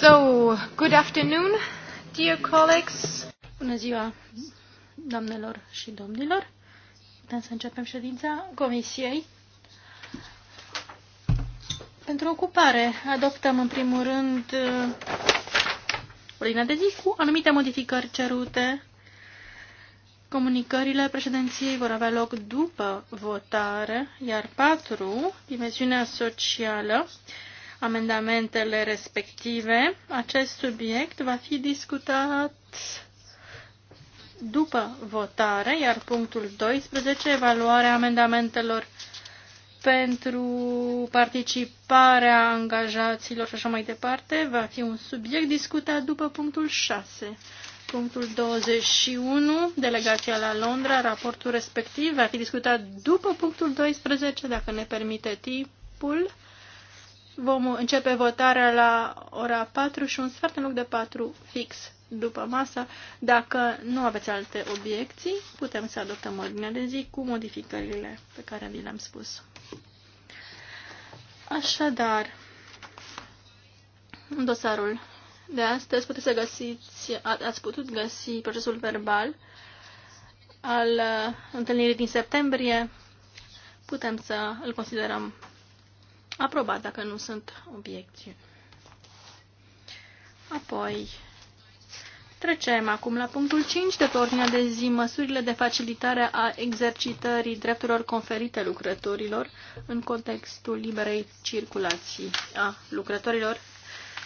So, good afternoon, dear colleagues. Bună ziua, doamnelor și domnilor. Putem să începem ședința Comisiei. Pentru ocupare, adoptăm în primul rând uh, ordinea de zi cu anumite modificări cerute. Comunicările președinției vor avea loc după votare, iar patru dimensiunea socială, amendamentele respective. Acest subiect va fi discutat după votare, iar punctul 12, evaluarea amendamentelor pentru participarea angajaților și așa mai departe, va fi un subiect discutat după punctul 6. Punctul 21, delegația la Londra, raportul respectiv va fi discutat după punctul 12, dacă ne permite timpul. Vom începe votarea la ora 4 și un sfert în loc de 4 fix după masă. Dacă nu aveți alte obiecții, putem să adoptăm ordinea de zi cu modificările pe care vi le-am spus. Așadar, în dosarul de astăzi puteți să găsiți, ați putut găsi procesul verbal al uh, întâlnirii din septembrie. Putem să îl considerăm Aprobat, dacă nu sunt obiecții. Apoi, trecem acum la punctul 5 de pe ordinea de zi, măsurile de facilitare a exercitării drepturilor conferite lucrătorilor în contextul liberei circulații a lucrătorilor.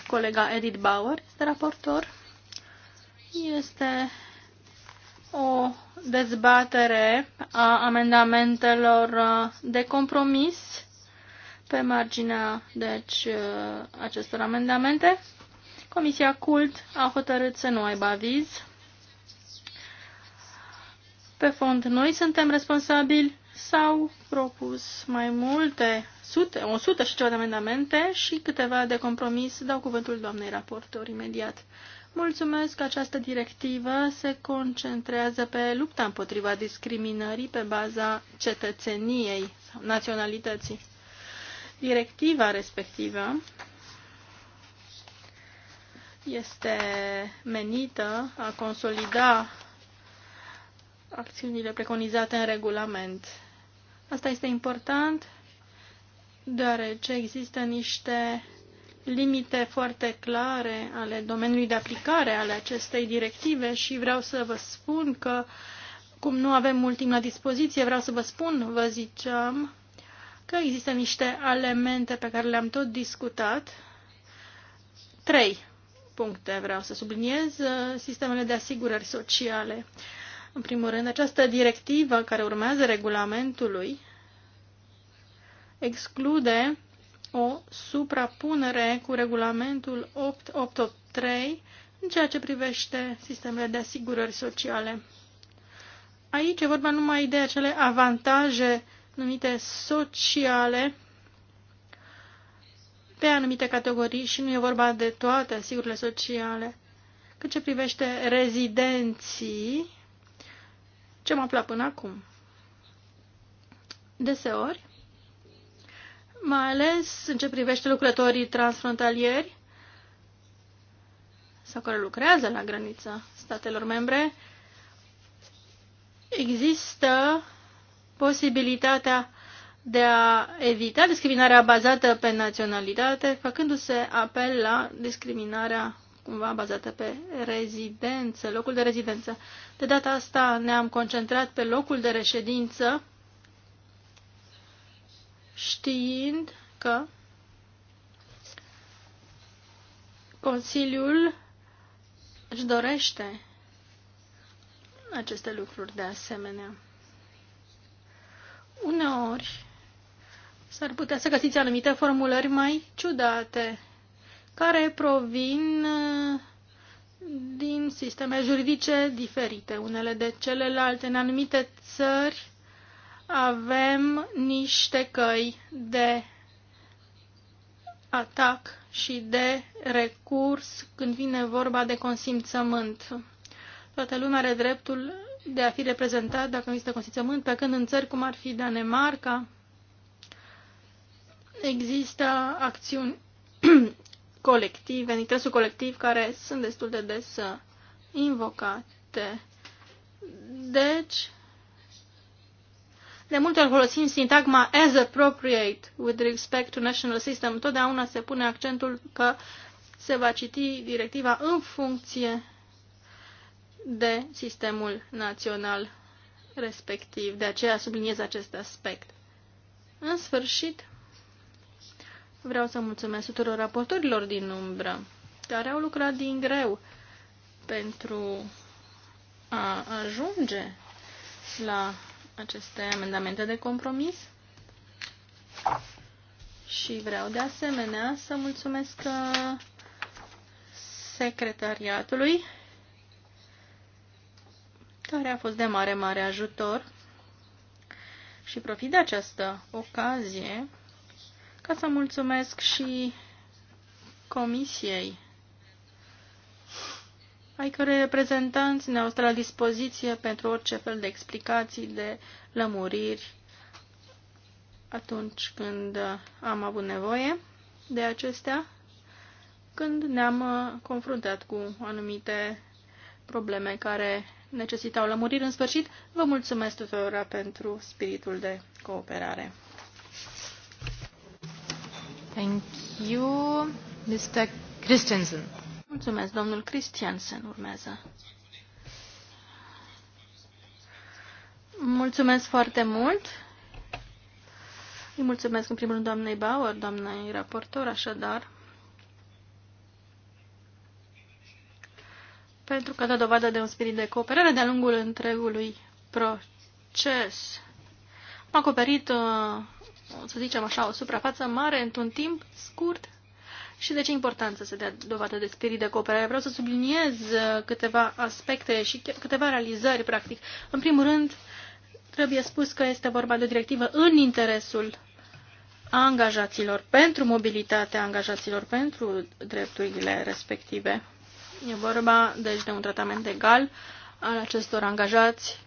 Colega Edith Bauer este raportor. Este o dezbatere a amendamentelor de compromis pe marginea deci, uh, acestor amendamente. Comisia CULT a hotărât să nu aibă aviz. Pe fond, noi suntem responsabili s-au propus mai multe, sute, 100 și ceva de amendamente și câteva de compromis. Dau cuvântul doamnei raportor imediat. Mulțumesc că această directivă se concentrează pe lupta împotriva discriminării pe baza cetățeniei sau naționalității. Directiva respectivă este menită a consolida acțiunile preconizate în regulament. Asta este important deoarece există niște limite foarte clare ale domeniului de aplicare ale acestei directive și vreau să vă spun că, cum nu avem mult timp la dispoziție, vreau să vă spun, vă ziceam, că există niște elemente pe care le-am tot discutat. Trei puncte vreau să subliniez. Uh, sistemele de asigurări sociale. În primul rând, această directivă care urmează regulamentului exclude o suprapunere cu regulamentul 883 în ceea ce privește sistemele de asigurări sociale. Aici e vorba numai de acele avantaje numite sociale pe anumite categorii și nu e vorba de toate asigurile sociale. Cât ce privește rezidenții, ce m-a aflat până acum? Deseori, mai ales în ce privește lucrătorii transfrontalieri sau care lucrează la granița statelor membre, există posibilitatea de a evita discriminarea bazată pe naționalitate, făcându-se apel la discriminarea cumva bazată pe rezidență, locul de rezidență. De data asta ne-am concentrat pe locul de reședință, știind că Consiliul își dorește aceste lucruri de asemenea. Uneori s-ar putea să găsiți anumite formulări mai ciudate care provin uh, din sisteme juridice diferite unele de celelalte. În anumite țări avem niște căi de atac și de recurs când vine vorba de consimțământ. Toată lumea are dreptul de a fi reprezentat dacă nu există consimțământ, pe când în țări cum ar fi Danemarca există acțiuni colective, în interesul colectiv, care sunt destul de des uh, invocate. Deci, de multe ori folosim sintagma as appropriate with respect to national system. Totdeauna se pune accentul că se va citi directiva în funcție de sistemul național respectiv. De aceea subliniez acest aspect. În sfârșit, vreau să mulțumesc tuturor raportorilor din umbră care au lucrat din greu pentru a ajunge la aceste amendamente de compromis. Și vreau de asemenea să mulțumesc uh, secretariatului care a fost de mare, mare ajutor și profit de această ocazie ca să mulțumesc și comisiei ai cărei reprezentanți ne-au stat la dispoziție pentru orice fel de explicații, de lămuriri atunci când am avut nevoie de acestea, când ne-am confruntat cu anumite probleme care necesitau lămuriri. În sfârșit, vă mulțumesc tuturor pentru spiritul de cooperare. Thank you, Mr. Christensen. Mulțumesc, domnul Christiansen urmează. Mulțumesc foarte mult. Îi mulțumesc în primul rând doamnei Bauer, doamnei raportor, așadar. pentru că dă dovadă de un spirit de cooperare de-a lungul întregului proces. Am acoperit, uh, să zicem așa, o suprafață mare într-un timp scurt și de ce important să se dea dovadă de spirit de cooperare? Vreau să subliniez uh, câteva aspecte și câteva realizări, practic. În primul rând, trebuie spus că este vorba de o directivă în interesul angajaților, pentru mobilitatea angajaților, pentru drepturile respective. E vorba, deci, de un tratament egal al acestor angajați,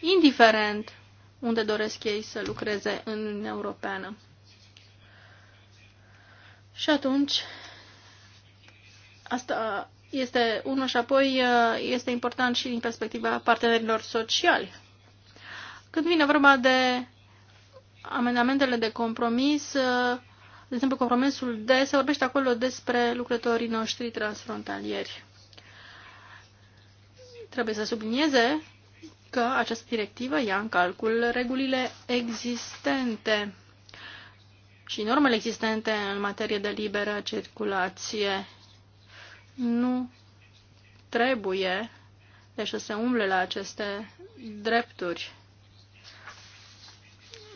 indiferent unde doresc ei să lucreze în Uniunea Europeană. Și atunci, asta este unul și apoi uh, este important și din perspectiva partenerilor sociali. Când vine vorba de amendamentele de compromis, uh, de exemplu compromisul D, se vorbește acolo despre lucrătorii noștri transfrontalieri trebuie să sublinieze că această directivă ia în calcul regulile existente și normele existente în materie de liberă circulație. Nu trebuie deci să se umble la aceste drepturi.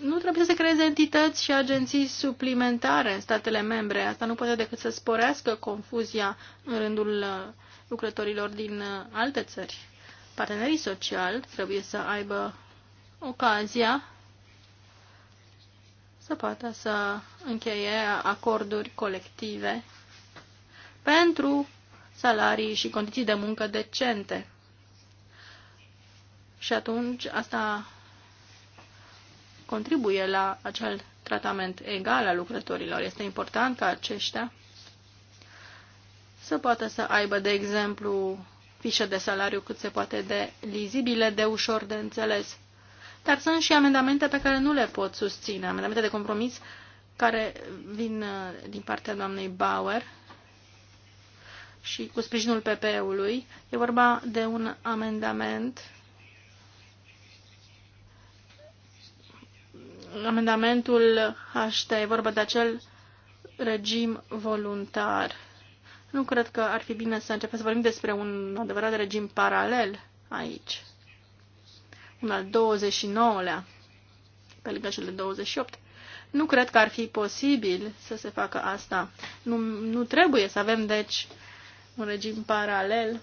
Nu trebuie să se creeze entități și agenții suplimentare în statele membre. Asta nu poate decât să sporească confuzia în rândul lucrătorilor din uh, alte țări. Partenerii sociali trebuie să aibă ocazia să poată să încheie acorduri colective pentru salarii și condiții de muncă decente. Și atunci asta contribuie la acel tratament egal al lucrătorilor. Este important ca aceștia să poată să aibă, de exemplu, fișe de salariu cât se poate de lizibile, de ușor de înțeles. Dar sunt și amendamente pe care nu le pot susține, amendamente de compromis care vin uh, din partea doamnei Bauer și cu sprijinul PP-ului. E vorba de un amendament amendamentul HT, e vorba de acel regim voluntar nu cred că ar fi bine să începem să vorbim despre un adevărat regim paralel aici. Un al 29-lea, pe lângă cele 28. Nu cred că ar fi posibil să se facă asta. Nu, nu trebuie să avem, deci, un regim paralel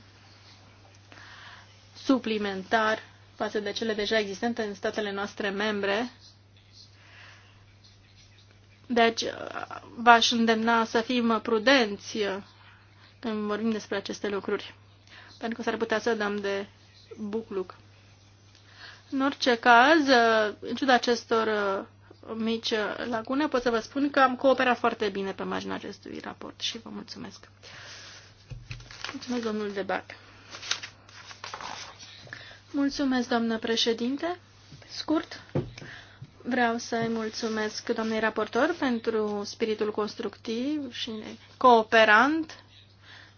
suplimentar față de cele deja existente în statele noastre membre. Deci, v-aș îndemna să fim prudenți când vorbim despre aceste lucruri, pentru că s-ar putea să dăm de bucluc. În orice caz, în ciuda acestor uh, mici uh, lacune, pot să vă spun că am cooperat foarte bine pe marginea acestui raport și vă mulțumesc. Mulțumesc, domnul Debac. Mulțumesc, doamnă președinte. Scurt, vreau să-i mulțumesc doamnei raportor pentru spiritul constructiv și cooperant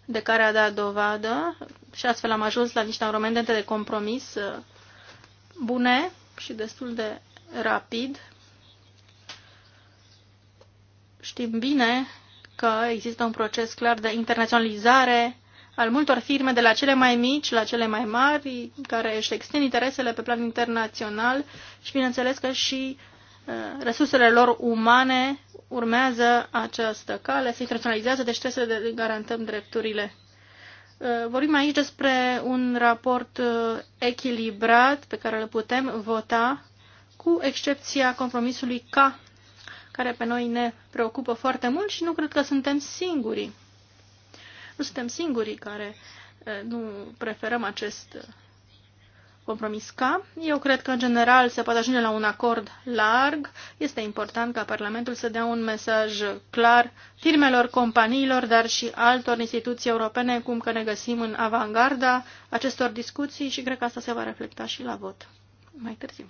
de care a dat dovadă și astfel am ajuns la niște amendamente de compromis uh, bune și destul de rapid. Știm bine că există un proces clar de internaționalizare al multor firme, de la cele mai mici la cele mai mari, care își extind interesele pe plan internațional și, bineînțeles, că și uh, Eh, resursele lor umane urmează această cale, se internaționalizează, deci trebuie să garantăm drepturile. Eh, vorbim aici despre un raport eh, echilibrat pe care îl putem vota, cu excepția compromisului K, care pe noi ne preocupă foarte mult și nu cred că suntem singurii. Nu suntem singurii care nu preferăm acest compromis K. Eu cred că, în general, se poate ajunge la un acord larg. Este important ca Parlamentul să dea un mesaj clar firmelor, companiilor, dar și altor instituții europene, cum că ne găsim în avangarda acestor discuții și cred că asta se va reflecta și la vot mai târziu.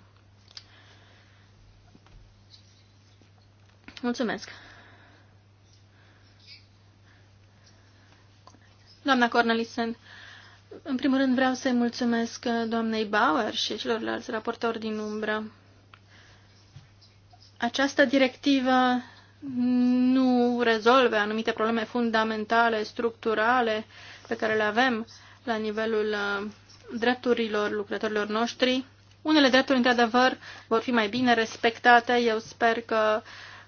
Mulțumesc! Doamna Cornelisen, în primul rând vreau să-i mulțumesc uh, doamnei Bauer și celorlalți raportori din umbră. Această directivă nu rezolve anumite probleme fundamentale, structurale pe care le avem la nivelul uh, drepturilor lucrătorilor noștri. Unele drepturi, într-adevăr, vor fi mai bine respectate. Eu sper că uh,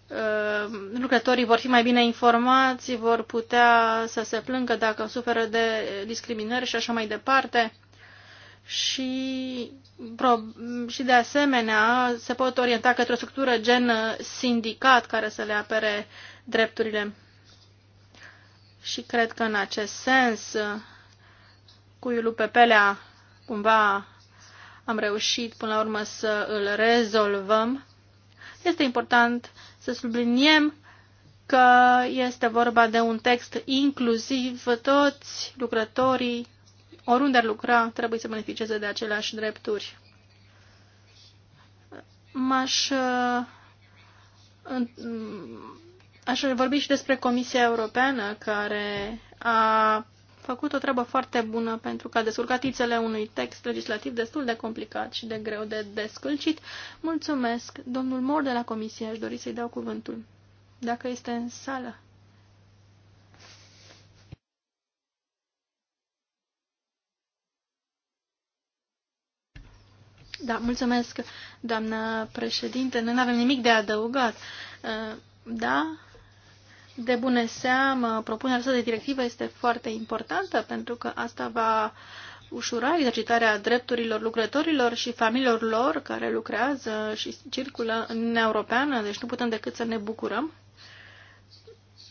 Uh, lucrătorii vor fi mai bine informați, vor putea să se plângă dacă suferă de discriminări și așa mai departe. Și, și de asemenea se pot orienta către o structură gen sindicat care să le apere drepturile. Și cred că în acest sens cu Iulu Pepelea cumva am reușit până la urmă să îl rezolvăm. Este important să subliniem că este vorba de un text inclusiv, toți lucrătorii, oriunde ar lucra, trebuie să beneficieze de aceleași drepturi. M-aș aș vorbi și despre Comisia Europeană care a făcut o treabă foarte bună pentru că a descurcat ițele unui text legislativ destul de complicat și de greu de descălcit. Mulțumesc. Domnul Mor de la Comisie, aș dori să-i dau cuvântul. Dacă este în sală. Da, mulțumesc, doamna președinte. Noi nu avem nimic de adăugat. Uh, da, de bună seamă, propunerea asta de directivă este foarte importantă pentru că asta va ușura exercitarea drepturilor lucrătorilor și familiilor lor care lucrează și circulă în Uniunea Europeană, deci nu putem decât să ne bucurăm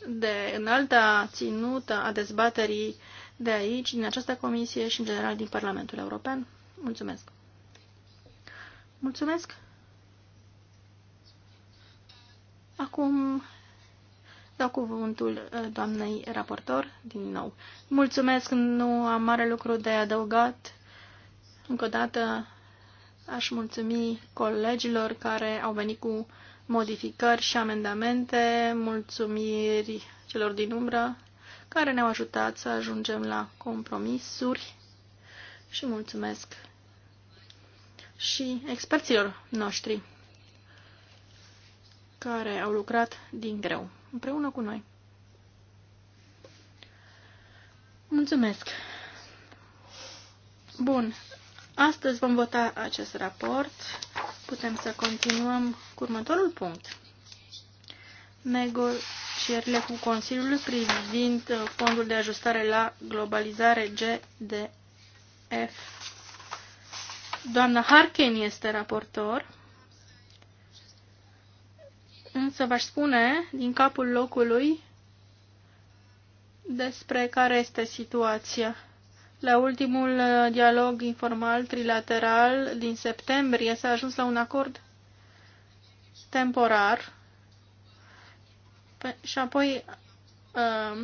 de înalta ținută a dezbaterii de aici, din această comisie și, în general, din Parlamentul European. Mulțumesc! Mulțumesc! Acum Dau cuvântul uh, doamnei raportor din nou. Mulțumesc, nu am mare lucru de adăugat. Încă o dată aș mulțumi colegilor care au venit cu modificări și amendamente, mulțumiri celor din umbră care ne-au ajutat să ajungem la compromisuri și mulțumesc și experților noștri care au lucrat din greu împreună cu noi. Mulțumesc! Bun, astăzi vom vota acest raport. Putem să continuăm cu următorul punct. Negocierile cu Consiliul privind Fondul de Ajustare la Globalizare GDF. Doamna Harkin este raportor însă v-aș spune din capul locului despre care este situația. La ultimul uh, dialog informal trilateral din septembrie s-a ajuns la un acord temporar și apoi uh,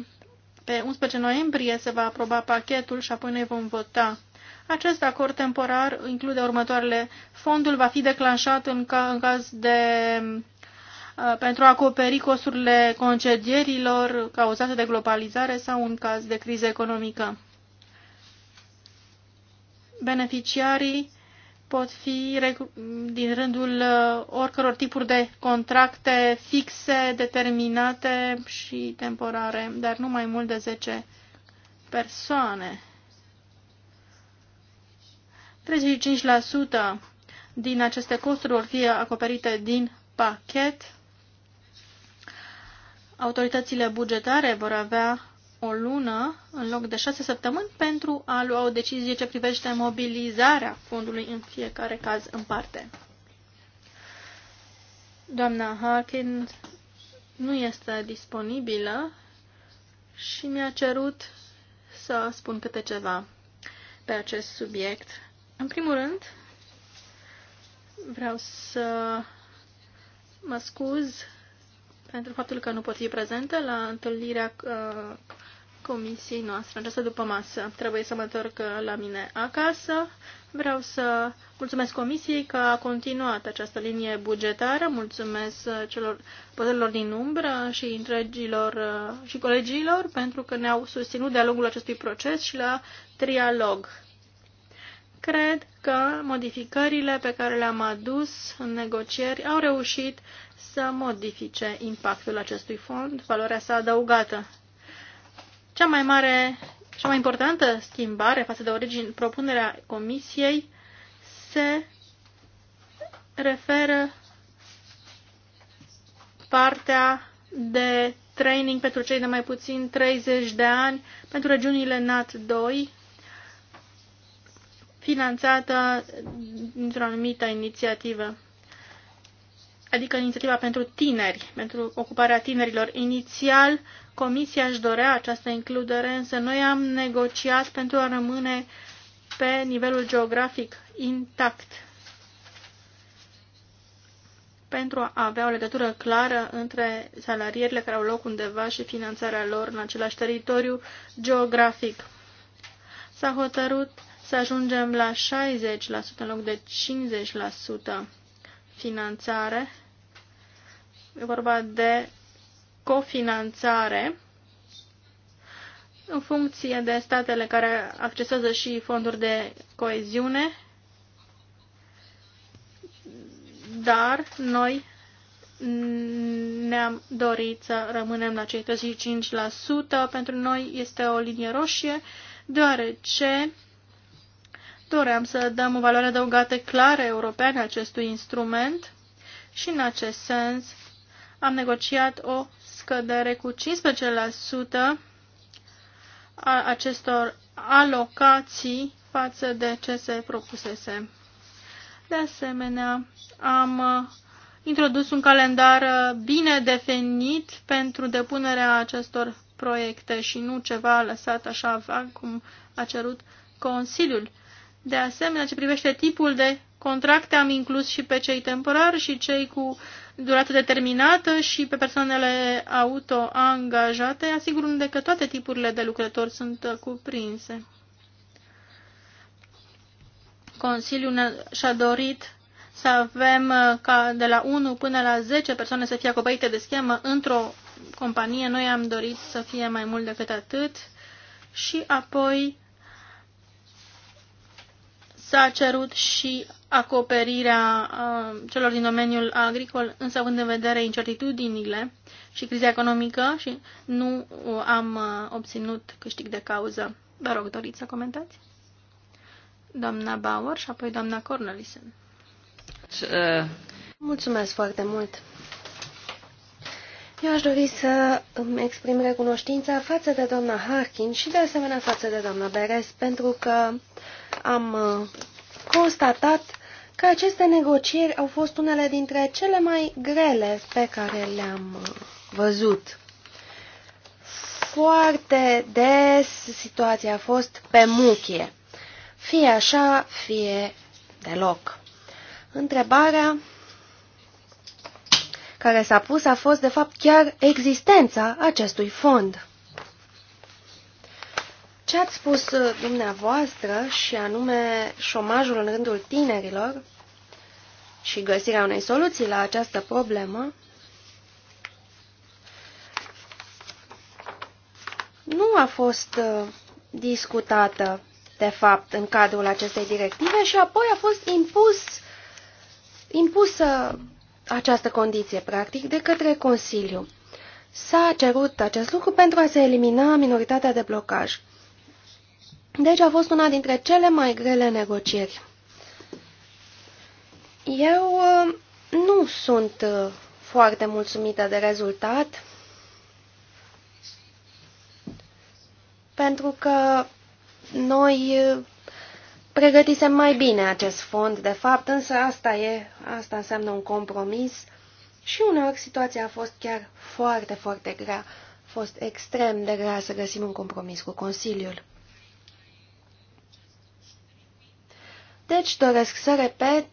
pe 11 noiembrie se va aproba pachetul și apoi noi vom vota. Acest acord temporar include următoarele. Fondul va fi declanșat în, ca, în caz de Uh, pentru a acoperi costurile concedierilor cauzate de globalizare sau în caz de criză economică. Beneficiarii pot fi din rândul uh, oricăror tipuri de contracte fixe, determinate și temporare, dar nu mai mult de 10 persoane. 35% din aceste costuri vor fi acoperite din pachet Autoritățile bugetare vor avea o lună în loc de șase săptămâni pentru a lua o decizie ce privește mobilizarea fondului în fiecare caz în parte. Doamna Harkin nu este disponibilă și mi-a cerut să spun câte ceva pe acest subiect. În primul rând, vreau să mă scuz pentru faptul că nu pot fi prezentă la întâlnirea uh, comisiei noastre. Această după masă trebuie să mă întorc uh, la mine acasă. Vreau să mulțumesc comisiei că a continuat această linie bugetară. Mulțumesc uh, celor păzărilor din umbră și întregilor și colegilor pentru că ne-au susținut de-a lungul acestui proces și la trialog. Cred că modificările pe care le-am adus în negocieri au reușit să modifice impactul acestui fond, valoarea sa adăugată. Cea mai mare, cea mai importantă schimbare față de origine, propunerea Comisiei se referă partea de training pentru cei de mai puțin 30 de ani pentru regiunile NAT 2, finanțată dintr-o anumită inițiativă adică inițiativa pentru tineri, pentru ocuparea tinerilor. Inițial, Comisia își dorea această includere, însă noi am negociat pentru a rămâne pe nivelul geografic intact, pentru a avea o legătură clară între salarierile care au loc undeva și finanțarea lor în același teritoriu geografic. S-a hotărât să ajungem la 60% în loc de 50% finanțare. E vorba de cofinanțare în funcție de statele care accesează și fonduri de coeziune, dar noi ne-am dorit să rămânem la cei 35%. Pentru noi este o linie roșie, deoarece Doream să dăm o valoare adăugată clară europeană acestui instrument și în acest sens am negociat o scădere cu 15% a acestor alocații față de ce se propusese. De asemenea, am uh, introdus un calendar uh, bine definit pentru depunerea acestor proiecte și nu ceva lăsat așa vag cum a cerut Consiliul. De asemenea, ce privește tipul de contracte, am inclus și pe cei temporari și cei cu durată determinată și pe persoanele autoangajate, asigurându-ne că toate tipurile de lucrători sunt cuprinse. Consiliul și-a dorit să avem uh, ca de la 1 până la 10 persoane să fie acoperite de schemă într-o companie. Noi am dorit să fie mai mult decât atât și apoi S-a cerut și acoperirea uh, celor din domeniul agricol, însă având în vedere incertitudinile și criza economică și nu uh, am uh, obținut câștig de cauză. Vă rog, doriți să comentați? Doamna Bauer și apoi doamna Cornelisen. Ce... Uh. Mulțumesc foarte mult! Eu aș dori să îmi exprim recunoștința față de doamna Harkin și de asemenea față de doamna Beres, pentru că uh, am uh, constatat că aceste negocieri au fost unele dintre cele mai grele pe care le-am uh, văzut. Foarte des situația a fost pe muchie. Fie așa, fie deloc. Întrebarea care s-a pus a fost, de fapt, chiar existența acestui fond. Ce ați spus uh, dumneavoastră și anume șomajul în rândul tinerilor și găsirea unei soluții la această problemă, nu a fost uh, discutată, de fapt, în cadrul acestei directive și apoi a fost impus, impusă această condiție, practic, de către Consiliu. S-a cerut acest lucru pentru a se elimina minoritatea de blocaj. Deci a fost una dintre cele mai grele negocieri. Eu uh, nu sunt uh, foarte mulțumită de rezultat, pentru că noi uh, pregătisem mai bine acest fond, de fapt, însă asta e, asta înseamnă un compromis și uneori situația a fost chiar foarte, foarte grea. A fost extrem de grea să găsim un compromis cu Consiliul. Deci doresc să repet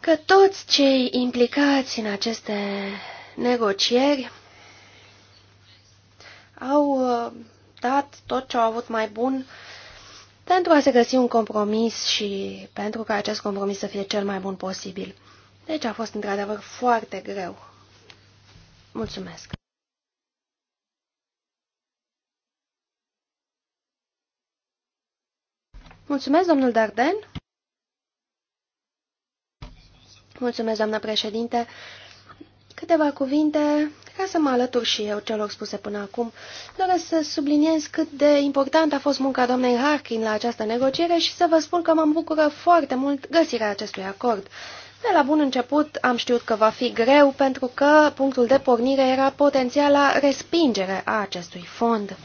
că toți cei implicați în aceste negocieri au uh, dat tot ce au avut mai bun pentru a se găsi un compromis și pentru ca acest compromis să fie cel mai bun posibil. Deci a fost într-adevăr foarte greu. Mulțumesc! Mulțumesc, domnul Darden. Mulțumesc, doamna președinte. Câteva cuvinte ca să mă alătur și eu celor spuse până acum. Doresc să subliniez cât de important a fost munca doamnei Harkin la această negociere și să vă spun că mă bucură foarte mult găsirea acestui acord. De la bun început am știut că va fi greu pentru că punctul de pornire era potențiala respingere a acestui fond.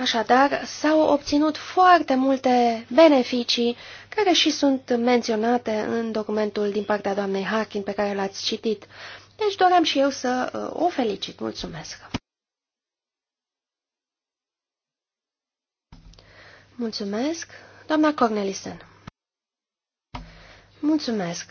Așadar, s-au obținut foarte multe beneficii care și sunt menționate în documentul din partea doamnei Harkin pe care l-ați citit. Deci doream și eu să uh, o felicit. Mulțumesc! Mulțumesc, doamna Cornelisen. Mulțumesc!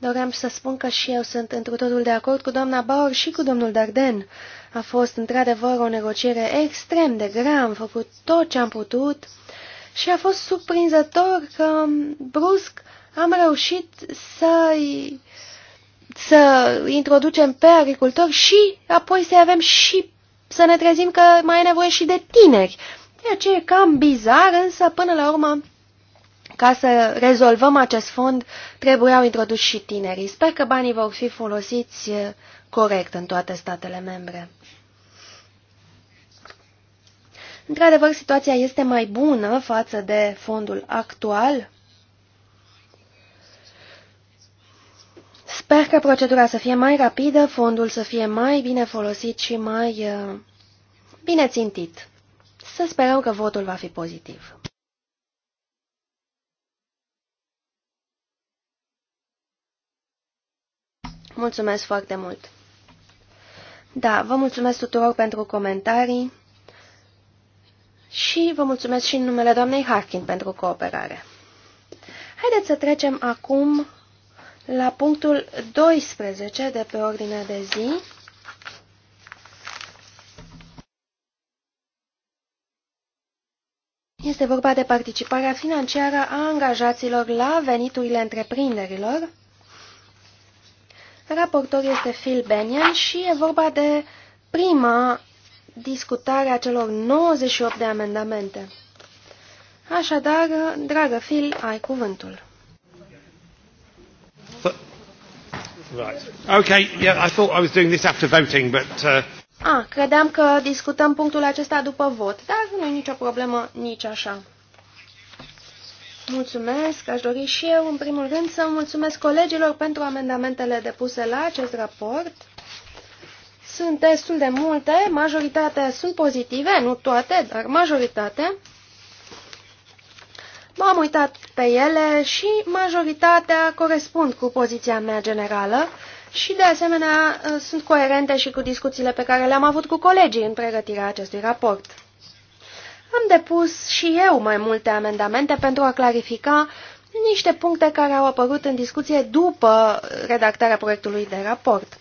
Doream să spun că și eu sunt într totul de acord cu doamna Bauer și cu domnul Darden. A fost într-adevăr o negociere extrem de grea, am făcut tot ce am putut și a fost surprinzător că brusc am reușit să să introducem pe agricultori și apoi să avem și să ne trezim că mai e nevoie și de tineri. Ceea ce e cam bizar, însă până la urmă ca să rezolvăm acest fond, trebuiau introduși și tinerii. Sper că banii vor fi folosiți eh, corect în toate statele membre. Într-adevăr, situația este mai bună față de fondul actual. Sper că procedura să fie mai rapidă, fondul să fie mai bine folosit și mai eh, bine țintit. Să sperăm că votul va fi pozitiv. Mulțumesc foarte mult! Da, vă mulțumesc tuturor pentru comentarii și vă mulțumesc și în numele doamnei Harkin pentru cooperare. Haideți să trecem acum la punctul 12 de pe ordinea de zi. Este vorba de participarea financiară a angajaților la veniturile întreprinderilor Raportor este Phil Bennion și e vorba de prima discutare a celor 98 de amendamente. Așadar, dragă Phil, ai cuvântul. Right. Okay, yeah, I thought I was doing this after voting, but... Uh, ah, credeam că discutăm punctul acesta după vot, dar nu e nicio problemă nici așa. Mulțumesc. Aș dori și eu, în primul rând, să mulțumesc colegilor pentru amendamentele depuse la acest raport. Sunt destul de multe, majoritatea sunt pozitive, nu toate, dar majoritatea. M-am uitat pe ele și majoritatea corespund cu poziția mea generală și, de asemenea, sunt coerente și cu discuțiile pe care le-am avut cu colegii în pregătirea acestui raport. Am depus și eu mai multe amendamente pentru a clarifica niște puncte care au apărut în discuție după redactarea proiectului de raport.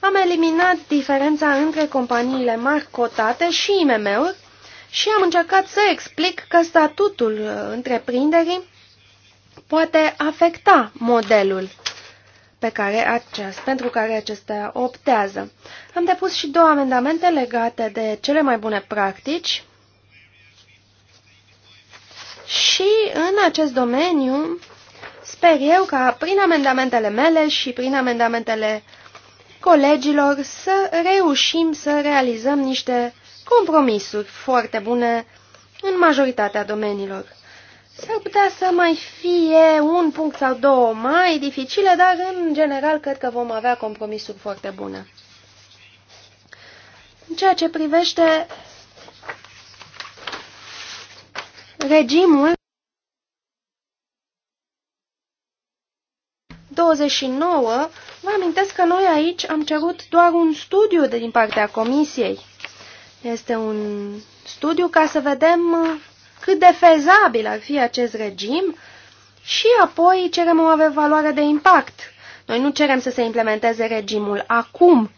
Am eliminat diferența între companiile mari cotate și IMM-uri și am încercat să explic că statutul uh, întreprinderii poate afecta modelul pe care acest, pentru care acestea optează. Am depus și două amendamente legate de cele mai bune practici și în acest domeniu sper eu ca prin amendamentele mele și prin amendamentele colegilor să reușim să realizăm niște compromisuri foarte bune în majoritatea domeniilor. S-ar putea să mai fie un punct sau două mai dificile, dar în general cred că vom avea compromisuri foarte bune. În ceea ce privește Regimul 29, vă amintesc că noi aici am cerut doar un studiu de din partea comisiei. Este un studiu ca să vedem cât de fezabil ar fi acest regim și apoi cerem o evaluare de impact. Noi nu cerem să se implementeze regimul acum,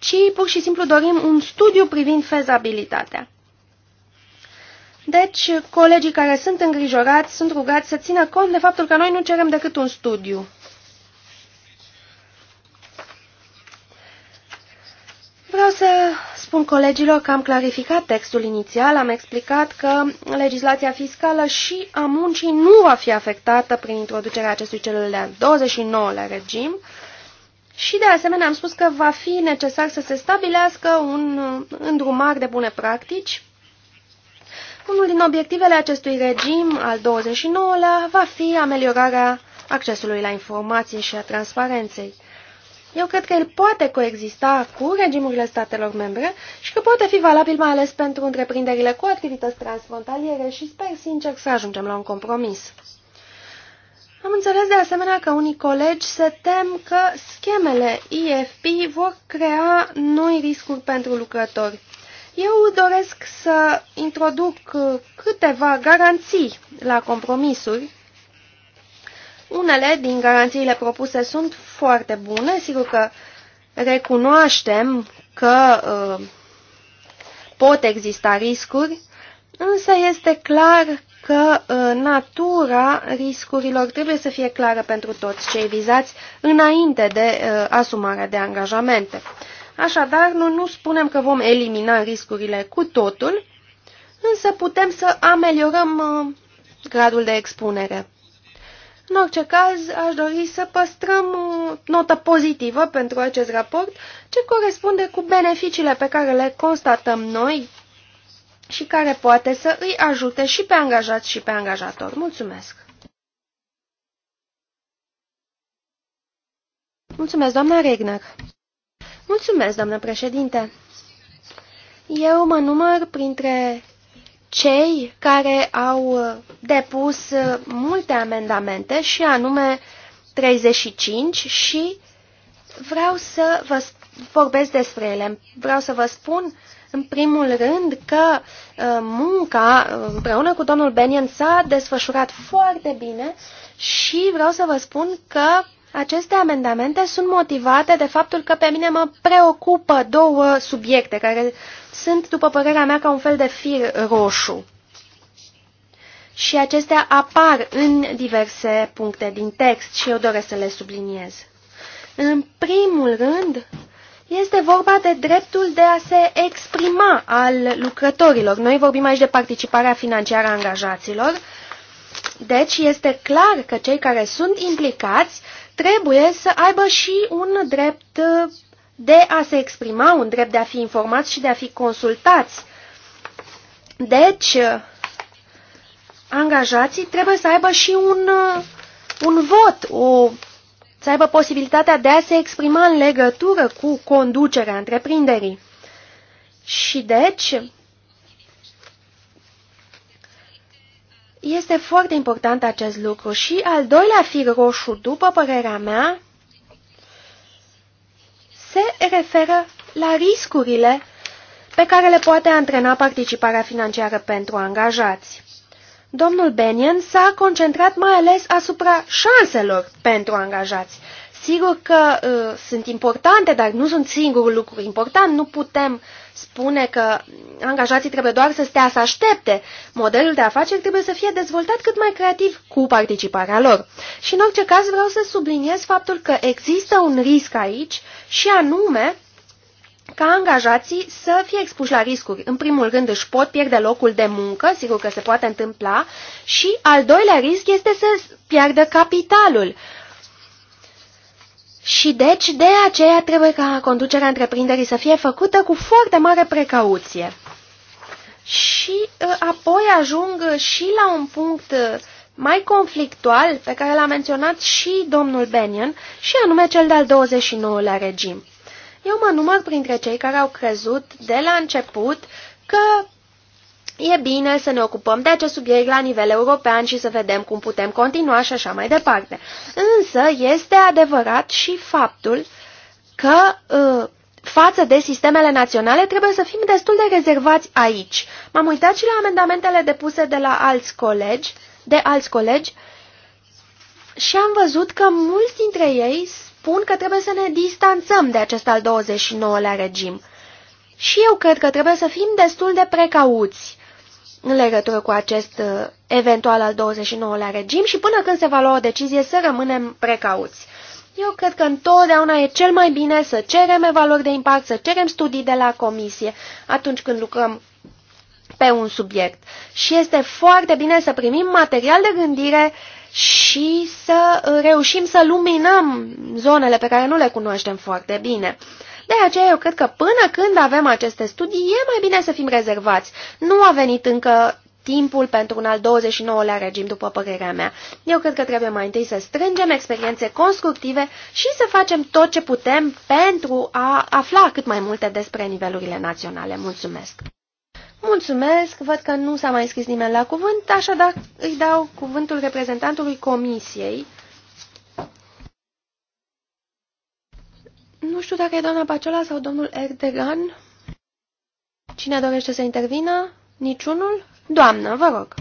ci pur și simplu dorim un studiu privind fezabilitatea. Deci, colegii care sunt îngrijorați sunt rugați să țină cont de faptul că noi nu cerem decât un studiu. Vreau să spun colegilor că am clarificat textul inițial, am explicat că legislația fiscală și a muncii nu va fi afectată prin introducerea acestui celul de-al 29-lea regim și de asemenea am spus că va fi necesar să se stabilească un îndrumar de bune practici unul din obiectivele acestui regim, al 29-lea, va fi ameliorarea accesului la informații și a transparenței. Eu cred că el poate coexista cu regimurile statelor membre și că poate fi valabil mai ales pentru întreprinderile cu activități transfrontaliere și sper sincer să ajungem la un compromis. Am înțeles de asemenea că unii colegi se tem că schemele IFP vor crea noi riscuri pentru lucrători eu doresc să introduc câteva garanții la compromisuri. Unele din garanțiile propuse sunt foarte bune, sigur că recunoaștem că uh, pot exista riscuri, însă este clar că uh, natura riscurilor trebuie să fie clară pentru toți cei vizați înainte de uh, asumarea de angajamente. Așadar, noi nu spunem că vom elimina riscurile cu totul, însă putem să ameliorăm uh, gradul de expunere. În orice caz, aș dori să păstrăm o uh, notă pozitivă pentru acest raport, ce corespunde cu beneficiile pe care le constatăm noi și care poate să îi ajute și pe angajați și pe angajator. Mulțumesc! Mulțumesc, doamna Regner! Mulțumesc, doamnă președinte. Eu mă număr printre cei care au depus multe amendamente și anume 35 și vreau să vă vorbesc despre ele. Vreau să vă spun în primul rând că uh, munca uh, împreună cu domnul Benian s-a desfășurat foarte bine și vreau să vă spun că aceste amendamente sunt motivate de faptul că pe mine mă preocupă două subiecte care sunt, după părerea mea, ca un fel de fir roșu. Și acestea apar în diverse puncte din text și eu doresc să le subliniez. În primul rând, este vorba de dreptul de a se exprima al lucrătorilor. Noi vorbim aici de participarea financiară a angajaților, deci este clar că cei care sunt implicați trebuie să aibă și un drept uh, de a se exprima, un drept de a fi informați și de a fi consultați. Deci, uh, angajații trebuie să aibă și un, uh, un vot, o, să aibă posibilitatea de a se exprima în legătură cu conducerea întreprinderii. Și deci, Este foarte important acest lucru și al doilea fir roșu, după părerea mea, se referă la riscurile pe care le poate antrena participarea financiară pentru angajați. Domnul Benyon s-a concentrat mai ales asupra șanselor pentru angajați, Sigur că uh, sunt importante, dar nu sunt singurul lucru important. Nu putem spune că angajații trebuie doar să stea să aștepte. Modelul de afaceri trebuie să fie dezvoltat cât mai creativ cu participarea lor. Și în orice caz vreau să subliniez faptul că există un risc aici și anume ca angajații să fie expuși la riscuri. În primul rând își pot pierde locul de muncă, sigur că se poate întâmpla, și al doilea risc este să piardă capitalul. Și deci, de aceea trebuie ca conducerea întreprinderii să fie făcută cu foarte mare precauție. Și ă, apoi ajung și la un punct ă, mai conflictual pe care l-a menționat și domnul Benion, și anume cel de-al 29-lea regim. Eu mă număr printre cei care au crezut de la început că E bine să ne ocupăm de acest subiect la nivel european și să vedem cum putem continua și așa mai departe. Însă este adevărat și faptul că ă, față de sistemele naționale trebuie să fim destul de rezervați aici. M-am uitat și la amendamentele depuse de la alți colegi, de alți colegi și am văzut că mulți dintre ei spun că trebuie să ne distanțăm de acest al 29-lea regim. Și eu cred că trebuie să fim destul de precauți în legătură cu acest uh, eventual al 29-lea regim și până când se va lua o decizie să rămânem precauți. Eu cred că întotdeauna e cel mai bine să cerem evaluări de impact, să cerem studii de la comisie atunci când lucrăm pe un subiect. Și este foarte bine să primim material de gândire și să uh, reușim să luminăm zonele pe care nu le cunoaștem foarte bine. De aceea eu cred că până când avem aceste studii e mai bine să fim rezervați. Nu a venit încă timpul pentru un al 29-lea regim, după părerea mea. Eu cred că trebuie mai întâi să strângem experiențe constructive și să facem tot ce putem pentru a afla cât mai multe despre nivelurile naționale. Mulțumesc! Mulțumesc, văd că nu s-a mai scris nimeni la cuvânt, așadar îi dau cuvântul reprezentantului Comisiei, Nu știu dacă e doamna Paciola sau domnul Erdogan. Cine dorește să intervină? Niciunul? Doamnă, vă rog.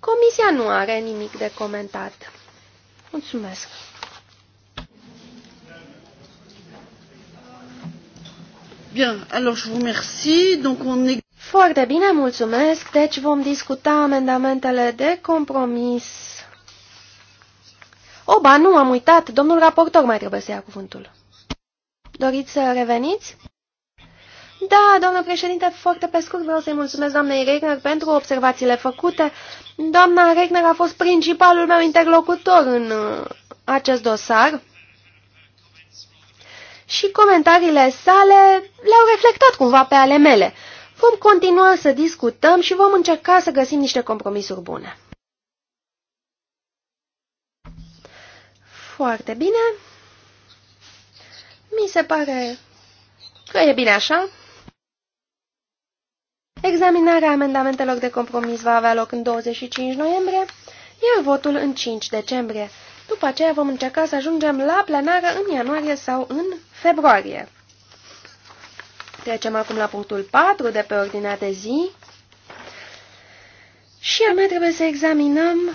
Comisia nu are nimic de comentat. Mulțumesc. Bien, alors je vous remercie. Donc on Foarte bine, mulțumesc. Deci vom discuta amendamentele de compromis Oba, nu, am uitat. Domnul raportor mai trebuie să ia cuvântul. Doriți să reveniți? Da, doamnă președinte, foarte pe scurt vreau să-i mulțumesc doamnei Regner pentru observațiile făcute. Doamna Regner a fost principalul meu interlocutor în uh, acest dosar și comentariile sale le-au reflectat cumva pe ale mele. Vom continua să discutăm și vom încerca să găsim niște compromisuri bune. Foarte bine. Mi se pare că e bine așa. Examinarea amendamentelor de compromis va avea loc în 25 noiembrie, iar votul în 5 decembrie. După aceea vom încerca să ajungem la plenară în ianuarie sau în februarie. Trecem acum la punctul 4 de pe ordinea de zi. Și anume trebuie să examinăm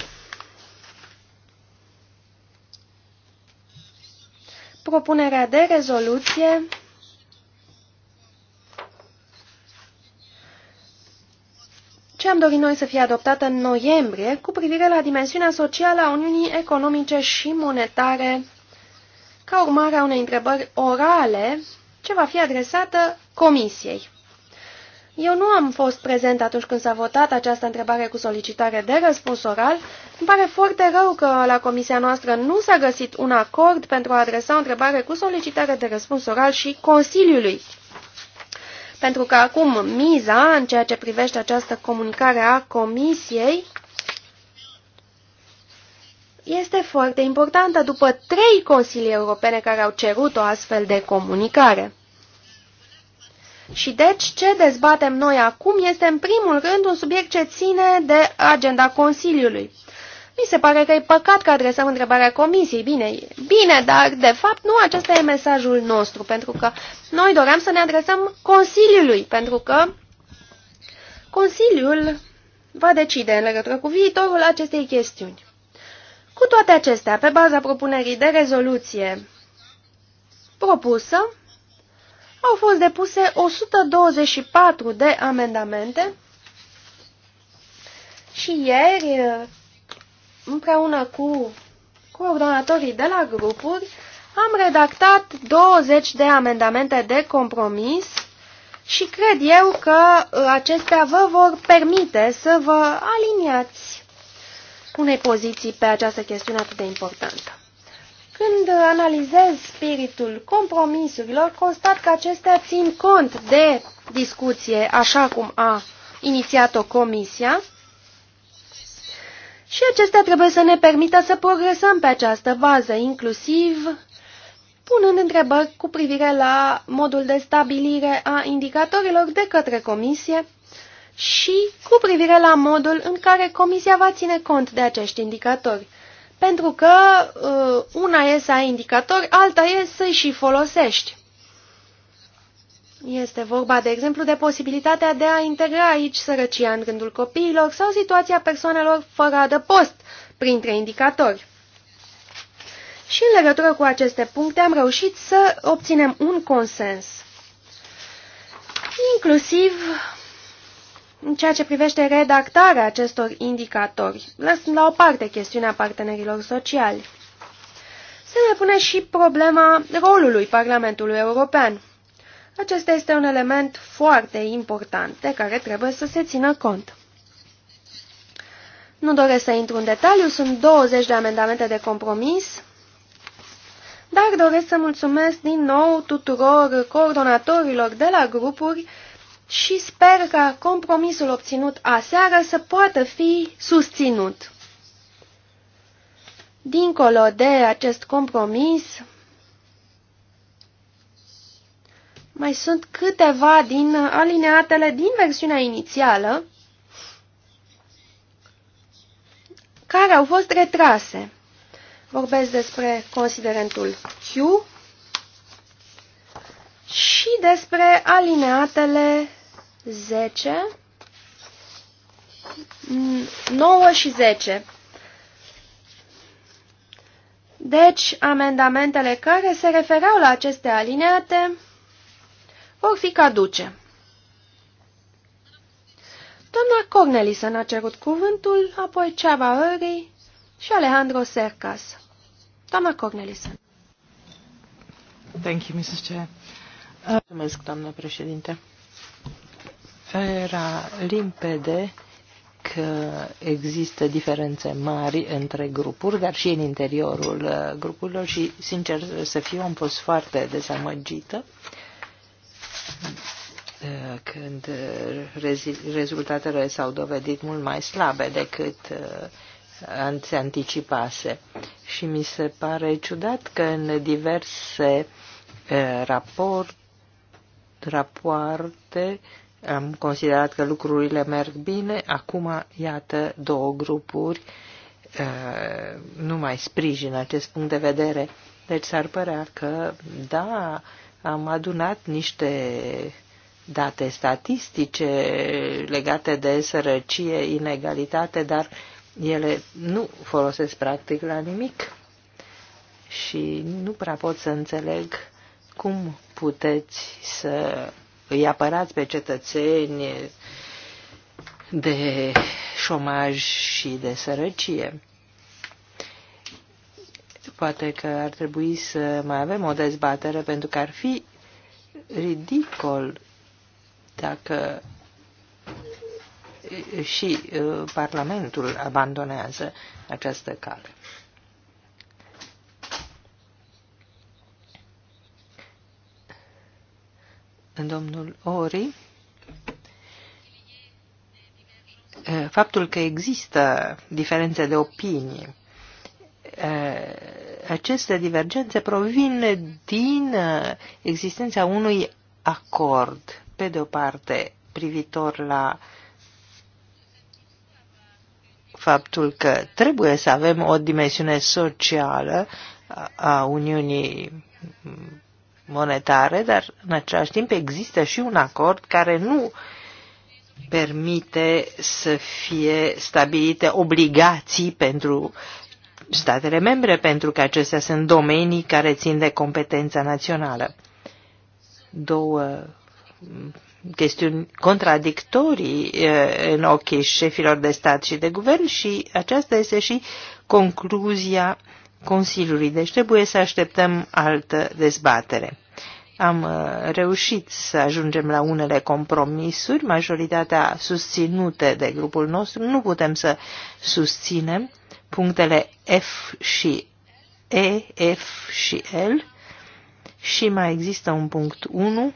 Propunerea de rezoluție ce am dorit noi să fie adoptată în noiembrie cu privire la dimensiunea socială a Uniunii Economice și Monetare ca urmare a unei întrebări orale ce va fi adresată Comisiei. Eu nu am fost prezent atunci când s-a votat această întrebare cu solicitare de răspuns oral. Îmi pare foarte rău că la comisia noastră nu s-a găsit un acord pentru a adresa o întrebare cu solicitare de răspuns oral și Consiliului. Pentru că acum miza în ceea ce privește această comunicare a comisiei este foarte importantă după trei consilii europene care au cerut o astfel de comunicare. Și deci ce dezbatem noi acum este în primul rând un subiect ce ține de agenda Consiliului. Mi se pare că e păcat că adresăm întrebarea comisiei. Bine, bine, dar de fapt nu acesta e mesajul nostru, pentru că noi doream să ne adresăm Consiliului, pentru că Consiliul va decide în legătură cu viitorul acestei chestiuni. Cu toate acestea, pe baza propunerii de rezoluție propusă, au fost depuse 124 de amendamente și ieri, împreună cu coordonatorii de la grupuri, am redactat 20 de amendamente de compromis și cred eu că uh, acestea vă vor permite să vă aliniați unei poziții pe această chestiune atât de importantă. Când analizez spiritul compromisurilor, constat că acestea țin cont de discuție așa cum a inițiat-o comisia și acestea trebuie să ne permită să progresăm pe această bază, inclusiv punând întrebări cu privire la modul de stabilire a indicatorilor de către comisie și cu privire la modul în care comisia va ține cont de acești indicatori pentru că uh, una e să ai indicatori, alta e să-i și folosești. Este vorba, de exemplu, de posibilitatea de a integra aici sărăcia în rândul copiilor sau situația persoanelor fără adăpost printre indicatori. Și în legătură cu aceste puncte am reușit să obținem un consens. Inclusiv în ceea ce privește redactarea acestor indicatori, lăsând la o parte chestiunea partenerilor sociali, se mai pune și problema rolului Parlamentului European. Acesta este un element foarte important de care trebuie să se țină cont. Nu doresc să intru în detaliu, sunt 20 de amendamente de compromis, dar doresc să mulțumesc din nou tuturor coordonatorilor de la grupuri și sper ca compromisul obținut aseară să poată fi susținut. Dincolo de acest compromis, mai sunt câteva din alineatele din versiunea inițială care au fost retrase. Vorbesc despre considerentul Q și despre alineatele 10, 9 mm, și 10. Deci, amendamentele care se refereau la aceste alineate vor fi caduce. Doamna Cornelis a cerut cuvântul, apoi Ceaba Ori și Alejandro Sercas. Doamna Cornelis. Thank you, Mrs. Chair. Mulțumesc, doamnă președinte era limpede că există diferențe mari între grupuri, dar și în interiorul uh, grupurilor și, sincer să fiu, am fost foarte dezamăgită uh, când uh, rezultatele s-au dovedit mult mai slabe decât se anticipase. Și mi se pare ciudat că în diverse raport, rapoarte am considerat că lucrurile merg bine, acum, iată, două grupuri uh, nu mai sprijin. acest punct de vedere. Deci s-ar părea că, da, am adunat niște date statistice legate de sărăcie, inegalitate, dar ele nu folosesc practic la nimic și nu prea pot să înțeleg cum puteți să îi apărați pe cetățeni de șomaj și de sărăcie. Poate că ar trebui să mai avem o dezbatere pentru că ar fi ridicol dacă și uh, Parlamentul abandonează această cale. domnul Ori faptul că există diferențe de opinii, Aceste divergențe provin din existența unui acord, pe de o parte, privitor la faptul că trebuie să avem o dimensiune socială a Uniunii monetare, dar în același timp există și un acord care nu permite să fie stabilite obligații pentru statele membre, pentru că acestea sunt domenii care țin de competența națională. Două chestiuni contradictorii în ochii șefilor de stat și de guvern și aceasta este și concluzia uh, Consiliului, deci trebuie să așteptăm altă dezbatere. Am uh, reușit să ajungem la unele compromisuri, majoritatea susținute de grupul nostru. Nu putem să susținem punctele F și E, F și L și mai există un punct 1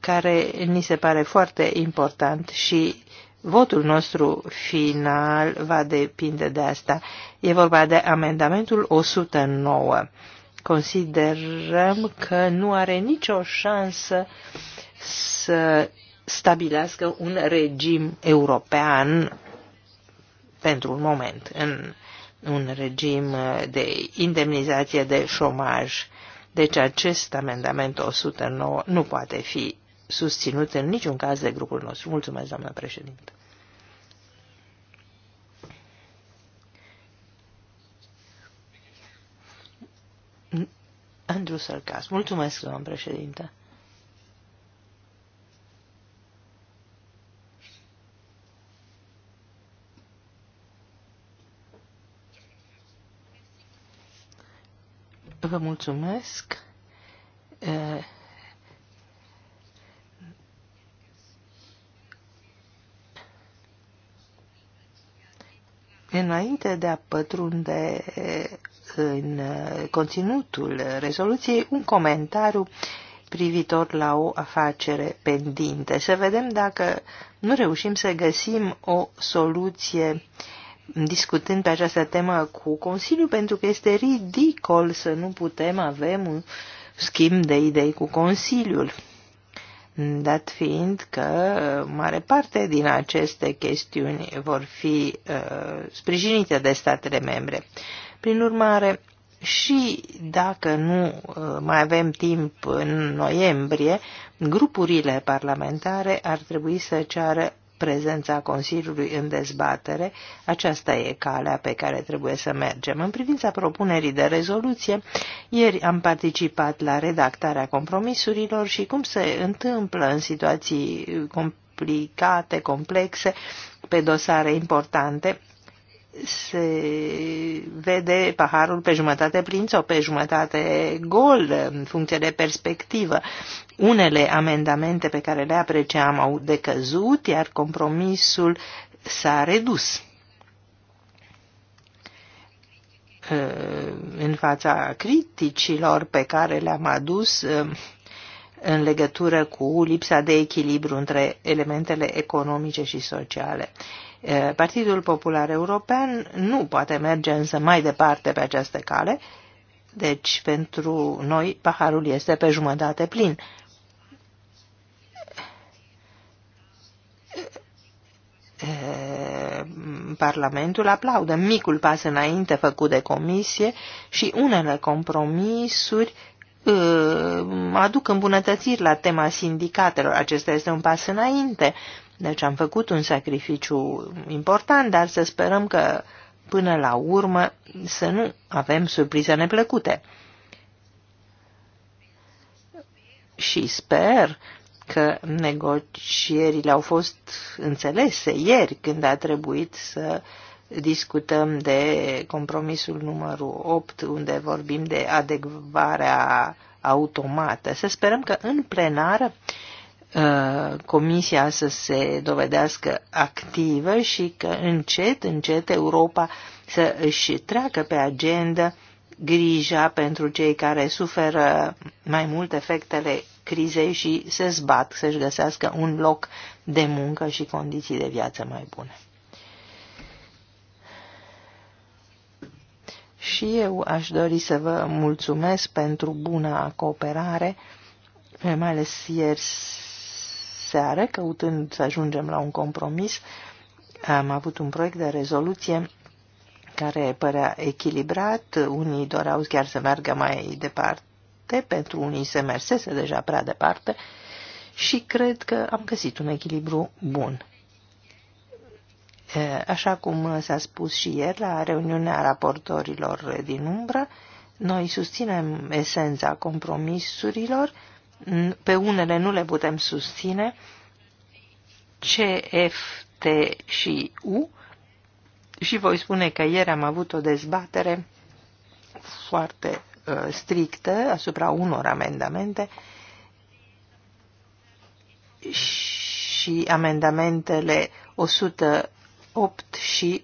care ni se pare foarte important și Votul nostru final va depinde de asta. E vorba de amendamentul 109. Considerăm că nu are nicio șansă să stabilească un regim european pentru un moment, în un regim de indemnizație de șomaj. Deci acest amendament 109 nu poate fi susținute în niciun caz de grupul nostru. Mulțumesc, doamnă președinte. Andrew Sarcas. Mulțumesc, doamnă președinte. Vă mulțumesc. Eh, Înainte de a pătrunde în conținutul rezoluției, un comentariu privitor la o afacere pendinte. Să vedem dacă nu reușim să găsim o soluție discutând pe această temă cu Consiliul, pentru că este ridicol să nu putem avea un schimb de idei cu Consiliul dat fiind că uh, mare parte din aceste chestiuni vor fi uh, sprijinite de statele membre. Prin urmare, și dacă nu uh, mai avem timp în noiembrie, grupurile parlamentare ar trebui să ceară prezența Consiliului în dezbatere, aceasta e calea pe care trebuie să mergem. În privința propunerii de rezoluție, ieri am participat la redactarea compromisurilor și cum se întâmplă în situații complicate, complexe, pe dosare importante, se vede paharul pe jumătate plin sau pe jumătate gol, în funcție de perspectivă. Unele amendamente pe care le apreciam au decăzut, iar compromisul s-a redus. În fața criticilor pe care le-am adus, în legătură cu lipsa de echilibru între elementele economice și sociale. Partidul Popular European nu poate merge însă mai departe pe această cale, deci pentru noi paharul este pe jumătate plin. Parlamentul aplaudă micul pas înainte făcut de comisie și unele compromisuri aduc îmbunătățiri la tema sindicatelor. Acesta este un pas înainte. Deci am făcut un sacrificiu important, dar să sperăm că până la urmă să nu avem surprize neplăcute. Și sper că negocierile au fost înțelese ieri când a trebuit să discutăm de compromisul numărul 8 unde vorbim de adecvarea automată. Să sperăm că în plenară uh, Uh, comisia să se dovedească activă și că încet, încet Europa să își treacă pe agenda grija pentru cei care suferă mai mult efectele crizei și se zbat să-și găsească un loc de muncă și condiții de viață mai bune. Și eu aș dori să vă mulțumesc pentru buna cooperare, mai ales ieri seară, căutând să ajungem la un compromis, am avut un proiect de rezoluție care părea echilibrat, unii doreau chiar să meargă mai departe, pentru unii se mersese deja prea departe și cred că am găsit un echilibru bun. Așa cum s-a spus și ieri la reuniunea raportorilor din umbră, noi susținem esența compromisurilor, pe unele nu le putem susține, CFT și U, și voi spune că ieri am avut o dezbatere foarte uh, strictă asupra unor amendamente și amendamentele 108 și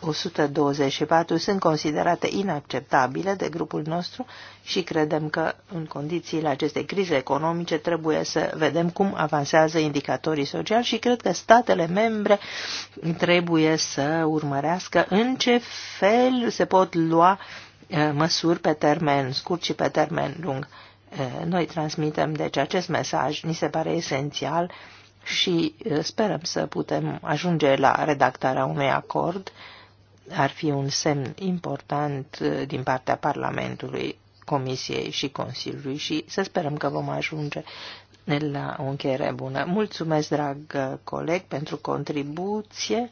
124 sunt considerate inacceptabile de grupul nostru și credem că în condițiile acestei crize economice trebuie să vedem cum avansează indicatorii sociali și cred că statele membre trebuie să urmărească în ce fel se pot lua eh, măsuri pe termen scurt și pe termen lung. Eh, noi transmitem deci acest mesaj, ni se pare esențial și eh, sperăm să putem ajunge la redactarea unui acord ar fi un semn important uh, din partea Parlamentului, Comisiei și Consiliului și să sperăm că vom ajunge la o încheiere bună. Mulțumesc, drag uh, coleg, pentru contribuție.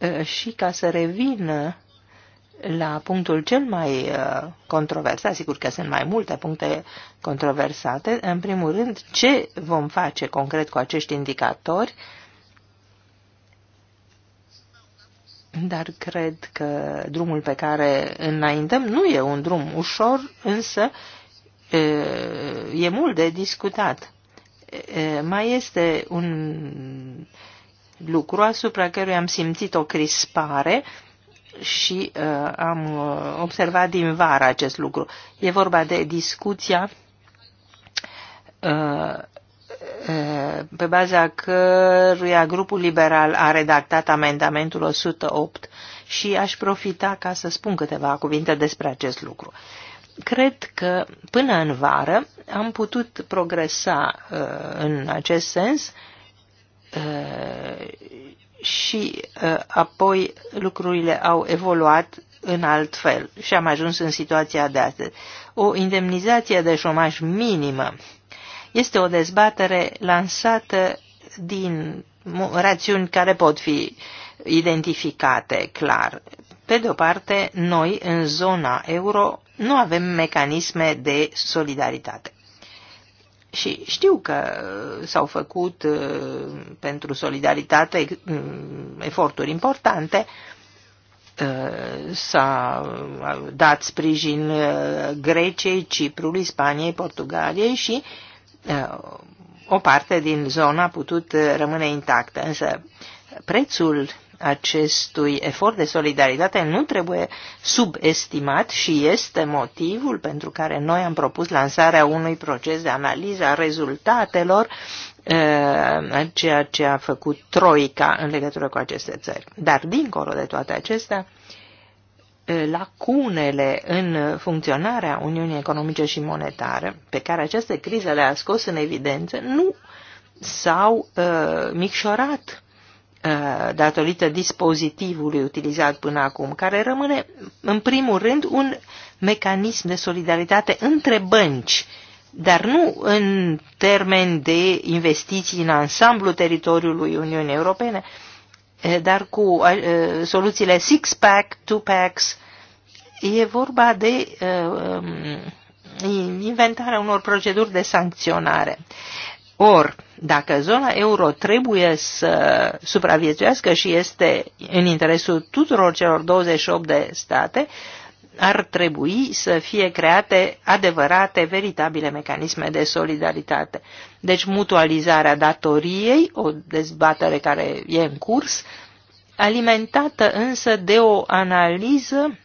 Uh, și ca să revină la punctul cel mai uh, controversat, sigur că sunt mai multe puncte controversate, în primul rând, ce vom face concret cu acești indicatori, dar cred că drumul pe care înaintăm nu e un drum ușor, însă uh, e mult de discutat. Uh, mai este un lucru asupra căruia am simțit o crispare, și uh, am uh, observat din vară acest lucru. E vorba de discuția uh, uh, pe baza căruia grupul liberal a redactat amendamentul 108 și aș profita ca să spun câteva cuvinte despre acest lucru. Cred că până în vară am putut progresa uh, în acest sens uh, și uh, apoi lucrurile au evoluat în alt fel și am ajuns în situația de astăzi. O indemnizație de șomaj minimă este o dezbatere lansată din rațiuni care pot fi identificate clar. Pe de o parte, noi în zona euro nu avem mecanisme de solidaritate. Și știu că uh, s-au făcut uh, pentru solidaritate uh, eforturi importante, s-a dat sprijin Greciei, Ciprului, Spaniei, Portugaliei și o parte din zona a putut rămâne intactă, însă prețul acestui efort de solidaritate nu trebuie subestimat și este motivul pentru care noi am propus lansarea unui proces de analiză a rezultatelor uh, ceea ce a făcut Troica în legătură cu aceste țări. Dar, dincolo de toate acestea, uh, lacunele în funcționarea Uniunii Economice și Monetare, pe care aceste crize le-a scos în evidență, nu s-au uh, micșorat Uh, datorită dispozitivului utilizat până acum, care rămâne, în primul rând, un mecanism de solidaritate între bănci, dar nu în termen de investiții în ansamblu teritoriului Uniunii Europene, uh, dar cu uh, soluțiile six-pack, two-packs, e vorba de um, inventarea unor proceduri de sancționare. Or, dacă zona euro trebuie să supraviețuiască și este în interesul tuturor celor 28 de state, ar trebui să fie create adevărate, veritabile mecanisme de solidaritate. Deci mutualizarea datoriei, o dezbatere care e în curs, alimentată însă de o analiză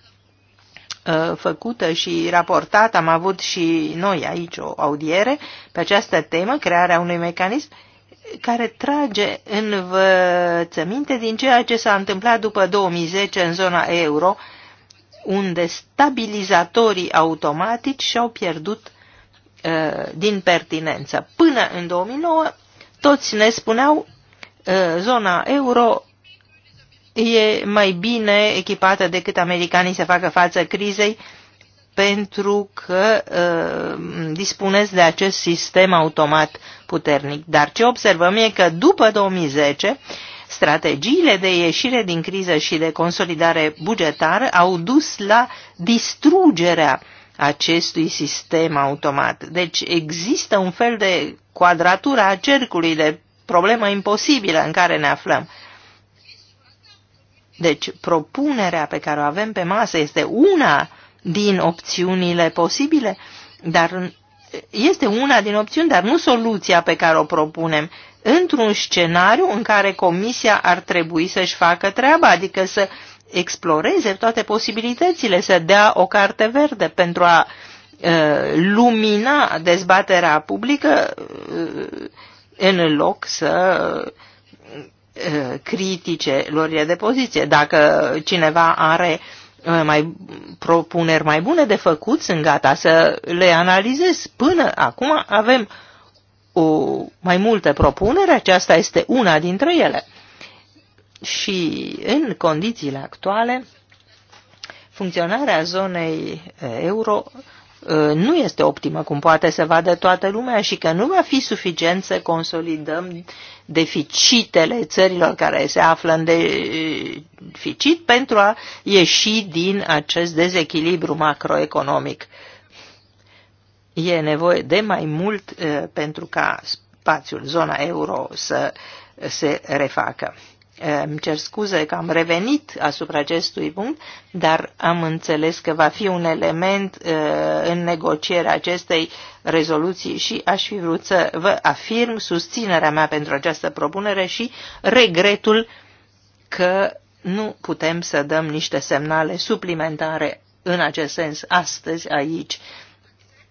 Uh, făcută și raportată, am avut și noi aici o audiere pe această temă, crearea unui mecanism care trage învățăminte din ceea ce s-a întâmplat după 2010 în zona euro, unde stabilizatorii automatici și-au pierdut uh, din pertinență. Până în 2009, toți ne spuneau uh, zona euro e mai bine echipată decât americanii să facă față crizei pentru că uh, dispuneți de acest sistem automat puternic. Dar ce observăm e că după 2010 strategiile de ieșire din criză și de consolidare bugetară au dus la distrugerea acestui sistem automat. Deci există un fel de quadratura a cercului de problemă imposibilă în care ne aflăm. Deci propunerea pe care o avem pe masă este una din opțiunile posibile, dar este una din opțiuni, dar nu soluția pe care o propunem într-un scenariu în care comisia ar trebui să-și facă treaba, adică să exploreze toate posibilitățile, să dea o carte verde pentru a lumina dezbaterea publică în loc să critice lor de poziție. Dacă cineva are uh, mai propuneri mai bune de făcut, sunt gata să le analizez. Până acum avem o, mai multe propuneri, aceasta este una dintre ele. Și în condițiile actuale, funcționarea zonei uh, euro Uh, nu este optimă, cum poate să vadă toată lumea, și că nu va fi suficient să consolidăm deficitele țărilor care se află în deficit pentru a ieși din acest dezechilibru macroeconomic. E nevoie de mai mult uh, pentru ca spațiul, zona euro să se refacă. Îmi cer scuze că am revenit asupra acestui punct, dar am înțeles că va fi un element uh, în negocierea acestei rezoluții și aș fi vrut să vă afirm susținerea mea pentru această propunere și regretul că nu putem să dăm niște semnale suplimentare în acest sens astăzi aici.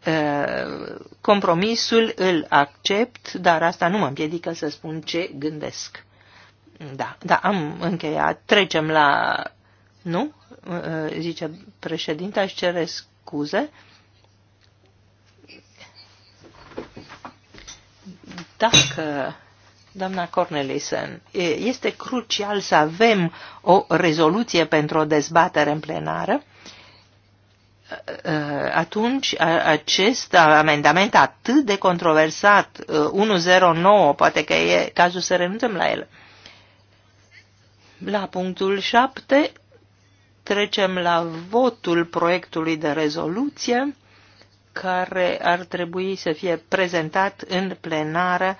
Uh, compromisul îl accept, dar asta nu mă împiedică să spun ce gândesc. Da, da, am încheiat. Trecem la... Nu? Ă, ă, zice președinta, își cere scuze. Dacă doamna Cornelisen, este crucial să avem o rezoluție pentru o dezbatere în plenară, ă, atunci acest amendament atât de controversat, 109, poate că e cazul să renunțăm la el. La punctul 7 trecem la votul proiectului de rezoluție care ar trebui să fie prezentat în plenară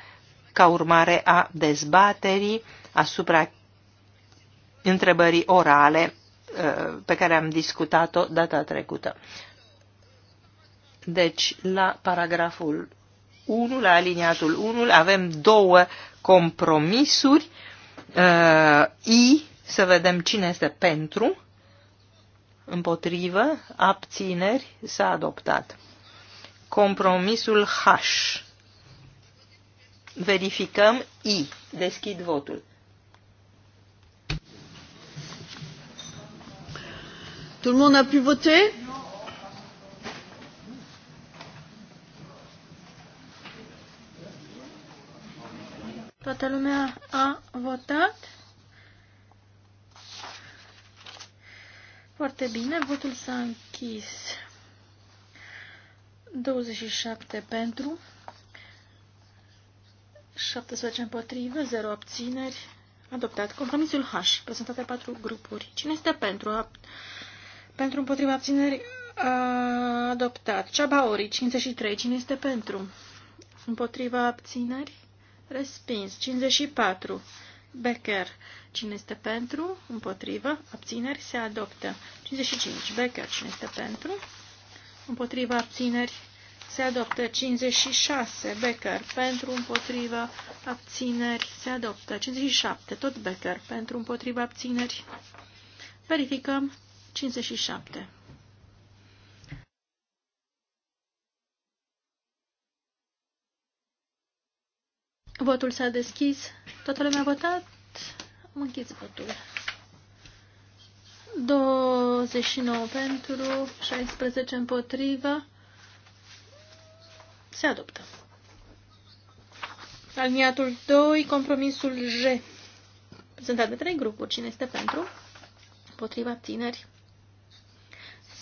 ca urmare a dezbaterii asupra întrebării orale uh, pe care am discutat-o data trecută. Deci, la paragraful 1, la aliniatul 1, avem două compromisuri Uh, I, să vedem cine este pentru, împotrivă, abțineri, s-a adoptat. Compromisul H. Verificăm I. Deschid votul. Tout le monde a pu voter Toată lumea a votat. Foarte bine, votul s-a închis. 27 pentru, 17 împotrivă, 0 abțineri. Adoptat. Compromisul H, prezentat de patru grupuri. Cine este pentru? A... Pentru împotriva abțineri a... adoptat. Ceaba Ori, 53. Cine este pentru? Împotriva abțineri Respins. 54. Becker. Cine este pentru? Împotrivă. Abțineri. Se adoptă. 55. Becker. Cine este pentru? Împotrivă. Abțineri. Se adoptă. 56. Becker. Pentru. Împotrivă. Abțineri. Se adoptă. 57. Tot Becker. Pentru. Împotrivă. Abțineri. Verificăm. 57. Votul s-a deschis. Toată lumea a votat. Am închis votul. 29 pentru, 16 împotrivă. Se adoptă. Aliniatul 2, compromisul J. Prezentat de trei grupuri. Cine este pentru? Împotriva tineri.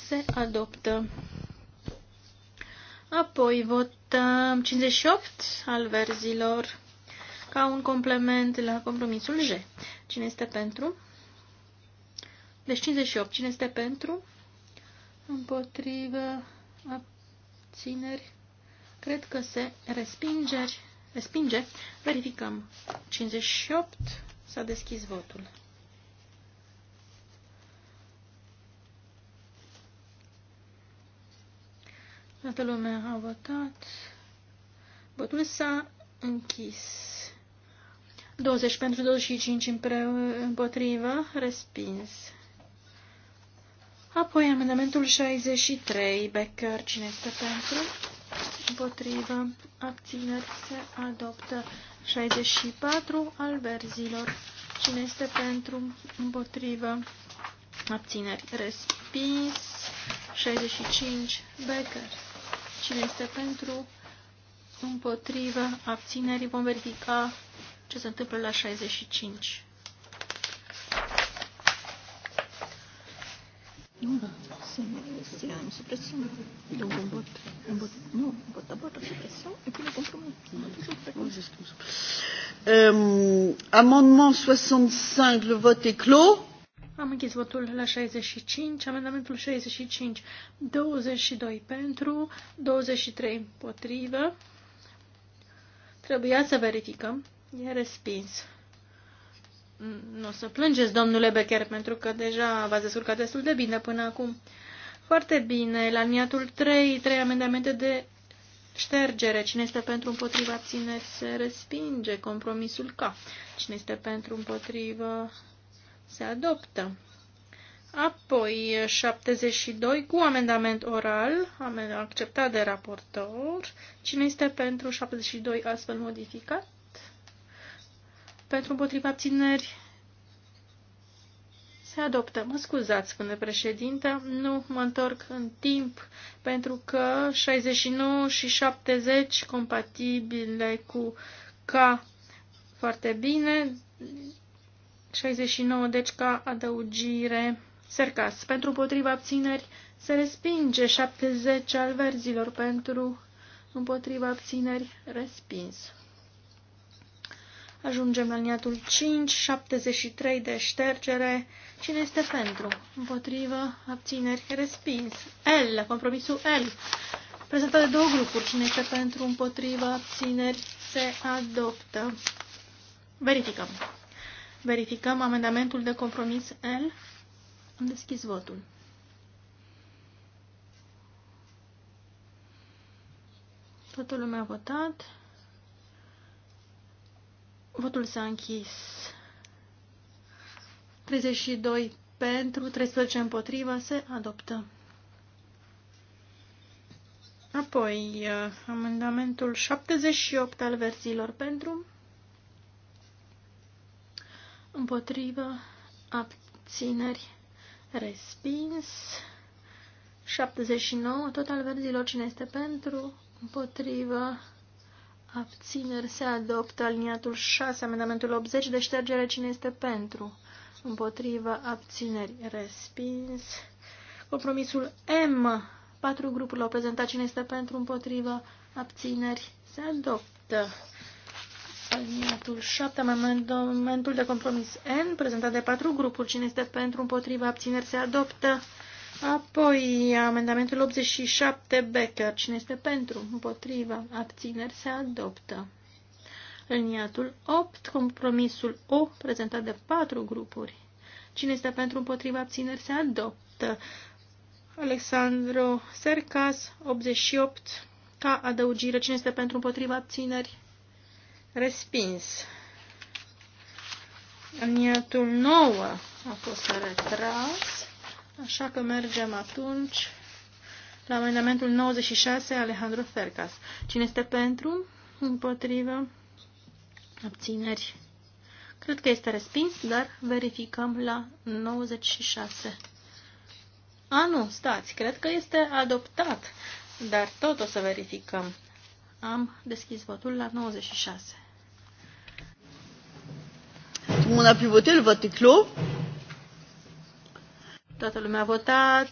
Se adoptă. Apoi votăm 58 al verzilor ca un complement la compromisul J. Cine este pentru? Deci 58. Cine este pentru? Împotrivă abțineri. Cred că se respinge. respinge. Verificăm. 58. S-a deschis votul. Toată lumea a votat. Votul s-a închis. 20 pentru 25 împotrivă, respins. Apoi amendamentul 63, Becker, cine este pentru? Împotrivă, abțineri, se adoptă. 64, al verzilor, cine este pentru? Împotrivă, abțineri, respins. 65, Becker, cine este pentru? Împotrivă, abțineri, vom verifica ce se întâmplă la 65. Nu, am supresiune. Eu un vot, un vot, nu, un la supresiune, ehm, amendement 65, le vote est clos. Am închis votul la 65, amendamentul 65, 22 pentru, 23 potrivă. Trebuia să verificăm. E respins. Mm, nu o să plângeți, domnule Becker, pentru că deja v-ați descurcat destul de bine până acum. Foarte bine. La niatul 3, 3 amendamente de ștergere. Cine este pentru împotriva ține, se respinge. Compromisul K. Cine este pentru împotriva, se adoptă. Apoi 72 cu amendament oral, acceptat de raportor. Cine este pentru 72 astfel modificat? pentru împotriva țineri. se adoptă. Mă scuzați, spune președinte, nu mă întorc în timp pentru că 69 și 70 compatibile cu K foarte bine. 69, deci ca adăugire. Sercas, pentru împotriva abțineri se respinge 70 al verzilor pentru împotriva abțineri respins. Ajungem la liniatul 5, 73 de ștergere. Cine este pentru? Împotrivă, abțineri, respins. L, compromisul L. Prezentat de două grupuri. Cine este pentru? Împotrivă, abțineri, se adoptă. Verificăm. Verificăm amendamentul de compromis L. Am deschis votul. Toată lumea a votat. Votul s-a închis. 32 pentru, 13 împotriva, se adoptă. Apoi, uh, amendamentul 78 al versiilor pentru, împotriva, abțineri, respins. 79, tot al verzilor, cine este pentru, împotriva, Abțineri se adoptă aliniatul 6, amendamentul 80 de ștergere. Cine este pentru? Împotrivă. Abțineri respins. Compromisul M. Patru grupuri l-au prezentat. Cine este pentru? Împotrivă. Abțineri se adoptă. Aliniatul 7, amendamentul de compromis N, prezentat de patru grupuri. Cine este pentru? Împotrivă. Abțineri se adoptă. Apoi, amendamentul 87, Becker. Cine este pentru? Împotriva. Abțineri se adoptă. Liniatul 8, compromisul O, prezentat de patru grupuri. Cine este pentru împotriva abțineri se adoptă. Alexandru Sercas, 88, ca adăugire. Cine este pentru împotriva abțineri? Respins. Liniatul 9 a fost retras. Așa că mergem atunci la amendamentul 96, Alejandro Fercas. Cine este pentru? Împotrivă? Abțineri? Cred că este respins, dar verificăm la 96. A, nu, stați, cred că este adoptat, dar tot o să verificăm. Am deschis votul la 96. Tout le monde a pu voter, le vote est clos. Toată lumea a votat.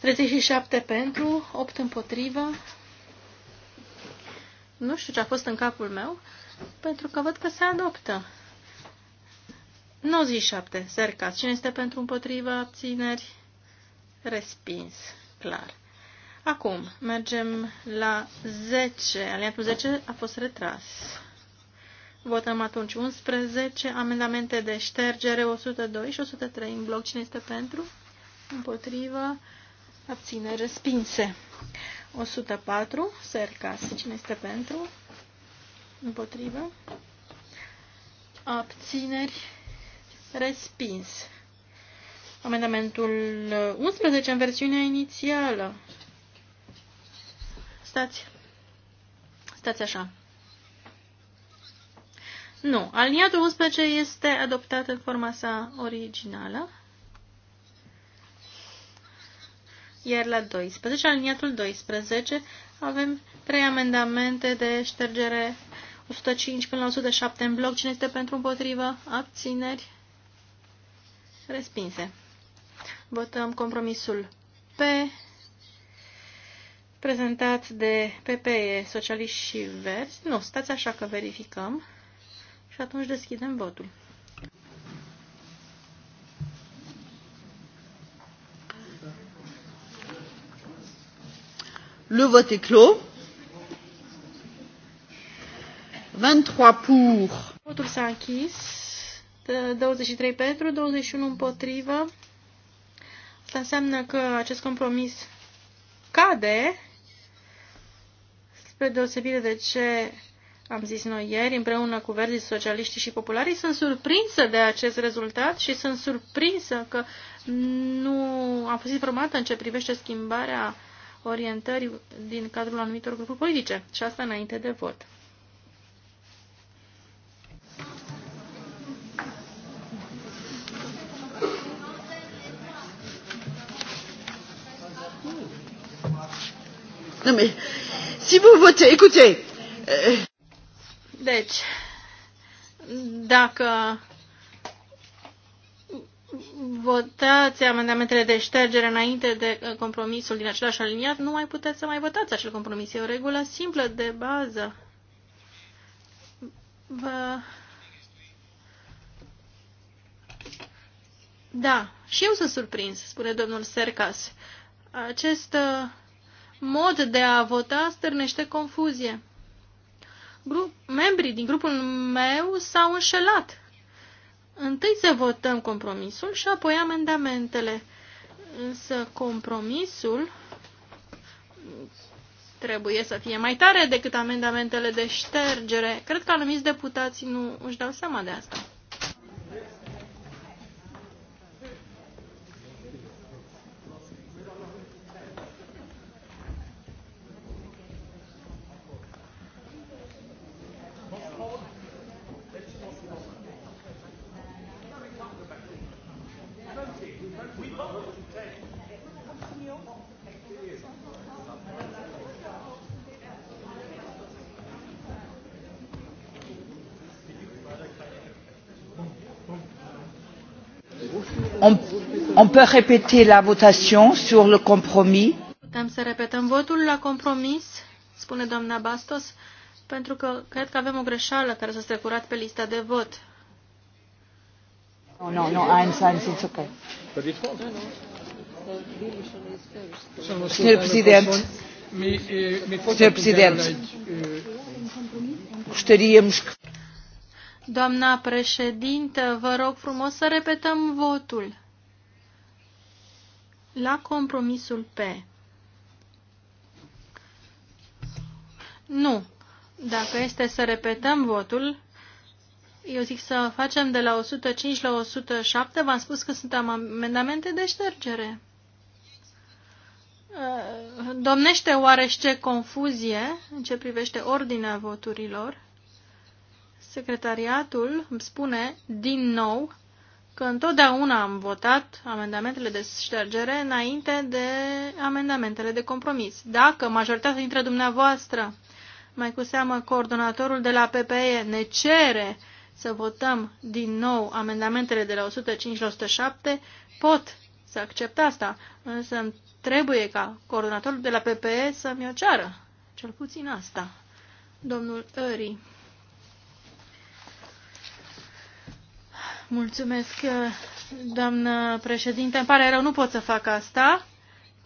37 pentru, 8 împotrivă. Nu știu ce a fost în capul meu, pentru că văd că se adoptă. 97. Zercați. Cine este pentru împotrivă? Abțineri? Respins. Clar. Acum, mergem la 10. Aliatul 10 a fost retras. Votăm atunci 11 amendamente de ștergere 102 și 103 în bloc. Cine este pentru? Împotrivă. Abține respinse. 104. Sercas. Cine este pentru? Împotrivă. Abțineri. Respins. Amendamentul 11 în versiunea inițială. Stați. Stați așa. Nu. Aliniatul 11 este adoptat în forma sa originală. Iar la 12, aliniatul 12, avem trei amendamente de ștergere 105 până la 107 în bloc. Cine este pentru împotrivă? Abțineri? Respinse. Votăm compromisul P, prezentat de PPE, Socialiști și Verzi. Nu, stați așa că verificăm. Și atunci deschidem votul. Le vote est clos. 23 pour. Votul s-a închis. 23 pentru, 21 împotrivă. Asta înseamnă că acest compromis cade, spre deosebire de ce am zis noi ieri, împreună cu verzii socialiștii și popularii, sunt surprinsă de acest rezultat și sunt surprinsă că nu am fost informată în ce privește schimbarea orientării din cadrul anumitor grupuri politice. Și asta înainte de vot. Non mais, si vous votez, écoutez, euh... Deci, dacă votați amendamentele de ștergere înainte de compromisul din același aliniat, nu mai puteți să mai votați acel compromis. E o regulă simplă de bază. Vă... Da, și eu sunt surprins, spune domnul Sercas. Acest uh, mod de a vota stârnește confuzie. Gru membrii din grupul meu s-au înșelat. Întâi să votăm compromisul și apoi amendamentele. Însă compromisul trebuie să fie mai tare decât amendamentele de ștergere. Cred că anumiți deputații nu își dau seama de asta. on peut répéter la votation sur le compromis. Putem să repetăm votul la compromis, spune doamna Bastos, pentru că cred că avem o greșeală care s-a strecurat pe lista de vot. Nu, nu, nu, I'm sorry, it's ok. But președinte, was. președinte, Presidente, Senhor Presidente, gostaríamos Doamna președintă, vă rog frumos să repetăm votul la compromisul P. Nu. Dacă este să repetăm votul, eu zic să facem de la 105 la 107. V-am spus că sunt amendamente de ștergere. Uh, domnește oarește confuzie în ce privește ordinea voturilor. Secretariatul îmi spune din nou că întotdeauna am votat amendamentele de ștergere înainte de amendamentele de compromis. Dacă majoritatea dintre dumneavoastră, mai cu seamă coordonatorul de la PPE, ne cere să votăm din nou amendamentele de la 105 la 107, pot să accept asta, însă trebuie ca coordonatorul de la PPE să-mi o ceară. Cel puțin asta. Domnul Ării. Mulțumesc, doamnă președinte. Îmi pare rău, nu pot să fac asta,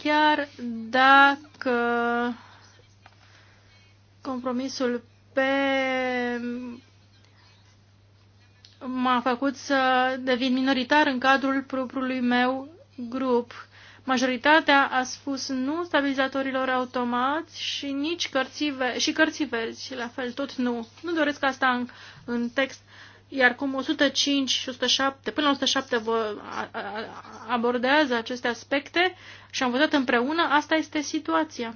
chiar dacă compromisul pe m-a făcut să devin minoritar în cadrul propriului meu grup. Majoritatea a spus nu stabilizatorilor automați și nici cărții și cărții verzi, la fel, tot nu. Nu doresc asta în, în text iar cum 105 și 107, până la 107 vă abordează aceste aspecte și am văzut împreună, asta este situația.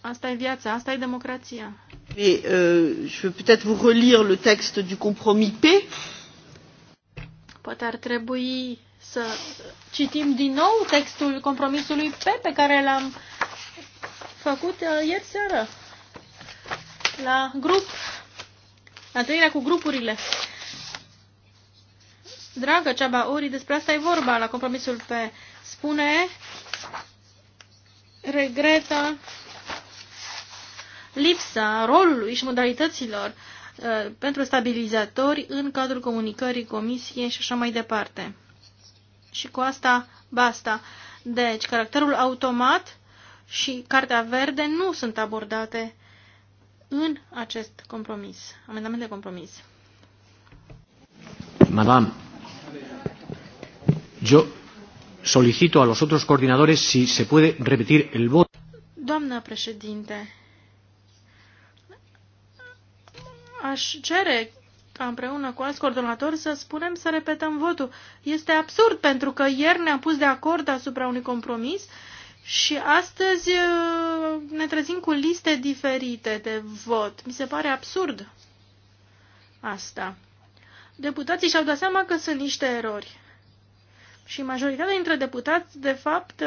Asta e viața, asta e democrația. Mais euh, je vais peut-être vous relire le texte du compromis P. Poate ar trebui să citim din nou textul compromisului P pe care l-am făcut uh, ieri seară la grup, la întâlnirea cu grupurile. Dragă Ceaba Ori, despre asta e vorba la compromisul pe spune, regretă lipsa rolului și modalităților uh, pentru stabilizatori în cadrul comunicării comisiei și așa mai departe. Și cu asta basta. Deci, caracterul automat și Cartea Verde nu sunt abordate în acest compromis, amendament de compromis. Madame, Yo solicito a los otros coordinadores si se puede repetir el voto. Doamna președinte, aș cere ca împreună cu alți coordonatori să spunem să repetăm votul. Este absurd pentru că ieri ne-am pus de acord asupra unui compromis și astăzi uh, ne trezim cu liste diferite de vot. Mi se pare absurd asta. Deputații și-au dat seama că sunt niște erori. Și majoritatea dintre deputați, de fapt,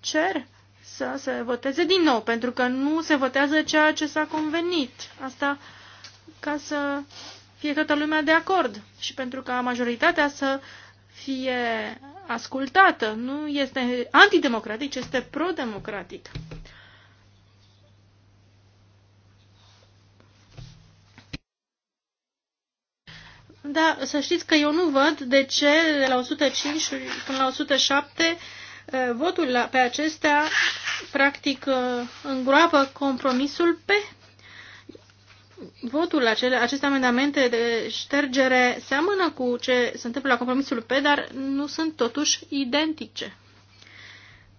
cer să se voteze din nou, pentru că nu se votează ceea ce s-a convenit. Asta ca să fie toată lumea de acord și pentru ca majoritatea să fie ascultată. Nu este antidemocratic, este pro-democratic. Da, să știți că eu nu văd de ce de la 105 până la 107 eh, votul pe acestea practic eh, îngroapă compromisul pe votul acele, aceste amendamente de ștergere seamănă cu ce se întâmplă la compromisul P, dar nu sunt totuși identice.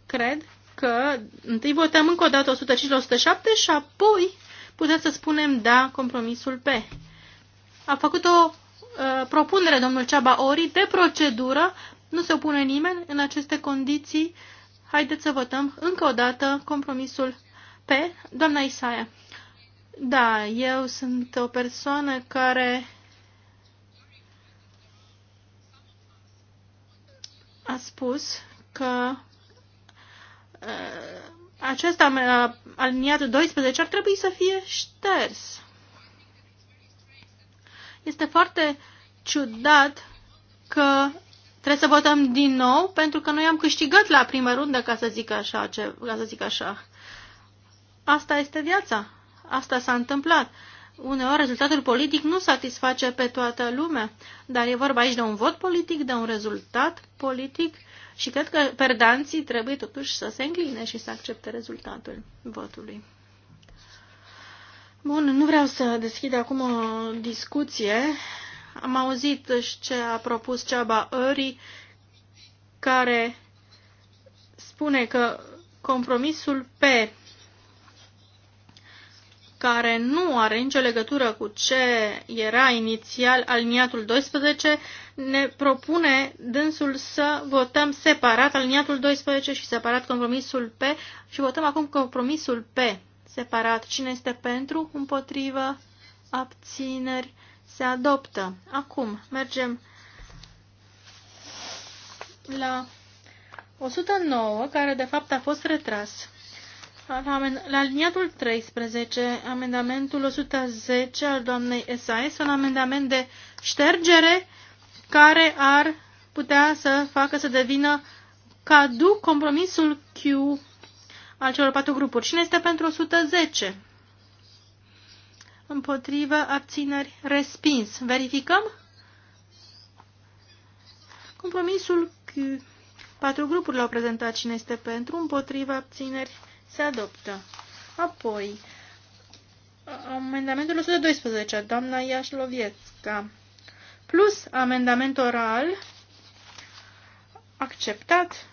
Cred că întâi votăm încă o dată 105 la 107 și apoi putem să spunem da compromisul P. A făcut o Uh, propunere, domnul Ceaba Ori, de procedură. Nu se opune nimeni în aceste condiții. Haideți să votăm încă o dată compromisul pe doamna Isaia. Da, eu sunt o persoană care a spus că uh, acest aliniat 12 ar trebui să fie șters. Este foarte ciudat că trebuie să votăm din nou, pentru că noi am câștigat la prima rundă, ca să zic așa. Ce, ca să zic așa. Asta este viața. Asta s-a întâmplat. Uneori rezultatul politic nu satisface pe toată lumea, dar e vorba aici de un vot politic, de un rezultat politic și cred că perdanții trebuie totuși să se încline și să accepte rezultatul votului. Bun, nu vreau să deschid acum o discuție. Am auzit și ce a propus Ceaba Ări, care spune că compromisul P, care nu are nicio legătură cu ce era inițial aliniatul 12, ne propune dânsul să votăm separat aliniatul 12 și separat compromisul P și votăm acum compromisul P separat. Cine este pentru, împotrivă, abțineri, se adoptă. Acum mergem la 109, care de fapt a fost retras. La aliniatul 13, amendamentul 110 al doamnei este un amendament de ștergere care ar putea să facă să devină caduc compromisul Q al celor patru grupuri. Cine este pentru 110? Împotrivă, abțineri, respins. Verificăm? Compromisul Q. Patru grupuri l-au prezentat cine este pentru, împotrivă, abțineri, se adoptă. Apoi, amendamentul 112, doamna Iașlovietska, plus amendament oral acceptat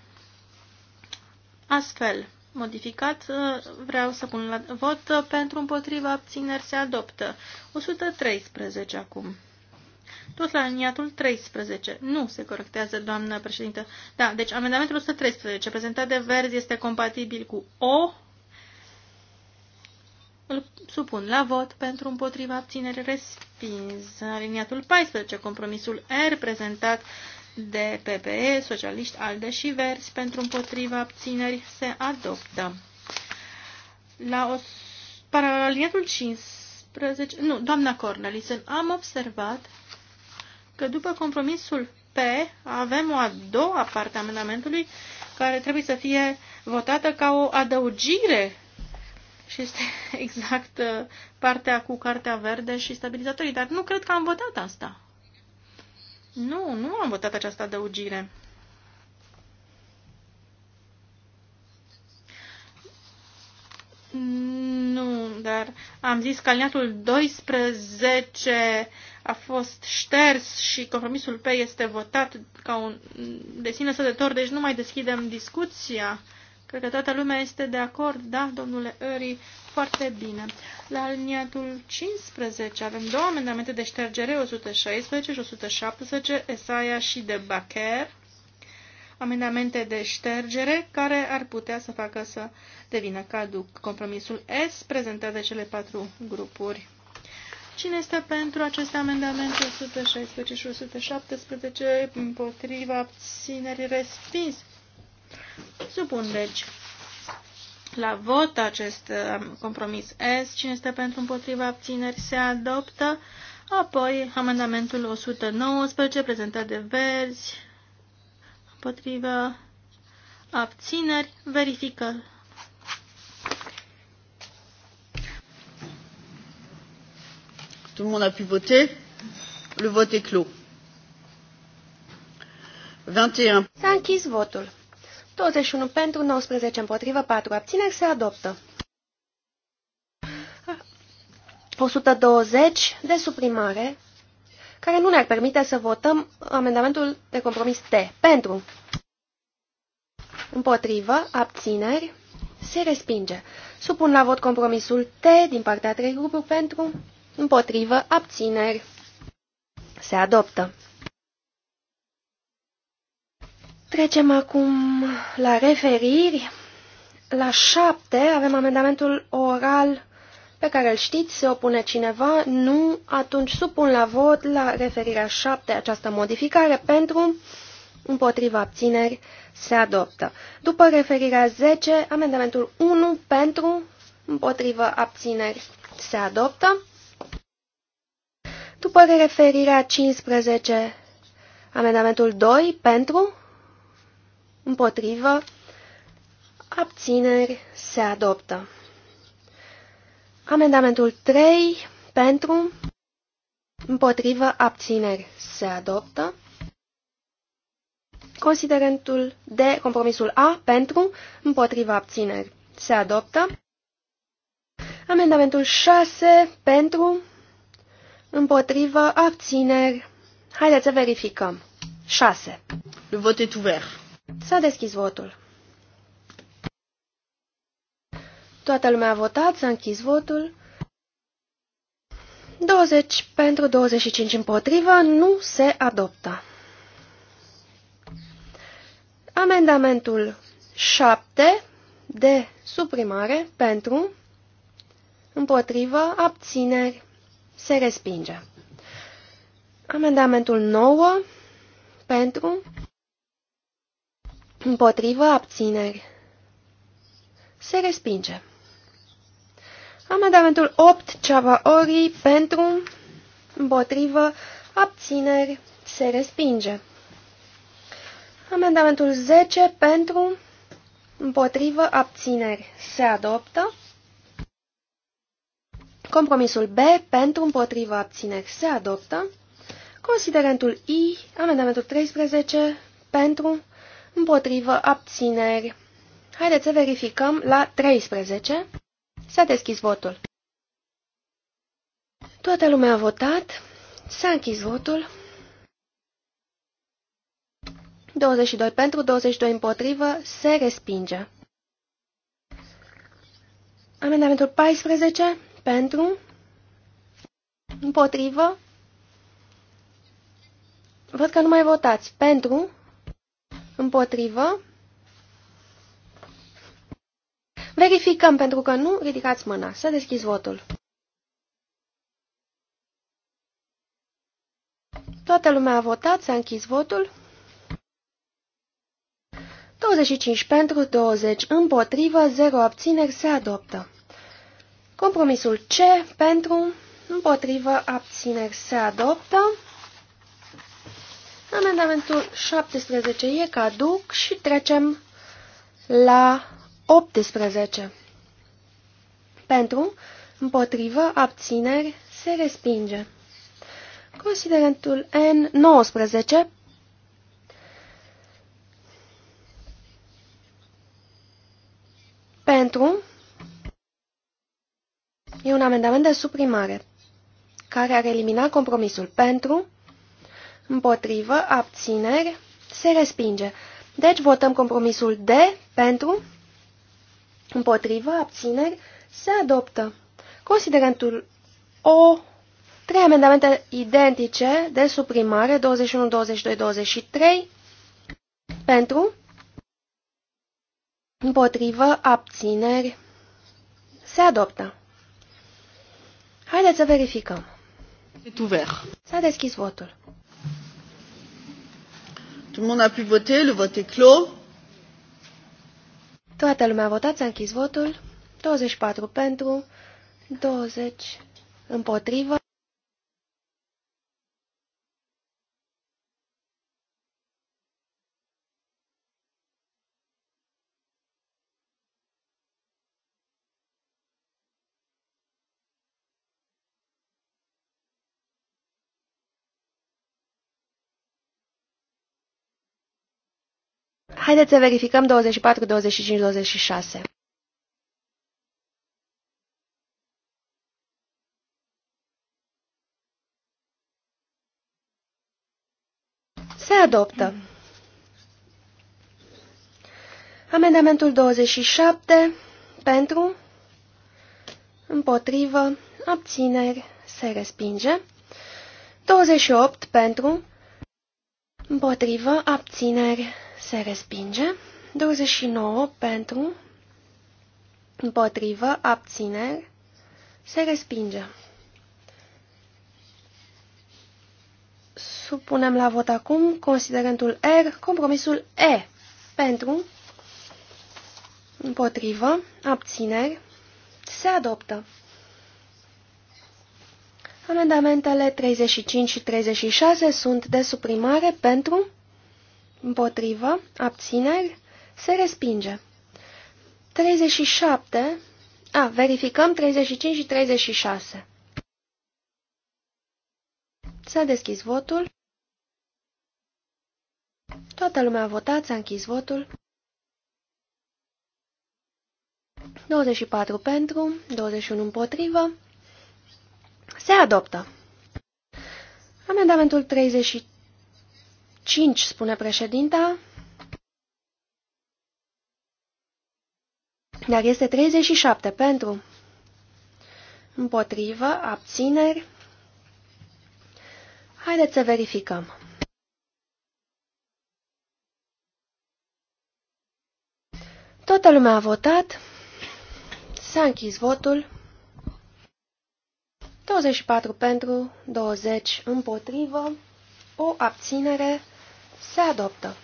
astfel modificat, uh, vreau să pun la vot uh, pentru împotriva abțineri se adoptă. 113 acum. Tot la aliniatul 13. Nu se corectează, doamnă președintă. Da, deci amendamentul 113 prezentat de verzi este compatibil cu O. Îl supun la vot pentru împotriva abțineri respins. Aliniatul 14, compromisul R prezentat de PPE, Socialiști, ALDE și Verzi pentru împotriva abțineri se adoptă. La o... 15, nu, doamna Cornelisen, am observat că după compromisul P avem o a doua parte a amendamentului care trebuie să fie votată ca o adăugire și este exact uh, partea cu cartea verde și stabilizatorii, dar nu cred că am votat asta. Nu, nu am votat această adăugire. Nu, dar am zis că aliniatul 12 a fost șters și compromisul P este votat ca un de sine sădător, deci nu mai deschidem discuția. Cred că toată lumea este de acord, da, domnule Eri, foarte bine. La aliniatul 15 avem două amendamente de ștergere, 116 și 117, Esaia și de Bacher. Amendamente de ștergere care ar putea să facă să devină caduc compromisul S prezentat de cele patru grupuri. Cine este pentru aceste amendamente 116 și 117 împotriva abținerii respins? presupun, deci, la vot acest um, compromis S. Cine este pentru împotriva abțineri se adoptă. Apoi, amendamentul 119, prezentat de verzi, împotriva abțineri, verifică. Tout le monde a pu voter. Le vote est clos. 21. S'a votul. 21 pentru, 19 împotrivă, 4 abțineri, se adoptă. 120 de suprimare, care nu ne-ar permite să votăm amendamentul de compromis T. Pentru, împotrivă, abțineri, se respinge. Supun la vot compromisul T din partea a trei grupuri pentru, împotrivă, abțineri, se adoptă. Trecem acum la referiri. La șapte avem amendamentul oral pe care îl știți, se opune cineva, nu, atunci supun la vot la referirea 7 această modificare pentru împotriva abțineri se adoptă. După referirea 10, amendamentul 1 pentru împotriva abțineri se adoptă. După referirea 15, amendamentul 2 pentru Împotrivă. Abțineri. Se adoptă. Amendamentul 3. Pentru. Împotrivă. Abțineri. Se adoptă. Considerentul de compromisul A. Pentru. Împotrivă. Abțineri. Se adoptă. Amendamentul 6. Pentru. Împotrivă. Abțineri. Haideți să verificăm. 6. Le vot est ouvert. S-a deschis votul. Toată lumea a votat, s-a închis votul. 20 pentru 25 împotrivă nu se adoptă. Amendamentul 7 de suprimare pentru împotrivă abțineri se respinge. Amendamentul 9 pentru Împotrivă abțineri. Se respinge. Amendamentul 8, Ceava Ori, pentru, împotrivă, abțineri, se respinge. Amendamentul 10, pentru, împotrivă, abțineri, se adoptă. Compromisul B, pentru, împotrivă, abțineri, se adoptă. Considerentul I, amendamentul 13, pentru, împotrivă, abțineri. Haideți să verificăm la 13. S-a deschis votul. Toată lumea a votat. S-a închis votul. 22 pentru, 22 împotrivă, se respinge. Amendamentul 14 pentru, împotrivă, văd că nu mai votați, pentru, Împotrivă. Verificăm, pentru că nu ridicați mâna. Să deschizi votul. Toată lumea a votat, s-a închis votul. 25 pentru, 20 împotrivă, 0 abțineri, se adoptă. Compromisul C pentru, împotrivă, abțineri, se adoptă. Amendamentul 17 e caduc și trecem la 18. Pentru, împotrivă, abțineri, se respinge. Considerentul N19 pentru e un amendament de suprimare care ar elimina compromisul pentru împotrivă, abțineri, se respinge. Deci votăm compromisul D pentru, împotrivă, abțineri, se adoptă. Considerentul O, trei amendamente identice de suprimare, 21, 22, 23, pentru, împotrivă, abțineri, se adoptă. Haideți să verificăm. S-a deschis votul. Tout le monde a pu voter, le vote est clos. Toată lumea a votat, s-a închis votul. 24 pentru, 20 împotrivă. Haideți să verificăm 24, 25, 26. Se adoptă. Amendamentul 27 pentru, împotrivă, abțineri, se respinge. 28 pentru, împotrivă, abțineri, se respinge. 29 pentru, împotrivă, abțineri, se respinge. Supunem la vot acum considerentul R, compromisul E, pentru, împotrivă, abțineri, se adoptă. Amendamentele 35 și 36 sunt de suprimare pentru Împotrivă. Abțineri. Se respinge. 37. A, verificăm 35 și 36. S-a deschis votul. Toată lumea a votat, s-a închis votul. 24 pentru, 21 împotrivă. Se adoptă. Amendamentul 33 5, spune președinta. Dar este 37 pentru. Împotrivă, abțineri. Haideți să verificăm. Toată lumea a votat. S-a închis votul. 24 pentru, 20 împotrivă, o abținere. Se adoptă.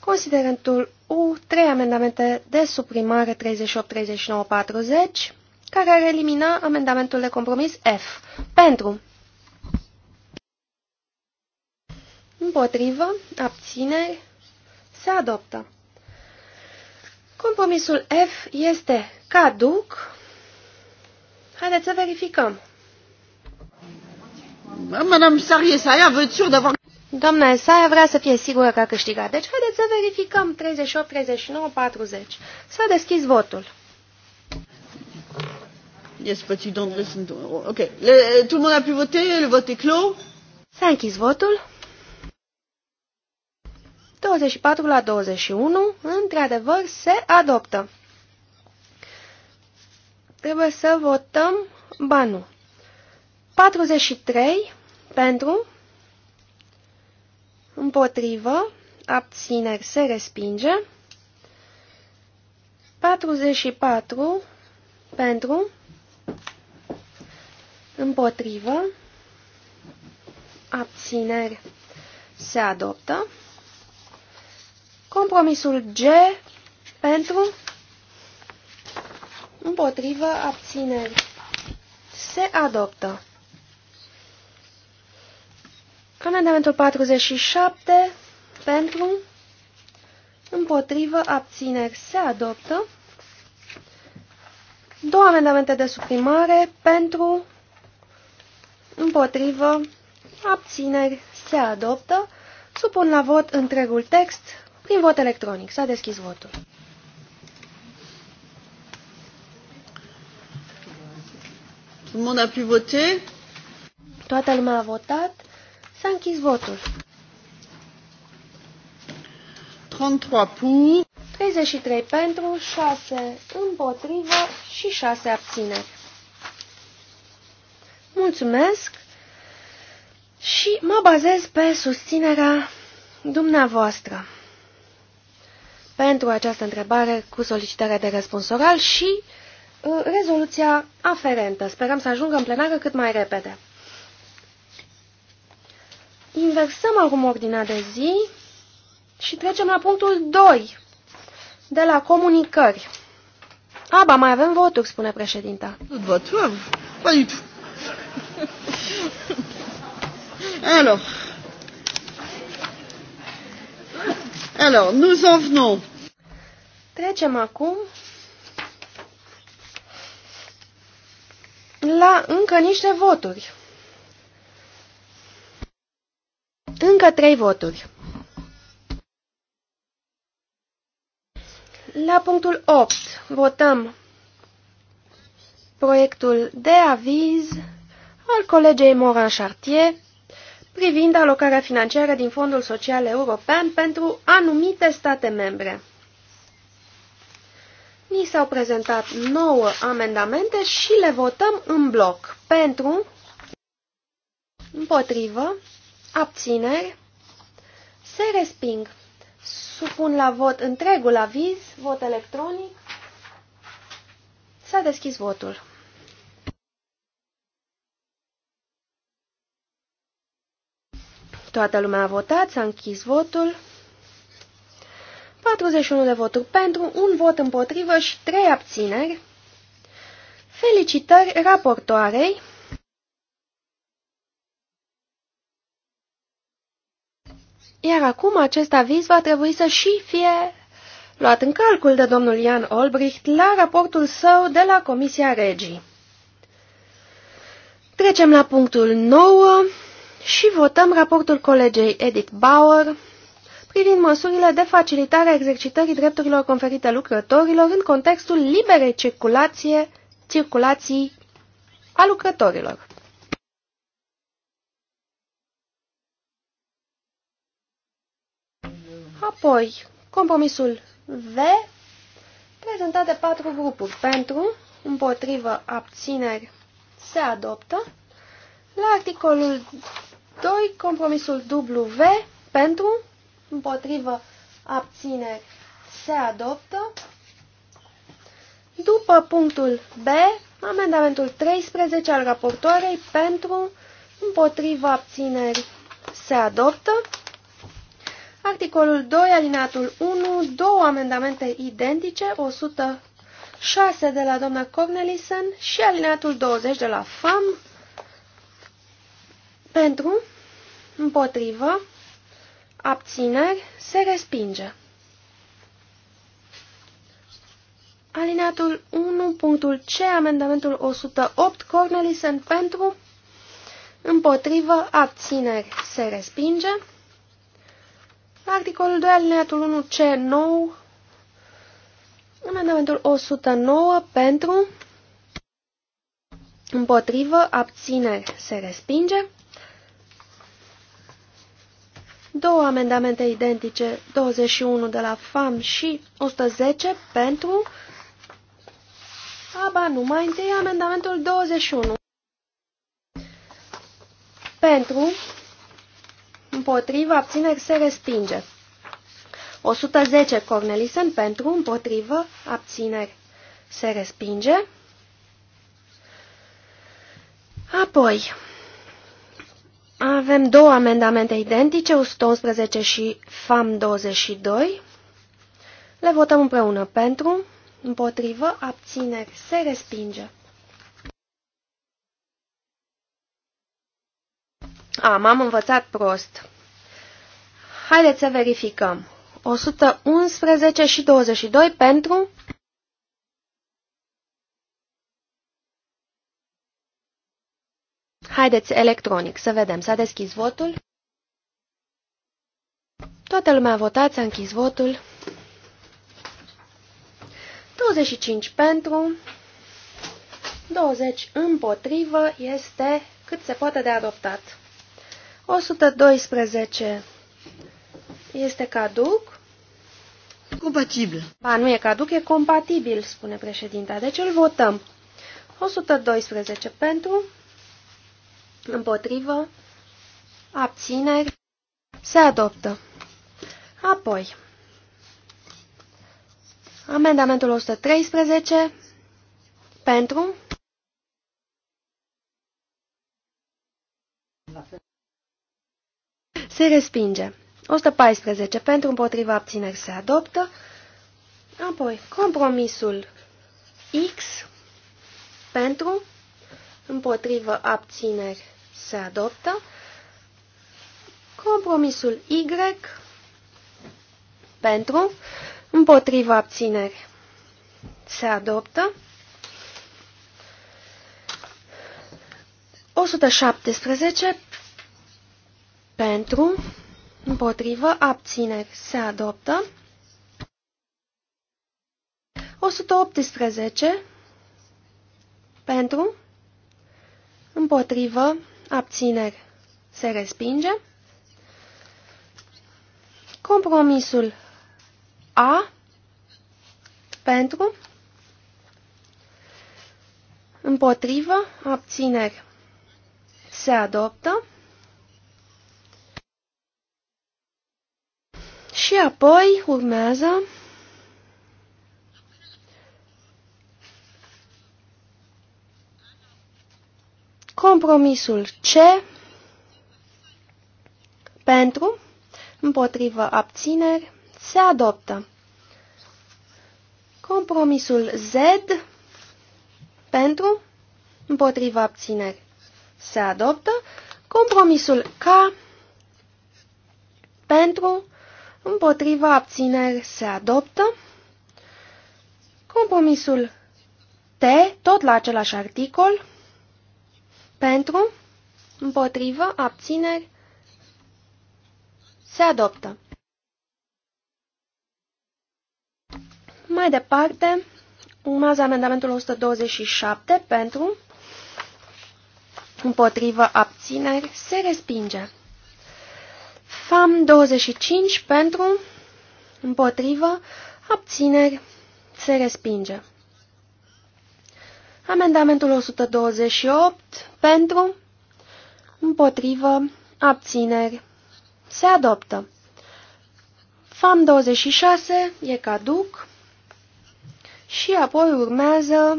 Considerentul U, trei amendamente de suprimare 38, 39, 40, care ar elimina amendamentul de compromis F. Pentru. Împotrivă, abțineri, se adoptă. Compromisul F este caduc. Haideți să verificăm. Madame Sariesaia veut sûr d'avoir Doamna Esaia vrea să fie sigură că a câștigat, deci haideți să verificăm 38, 39, 40. S-a deschis votul. Yes, but you don't listen to... Ok. Le, tout le monde a pu voter, le vote est clos. S-a închis votul. 24 la 21, într-adevăr, se adoptă. Trebuie să votăm... banul. 43 pentru împotrivă, abțineri se respinge, 44 pentru, împotrivă, abțineri se adoptă, compromisul G pentru, împotrivă, abțineri se adoptă. Amendamentul 47 pentru, împotrivă, abțineri se adoptă. Două amendamente de suprimare pentru, împotrivă, abțineri se adoptă. Supun la vot întregul text prin vot electronic. S-a deschis votul. Tout le monde a pu voter? Toată lumea a votat. S-a închis votul. 33 pour. 33 pentru, 6 împotrivă și 6 abțineri. Mulțumesc și mă bazez pe susținerea dumneavoastră pentru această întrebare cu solicitarea de răspuns oral și uh, rezoluția aferentă. Sperăm să ajungă în plenară cât mai repede inversăm acum ordinea de zi și trecem la punctul 2 de la comunicări. Aba, mai avem voturi, spune președinta. Voturi? Pas Alo. tout. Alors. Alors, nous en venons. Trecem acum la încă niște voturi. Încă trei voturi. La punctul 8 votăm proiectul de aviz al colegei Moran Chartier privind alocarea financiară din Fondul Social European pentru anumite state membre. Ni s-au prezentat 9 amendamente și le votăm în bloc pentru, împotrivă, abțineri, se resping. Supun la vot întregul aviz, vot electronic. S-a deschis votul. Toată lumea a votat, s-a închis votul. 41 de voturi pentru, un vot împotrivă și 3 abțineri. Felicitări raportoarei! Iar acum acest aviz va trebui să și fie luat în calcul de domnul Ian Olbricht la raportul său de la Comisia Regii. Trecem la punctul 9 și votăm raportul colegei Edith Bauer privind măsurile de facilitare a exercitării drepturilor conferite lucrătorilor în contextul liberei circulație, circulații a lucrătorilor. Apoi, compromisul V, prezentat de patru grupuri. Pentru, împotrivă, abțineri, se adoptă. La articolul 2, compromisul W, pentru, împotrivă, abțineri, se adoptă. După punctul B, amendamentul 13 al raportoarei pentru, împotrivă, abțineri, se adoptă. Articolul 2, alineatul 1, două amendamente identice, 106 de la doamna Cornelison și alineatul 20 de la FAM, pentru, împotrivă, abțineri, se respinge. Alineatul 1, punctul C, amendamentul 108, Cornelison pentru, împotrivă, abțineri, se respinge. Articolul 2, alineatul 1C, nou. Amendamentul 109 pentru, împotrivă, abțineri, se respinge. Două amendamente identice, 21 de la FAM și 110 pentru, aba nu, mai întâi amendamentul 21. Pentru, împotrivă, abțineri se respinge. 110 Cornelisen pentru, împotrivă, abțineri se respinge. Apoi, avem două amendamente identice, 111 și FAM 22. Le votăm împreună pentru, împotrivă, abțineri, se respinge. Am, am învățat prost. Haideți să verificăm. 111 și 22 pentru... Haideți electronic să vedem. S-a deschis votul. Toată lumea a votat, s-a închis votul. 25 pentru, 20 împotrivă, este cât se poate de adoptat. 112 este caduc. Compatibil. Ba, nu e caduc, e compatibil, spune președinta. Deci îl votăm. 112 pentru, împotrivă, abțineri, se adoptă. Apoi, amendamentul 113 pentru, se respinge. 114 pentru împotriva abțineri se adoptă. Apoi, compromisul X pentru împotrivă abțineri se adoptă. Compromisul Y pentru împotriva abțineri se adoptă. 117 pentru Împotrivă, abțineri, se adoptă. 118. Pentru. Împotrivă, abțineri, se respinge. Compromisul A. Pentru. Împotrivă, abțineri, se adoptă. Și apoi urmează compromisul C pentru, împotrivă abțineri, se adoptă. Compromisul Z pentru, împotrivă abțineri, se adoptă. Compromisul K pentru, Împotriva abțineri se adoptă. Compromisul T, tot la același articol. Pentru, împotrivă, abțineri se adoptă. Mai departe, urmează amendamentul 127 pentru, împotrivă, abțineri, se respinge. FAM 25 pentru, împotrivă, abțineri, se respinge. Amendamentul 128 pentru, împotrivă, abțineri, se adoptă. FAM 26 e caduc și apoi urmează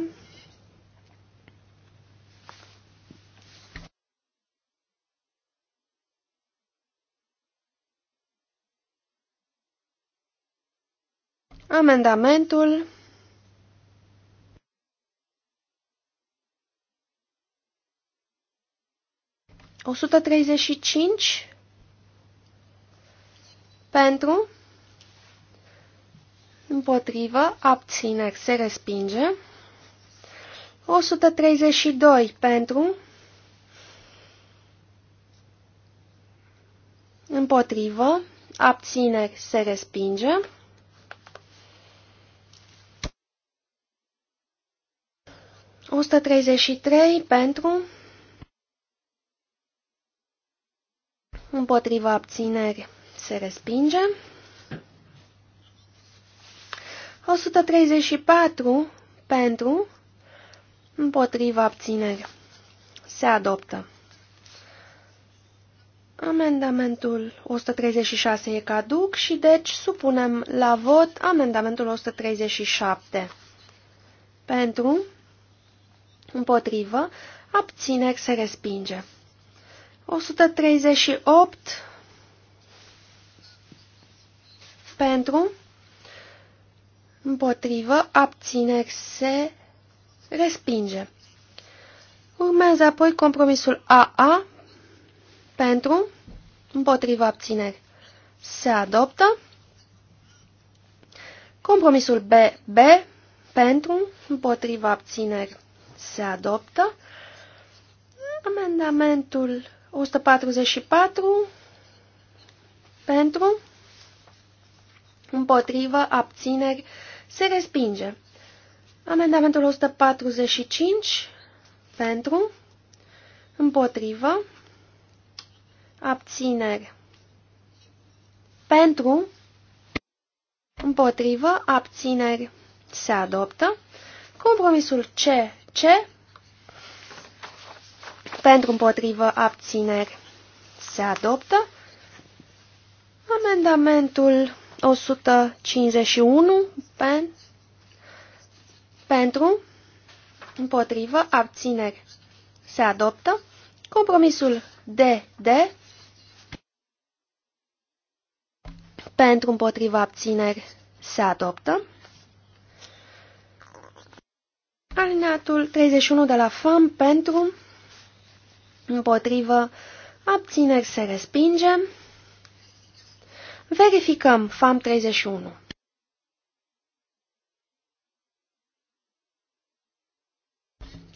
Amendamentul o sută treizeci și cinci pentru împotrivă abțineri se respinge doi pentru împotrivă abțineri se respinge 133 pentru, împotriva abțineri se respinge. 134 pentru, împotriva abțineri se adoptă. Amendamentul 136 e caduc și deci supunem la vot amendamentul 137. Pentru, împotrivă, abțineri se respinge. 138 pentru, împotrivă, abțineri se respinge. Urmează apoi compromisul AA pentru, împotrivă, abțineri se adoptă. Compromisul BB pentru, împotriva abțineri se adoptă. Amendamentul 144 pentru, împotrivă, abțineri, se respinge. Amendamentul 145 pentru, împotrivă, abțineri, pentru, împotrivă, abțineri, se adoptă. Compromisul C, C, pentru împotrivă abțineri se adoptă. Amendamentul 151 pen, pentru împotrivă abțineri se adoptă. Compromisul D, D, pentru împotriva abțineri se adoptă. Alineatul 31 de la FAM pentru, împotrivă, abțineri se respinge. Verificăm FAM 31.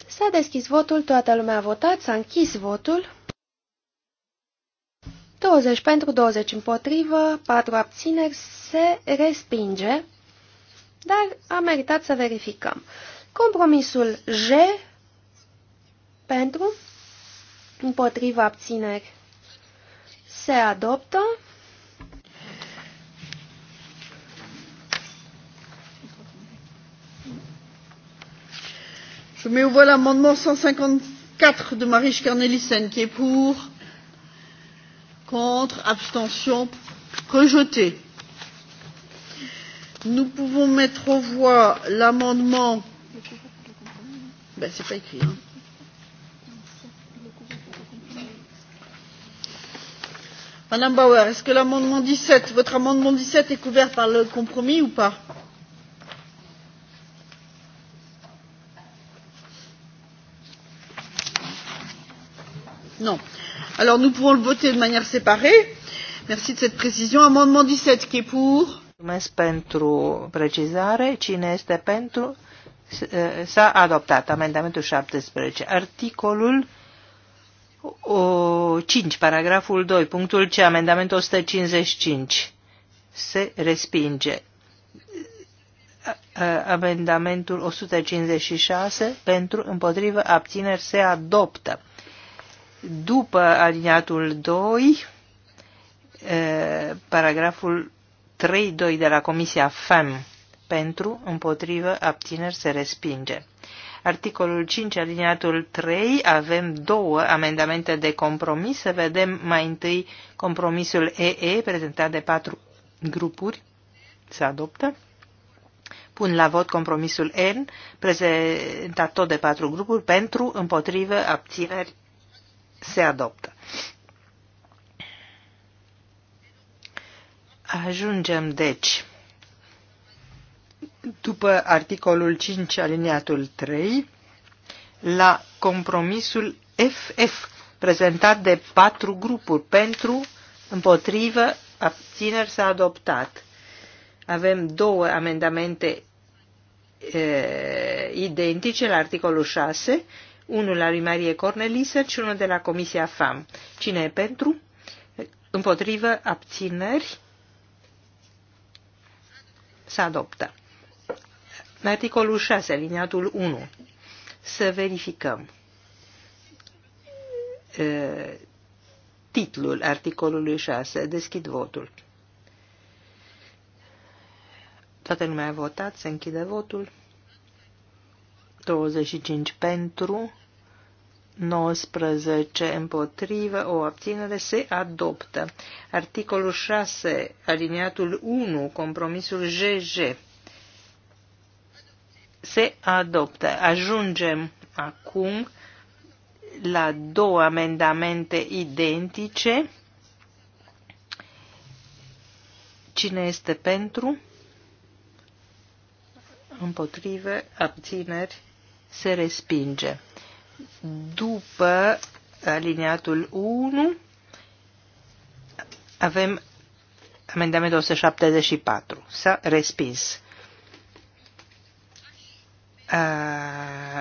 S-a deschis votul, toată lumea a votat, s-a închis votul. 20 pentru, 20 împotrivă, 4 abțineri, se respinge, dar a meritat să verificăm. Compromisul G pentru, împotriva abțineri se adoptă. Je mets au voie l'amendement 154 de Marie Cornelissen qui est pour, contre, abstention, rejeté. Nous pouvons mettre au voie l'amendement Ben, c'est pas écrit. Hein. Madame Bauer, est-ce que l'amendement 17, votre amendement 17 est couvert par le compromis ou pas Non. Alors nous pouvons le voter de manière séparée. Merci de cette précision. Amendement 17 qui est pour Mulțumesc pentru precizare. Cine este pentru? S-a adoptat amendamentul 17. Articolul 5, paragraful 2, punctul C, amendamentul 155. Se respinge. Amendamentul 156 pentru împotrivă abțineri se adoptă. După aliniatul 2, paragraful 3.2 de la Comisia FEM pentru, împotrivă, abțineri se respinge. Articolul 5, aliniatul 3, avem două amendamente de compromis. Să vedem mai întâi compromisul EE, prezentat de patru grupuri. Se adoptă. Pun la vot compromisul N, prezentat tot de patru grupuri, pentru, împotrivă, abțineri se adoptă. Ajungem, deci, după articolul 5 aliniatul 3 la compromisul FF prezentat de patru grupuri pentru, împotrivă, abțineri s-a adoptat. Avem două amendamente e, identice la articolul 6, unul la lui Marie Cornelisă și unul de la Comisia FAM. Cine e pentru? Împotrivă, abțineri, s-a adoptat. În articolul 6, liniatul 1, să verificăm titlul articolului 6. Deschid votul. Toată lumea a votat, se închide votul. 25 pentru, 19 împotrivă, o abținere se adoptă. Articolul 6, aliniatul 1, compromisul GG se adoptă. Ajungem acum la două amendamente identice. Cine este pentru? Împotrivă, abțineri, se respinge. După aliniatul 1 avem amendamentul 174. S-a respins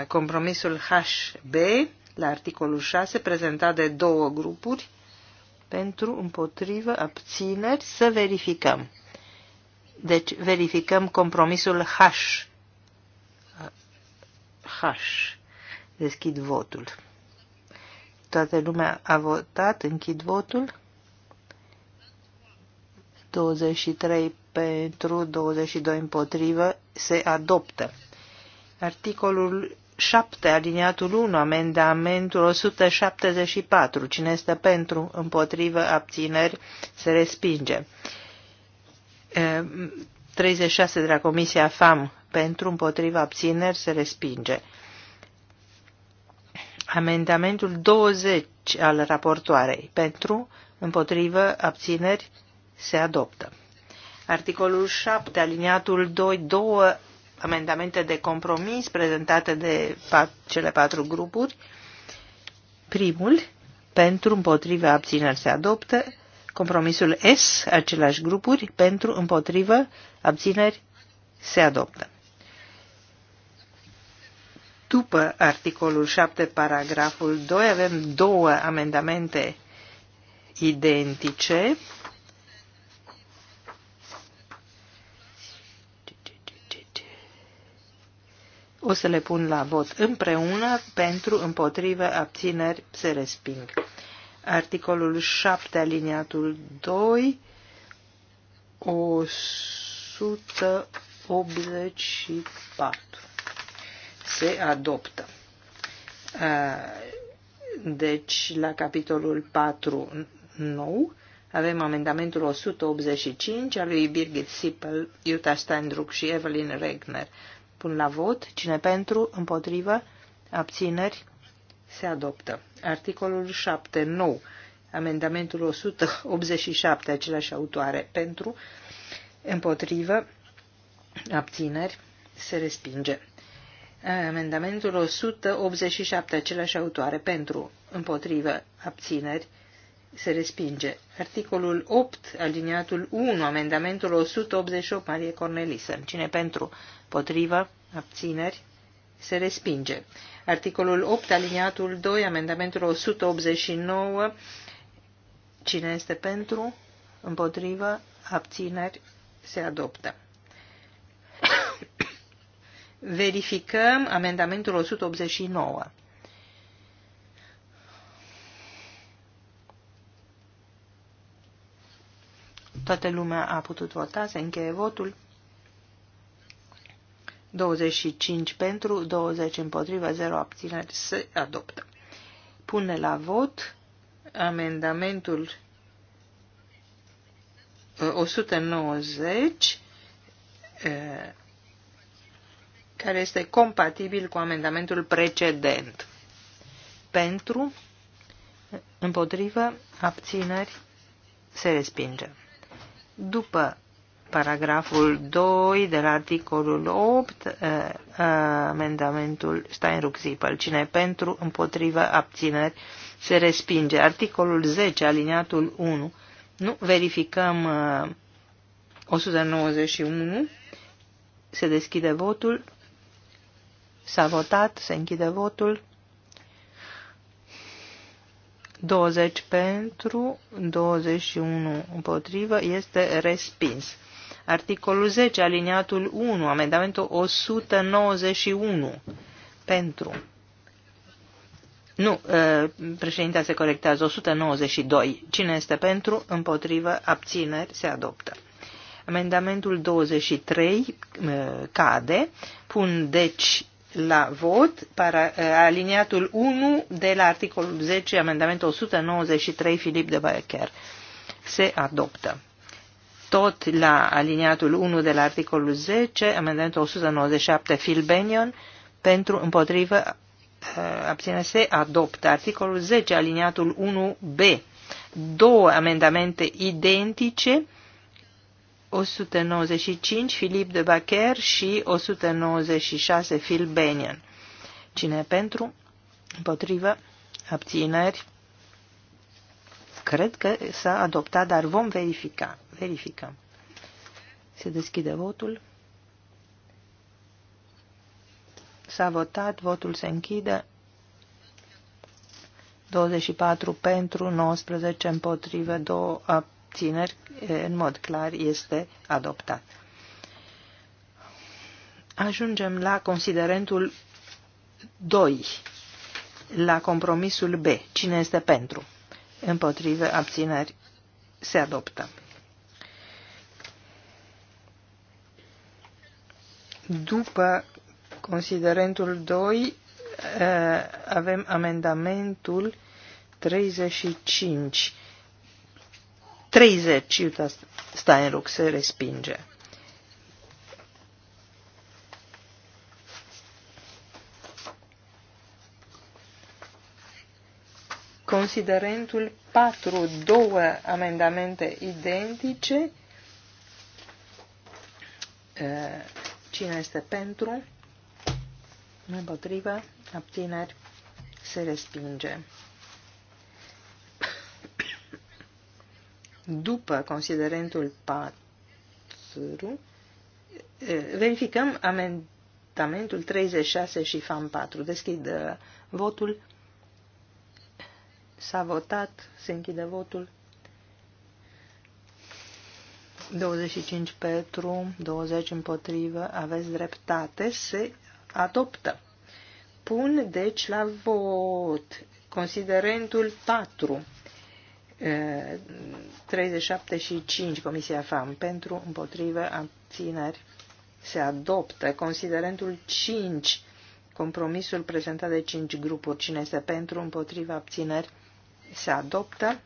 compromisul HB la articolul 6, prezentat de două grupuri, pentru, împotrivă, abțineri, să verificăm. Deci verificăm compromisul H. H. Deschid votul. Toată lumea a votat, închid votul. 23 pentru, 22 împotrivă, se adoptă. Articolul 7, aliniatul 1, amendamentul 174. Cine este pentru, împotrivă, abțineri, se respinge. 36 de la Comisia FAM, pentru, împotrivă, abțineri, se respinge. Amendamentul 20 al raportoarei, pentru, împotrivă, abțineri, se adoptă. Articolul 7, aliniatul 2, două amendamente de compromis prezentate de pat, cele patru grupuri. Primul, pentru împotrivă abțineri se adoptă. Compromisul S, același grupuri, pentru împotrivă abțineri se adoptă. După articolul 7, paragraful 2, avem două amendamente identice O să le pun la vot împreună, pentru, împotrivă, abțineri, se resping. Articolul 7, aliniatul 2, 184. Se adoptă. Deci, la capitolul 4, nou, avem amendamentul 185 al lui Birgit Sippel, Jutta Steindruck și Evelyn Regner. Pun la vot. Cine pentru, împotrivă, abțineri, se adoptă. Articolul 7, nou, amendamentul 187, Același autoare, pentru, împotrivă, abțineri, se respinge. Amendamentul 187, Același autoare, pentru, împotrivă, abțineri, se respinge. Articolul 8, aliniatul 1, amendamentul 188, Marie Cornelisen. Cine pentru? Potrivă? Abțineri? Se respinge. Articolul 8, aliniatul 2, amendamentul 189. Cine este pentru? Împotrivă? Abțineri? Se adoptă. Verificăm amendamentul 189. Toată lumea a putut vota, se încheie votul. 25 pentru, 20 împotriva, 0 abțineri se adoptă. Pune la vot amendamentul 190 uh, uh, care este compatibil cu amendamentul precedent. Pentru, împotrivă, abțineri, se respinge după paragraful 2 de la articolul 8, uh, amendamentul Steinruck-Zipel. Cine pentru, împotrivă, abțineri, se respinge. Articolul 10, aliniatul 1. Nu verificăm 191. Uh, se deschide votul. S-a votat, se închide votul. 20 pentru, 21 împotrivă, este respins. Articolul 10, aliniatul 1, amendamentul 191 pentru. Nu, ă, președintea se corectează, 192. Cine este pentru, împotrivă, abțineri, se adoptă. Amendamentul 23 ă, cade, pun deci la vot para, eh, aliniatul 1 de la articolul 10, amendamentul 193, Filip de Baecher. Se adoptă. Tot la aliniatul 1 de la articolul 10, amendamentul 197, Phil Benion, pentru împotrivă eh, abține se adoptă. Articolul 10, aliniatul 1b. Două amendamente identice 195 Filip de Bacher și 196 Phil Benion. Cine pentru? Împotrivă? Abțineri? Cred că s-a adoptat, dar vom verifica. Verificăm. Se deschide votul. S-a votat, votul se închide. 24 pentru, 19 împotrivă, 2 tineri, în mod clar, este adoptat. Ajungem la considerentul 2, la compromisul B. Cine este pentru? Împotrivă, abțineri, se adoptă. După considerentul 2 avem amendamentul 35 30, Iuta Steinruck se respinge. Considerentul 4, două amendamente identice. Cine este pentru? Împotriva? Abțineri? Se respinge. după considerentul 4, verificăm amendamentul 36 și FAM 4. Deschid votul. S-a votat, se închide votul. 25 pentru, 20 împotrivă, aveți dreptate, se adoptă. Pun deci la vot considerentul 4 37 și 5 Comisia FAM pentru împotrivă abțineri se adoptă. Considerentul 5 compromisul prezentat de 5 grupuri. Cine este pentru împotrivă abțineri se adoptă.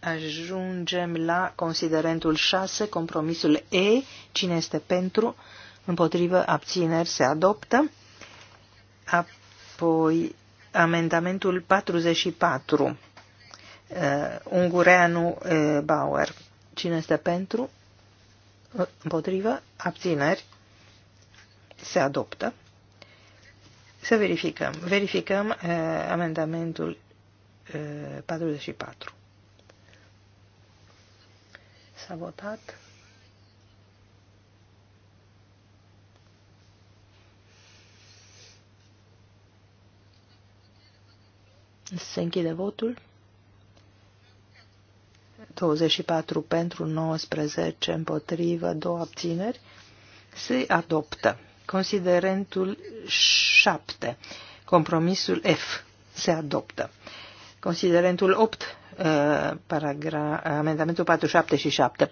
Ajungem la considerentul 6, compromisul E. Cine este pentru împotrivă abțineri se adoptă. Apoi Amendamentul 44. Uh, Ungureanu uh, Bauer. Cine este pentru? Uh, împotrivă? Abțineri? Se adoptă. Să verificăm. Verificăm uh, amendamentul uh, 44. S-a votat. Se închide votul. 24 pentru, 19 împotrivă, două abțineri. Se adoptă. Considerentul 7. Compromisul F. Se adoptă. Considerentul 8. Uh, amendamentul 47 și 7.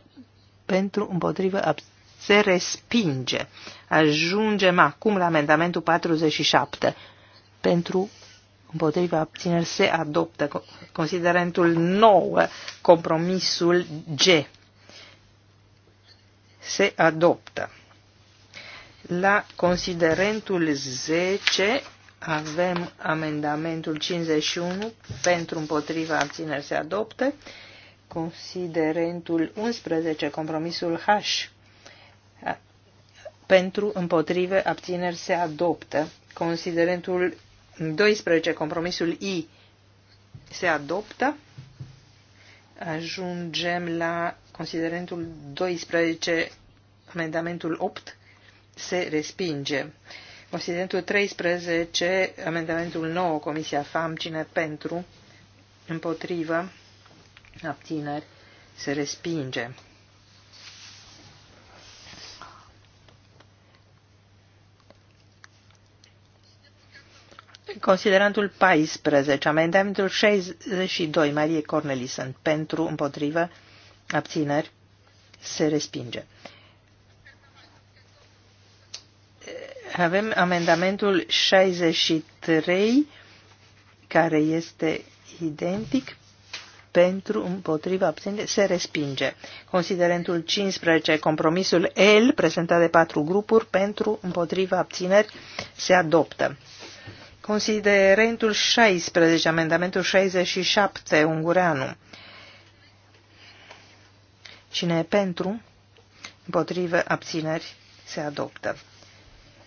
Pentru, împotrivă, se respinge. Ajungem acum la amendamentul 47 pentru împotriva abțineri se adoptă. Considerentul 9, compromisul G, se adoptă. La considerentul 10 avem amendamentul 51 pentru împotriva abțineri se adoptă. Considerentul 11, compromisul H, pentru împotrive abțineri se adoptă. Considerentul 12. Compromisul I se adoptă. Ajungem la considerentul 12, amendamentul 8 se respinge. Considerentul 13, amendamentul 9, Comisia FAM, cine pentru, împotrivă, abțineri, se respinge. Considerantul 14, amendamentul 62, Marie Cornelison, pentru, împotrivă, abțineri, se respinge. Avem amendamentul 63, care este identic, pentru, împotriva, abține, se respinge. Considerentul 15, compromisul L, prezentat de patru grupuri, pentru, împotriva, abțineri, se adoptă. Considerentul 16, amendamentul 67, Ungureanu. Cine e pentru, împotrivă, abțineri, se adoptă.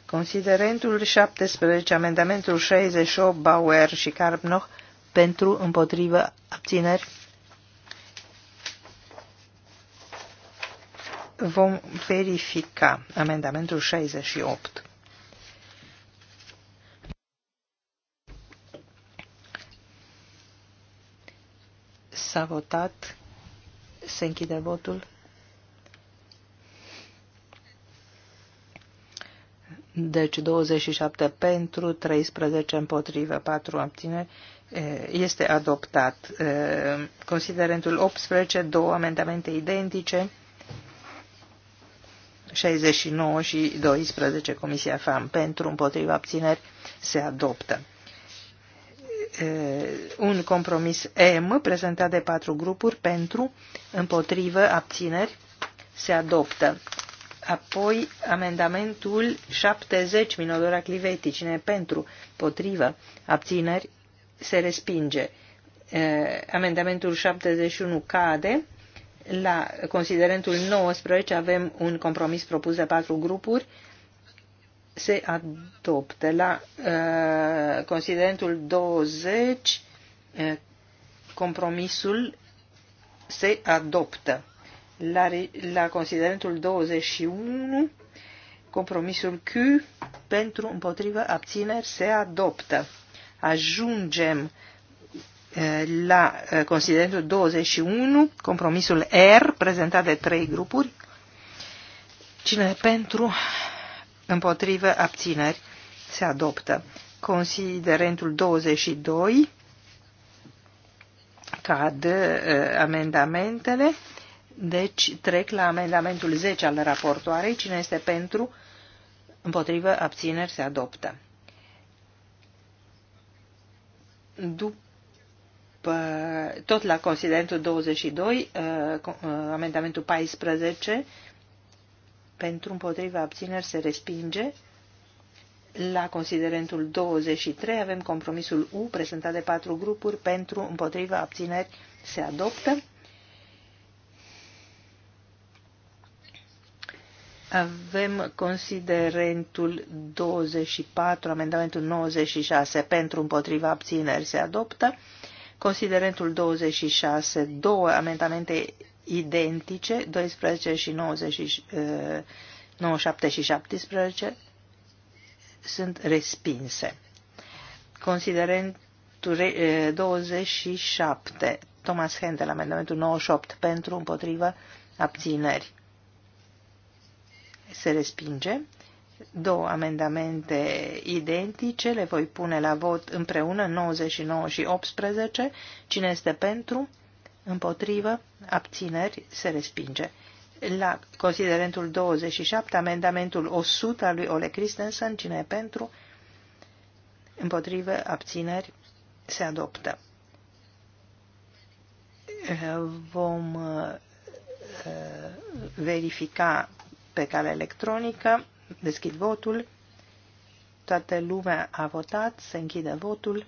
Considerentul 17, amendamentul 68, Bauer și Carbnoch, pentru, împotrivă, abțineri, vom verifica amendamentul 68. S-a votat. Se închide votul. Deci 27 pentru, 13 împotrivă, 4 abțineri. Este adoptat. Considerentul 18, două amendamente identice. 69 și 12 Comisia FAM pentru împotriva abțineri se adoptă. Uh, un compromis M prezentat de patru grupuri pentru, împotrivă, abțineri, se adoptă. Apoi amendamentul 70, Minodora Cliveti, cine pentru, potrivă, abțineri, se respinge. Uh, amendamentul 71 cade. La considerentul 19 avem un compromis propus de patru grupuri se adopte la uh, considerentul 20 uh, compromisul se adoptă la, la considerentul 21 compromisul Q pentru împotrivă abțineri se adoptă ajungem uh, la uh, considerentul 21 compromisul R prezentat de trei grupuri cine pentru împotrivă, abțineri, se adoptă. Considerentul 22 cad uh, amendamentele, deci trec la amendamentul 10 al raportoarei. Cine este pentru, împotrivă, abțineri, se adoptă. După tot la considerentul 22, uh, uh, amendamentul 14, pentru împotriva abțineri se respinge. La considerentul 23 avem compromisul U prezentat de patru grupuri pentru împotriva abțineri se adoptă. Avem considerentul 24, amendamentul 96 pentru împotriva abțineri se adoptă. Considerentul 26, două amendamente identice, 12 și 90, 97 și 17, eh, sunt respinse. Considerentul 27, eh, Thomas Hendel, amendamentul 98, pentru, împotrivă, abțineri. Se respinge. Două amendamente identice le voi pune la vot împreună, 99 și 18. Cine este pentru? împotrivă, abțineri, se respinge. La considerentul 27, amendamentul 100 al lui Ole Christensen, cine e pentru, împotrivă, abțineri, se adoptă. Vom uh, uh, verifica pe cale electronică, deschid votul, toată lumea a votat, se închide votul.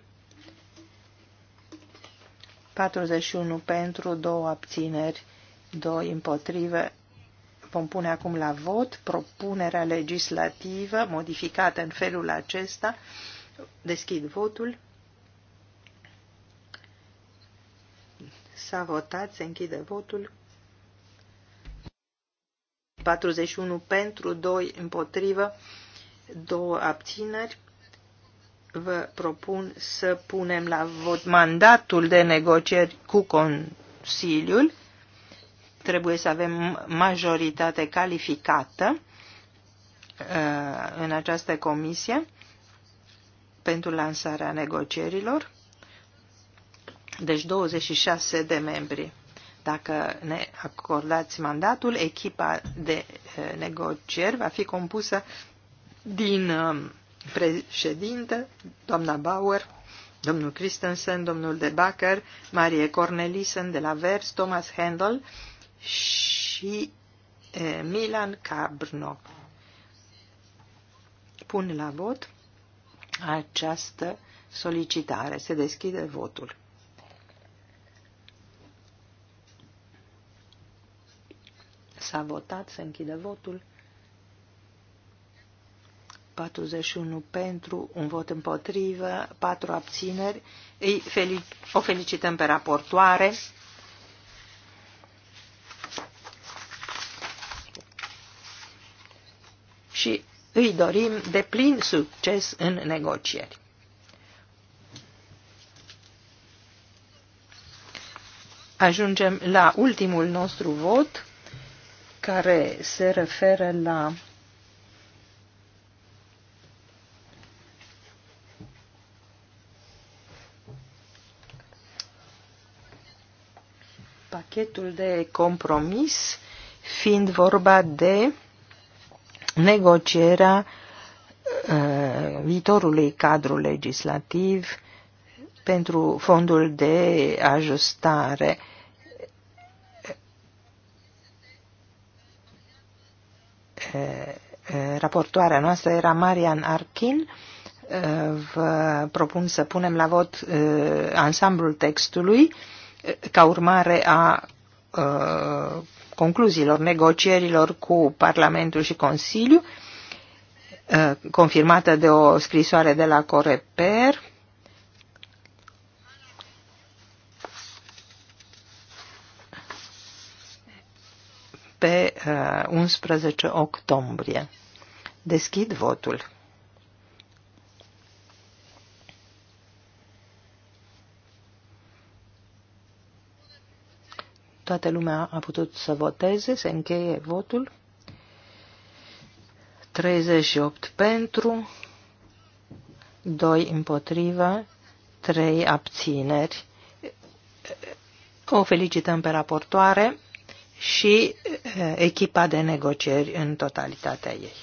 41 pentru, 2 abțineri, 2 împotrive. Vom pune acum la vot propunerea legislativă modificată în felul acesta. Deschid votul. S-a votat, se închide votul. 41 pentru, 2 împotrivă, 2 abțineri vă propun să punem la vot mandatul de negocieri cu Consiliul. Trebuie să avem majoritate calificată uh, în această comisie pentru lansarea negocierilor. Deci 26 de membri. Dacă ne acordați mandatul, echipa de uh, negocieri va fi compusă din uh, președinte, doamna Bauer, domnul Christensen, domnul De Bacher, Marie Cornelissen de la Vers, Thomas Handel și Milan Cabrno. Pun la vot această solicitare. Se deschide votul. S-a votat, se închide votul. 41 pentru, un vot împotrivă, 4 abțineri. Ei felic o felicităm pe raportoare. Și îi dorim de plin succes în negocieri. Ajungem la ultimul nostru vot, care se referă la pachetul de compromis, fiind vorba de negocierea uh, viitorului cadru legislativ pentru fondul de ajustare. Uh, uh, raportoarea noastră era Marian Arkin. Uh, vă propun să punem la vot ansamblul textului ca urmare a uh, concluziilor negocierilor cu Parlamentul și Consiliu, uh, confirmată de o scrisoare de la Coreper, pe uh, 11 octombrie. Deschid votul. Toată lumea a putut să voteze, se încheie votul. 38 pentru, 2 împotriva, 3 abțineri. O felicităm pe raportoare și eh, echipa de negocieri în totalitatea ei.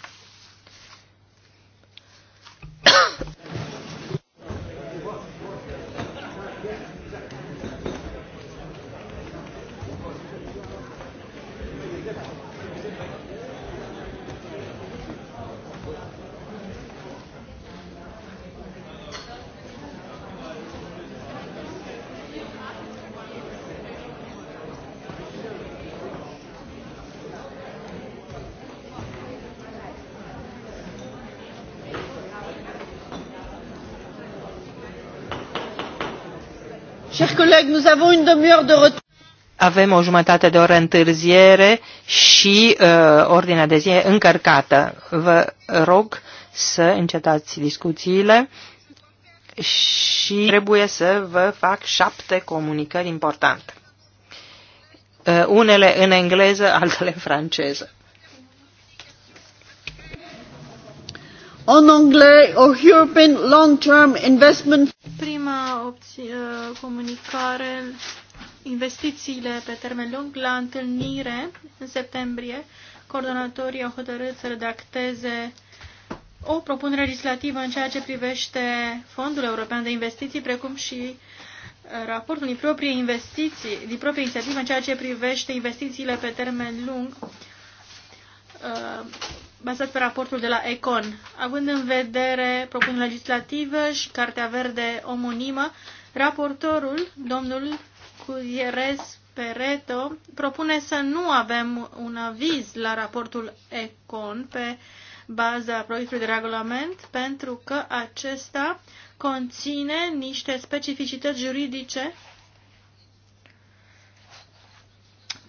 nous avons une demi-heure de retard. Avem o jumătate de oră întârziere și uh, ordinea de zi încărcată. Vă rog să încetați discuțiile și trebuie să vă fac șapte comunicări importante. Uh, unele în engleză, altele în franceză. En anglais, au European Long-Term Investment. Prima opție, uh, comunicare, investițiile pe termen lung, la întâlnire în septembrie, coordonatorii au hotărât să redacteze o propunere legislativă în ceea ce privește Fondul European de Investiții, precum și uh, raportul din proprie investiții, din proprie inițiativă în ceea ce privește investițiile pe termen lung uh, bazat pe raportul de la Econ, având în vedere propunerea legislativă și Cartea Verde omonimă, raportorul, domnul Cuieres Pereto, propune să nu avem un aviz la raportul Econ pe baza proiectului de regulament, pentru că acesta conține niște specificități juridice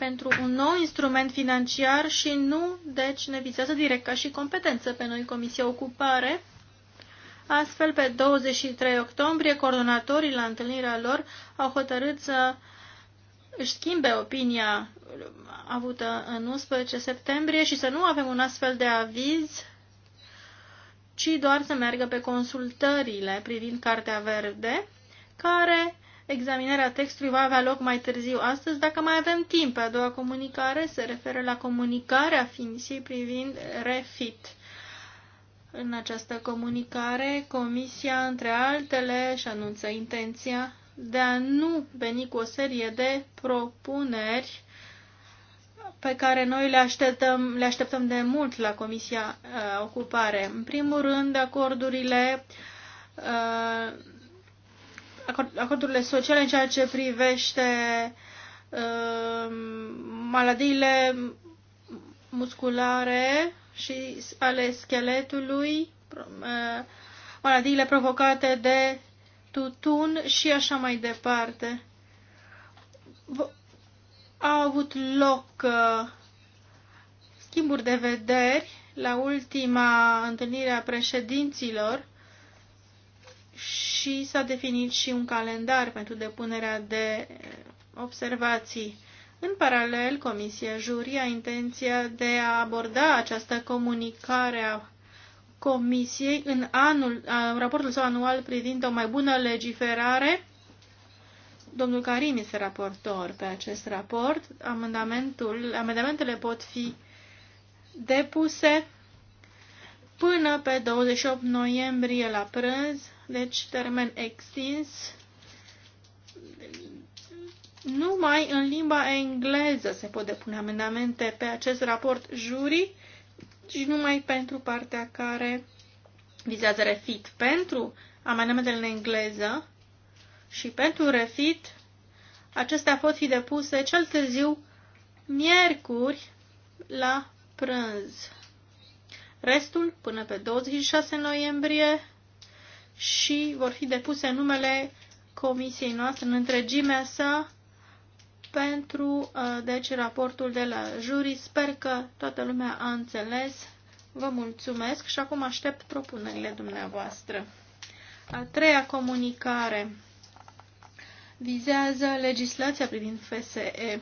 pentru un nou instrument financiar și nu, deci, ne vizează direct ca și competență pe noi Comisia Ocupare. Astfel, pe 23 octombrie, coordonatorii la întâlnirea lor au hotărât să își schimbe opinia avută în 11 septembrie și să nu avem un astfel de aviz, ci doar să meargă pe consultările privind Cartea Verde, care Examinarea textului va avea loc mai târziu astăzi, dacă mai avem timp. A doua comunicare se referă la comunicarea Finisiei privind refit. În această comunicare, Comisia, între altele, își anunță intenția de a nu veni cu o serie de propuneri pe care noi le așteptăm, le așteptăm de mult la Comisia uh, Ocupare. În primul rând, acordurile uh, acordurile sociale în ceea ce privește uh, maladiile musculare și ale scheletului, uh, maladiile provocate de tutun și așa mai departe. Au avut loc uh, schimburi de vederi la ultima întâlnire a președinților și s-a definit și un calendar pentru depunerea de eh, observații. În paralel, Comisia Jurii a intenția de a aborda această comunicare a Comisiei în, anul, în raportul său anual privind o mai bună legiferare. Domnul Carin este raportor pe acest raport. Amendamentul, amendamentele pot fi depuse până pe 28 noiembrie la prânz deci termen extins, numai în limba engleză se pot depune amendamente pe acest raport juri, și numai pentru partea care vizează refit. Pentru amendamentele în engleză și pentru refit, acestea pot fi depuse cel târziu miercuri la prânz. Restul până pe 26 noiembrie și vor fi depuse numele comisiei noastre în întregimea sa pentru, uh, deci, raportul de la juri. Sper că toată lumea a înțeles. Vă mulțumesc și acum aștept propunerile dumneavoastră. A treia comunicare vizează legislația privind FSE.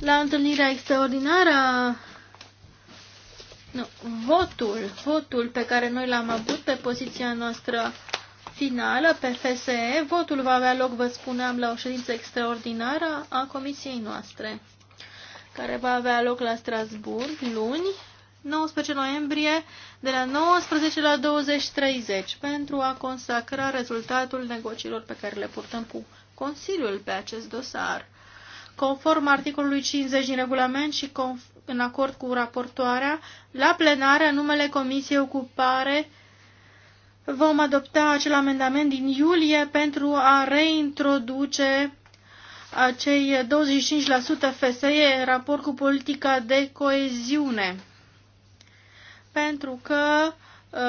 La întâlnirea extraordinară nu, votul, votul pe care noi l-am avut pe poziția noastră finală, pe FSE, votul va avea loc, vă spuneam, la o ședință extraordinară a comisiei noastre, care va avea loc la Strasburg luni, 19 noiembrie, de la 19 la 20.30, pentru a consacra rezultatul negocierilor pe care le purtăm cu Consiliul pe acest dosar conform articolului 50 din regulament și în acord cu raportoarea, la plenară, în numele Comisiei Ocupare, vom adopta acel amendament din iulie pentru a reintroduce acei 25% FSE în raport cu politica de coeziune. Pentru că uh,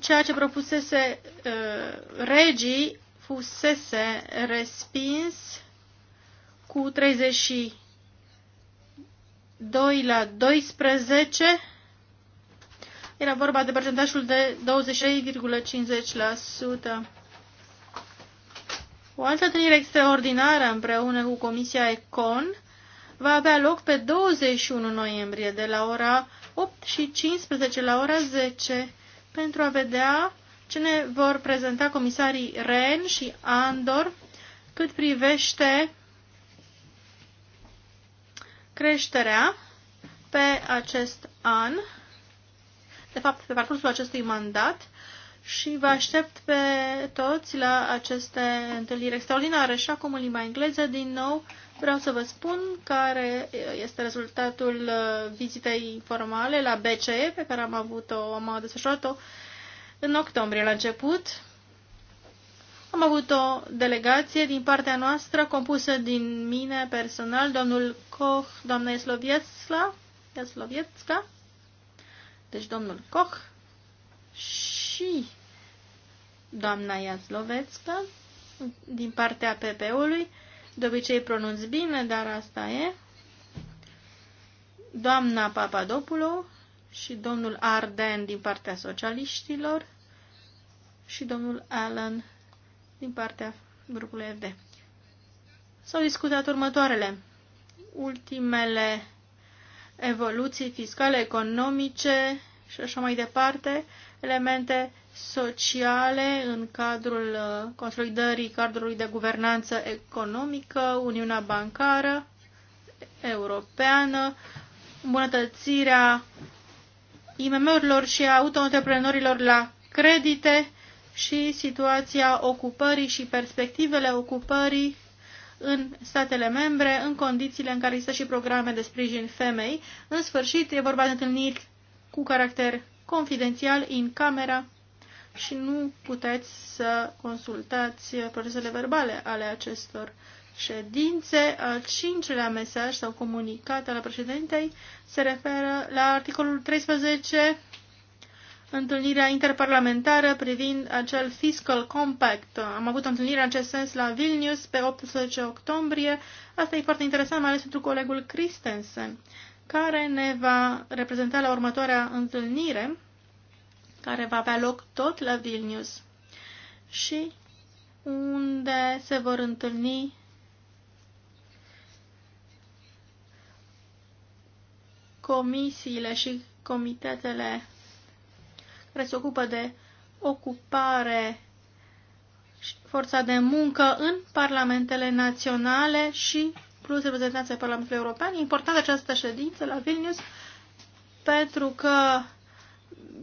ceea ce propusese uh, regii fusese respins cu 32 la 12. Era vorba de percentajul de 26,50%. O altă întâlnire extraordinară împreună cu Comisia Econ va avea loc pe 21 noiembrie de la ora 8 și 15 la ora 10 pentru a vedea ce ne vor prezenta comisarii Ren și Andor cât privește creșterea pe acest an, de fapt pe parcursul acestui mandat și vă aștept pe toți la aceste întâlniri extraordinare. Și acum în limba engleză, din nou, vreau să vă spun care este rezultatul uh, vizitei informale la BCE pe care am avut-o, am desfășurat-o în octombrie la început. Am avut o delegație din partea noastră compusă din mine personal, domnul Koch, doamna Slovietska, deci domnul Koch și doamna Iazlovețca din partea PP-ului. De obicei pronunț bine, dar asta e. Doamna Papadopulo și domnul Arden din partea socialiștilor și domnul Alan din partea grupului FD. S-au discutat următoarele. Ultimele evoluții fiscale, economice și așa mai departe, elemente sociale în cadrul uh, consolidării cadrului de guvernanță economică, Uniunea Bancară Europeană, îmbunătățirea IMM-urilor și a auto la credite, și situația ocupării și perspectivele ocupării în statele membre, în condițiile în care există și programe de sprijin femei. În sfârșit, e vorba de întâlniri cu caracter confidențial, în camera, și nu puteți să consultați procesele verbale ale acestor ședințe. Al cincilea mesaj sau comunicat al președintei se referă la articolul 13 întâlnirea interparlamentară privind acel fiscal compact. Am avut o întâlnire în acest sens la Vilnius pe 18 octombrie. Asta e foarte interesant, mai ales pentru colegul Christensen, care ne va reprezenta la următoarea întâlnire, care va avea loc tot la Vilnius și unde se vor întâlni comisiile și comitetele care se ocupă de ocupare, forța de muncă în parlamentele naționale și plus reprezentanța Parlamentului European. E importantă această ședință la Vilnius pentru că,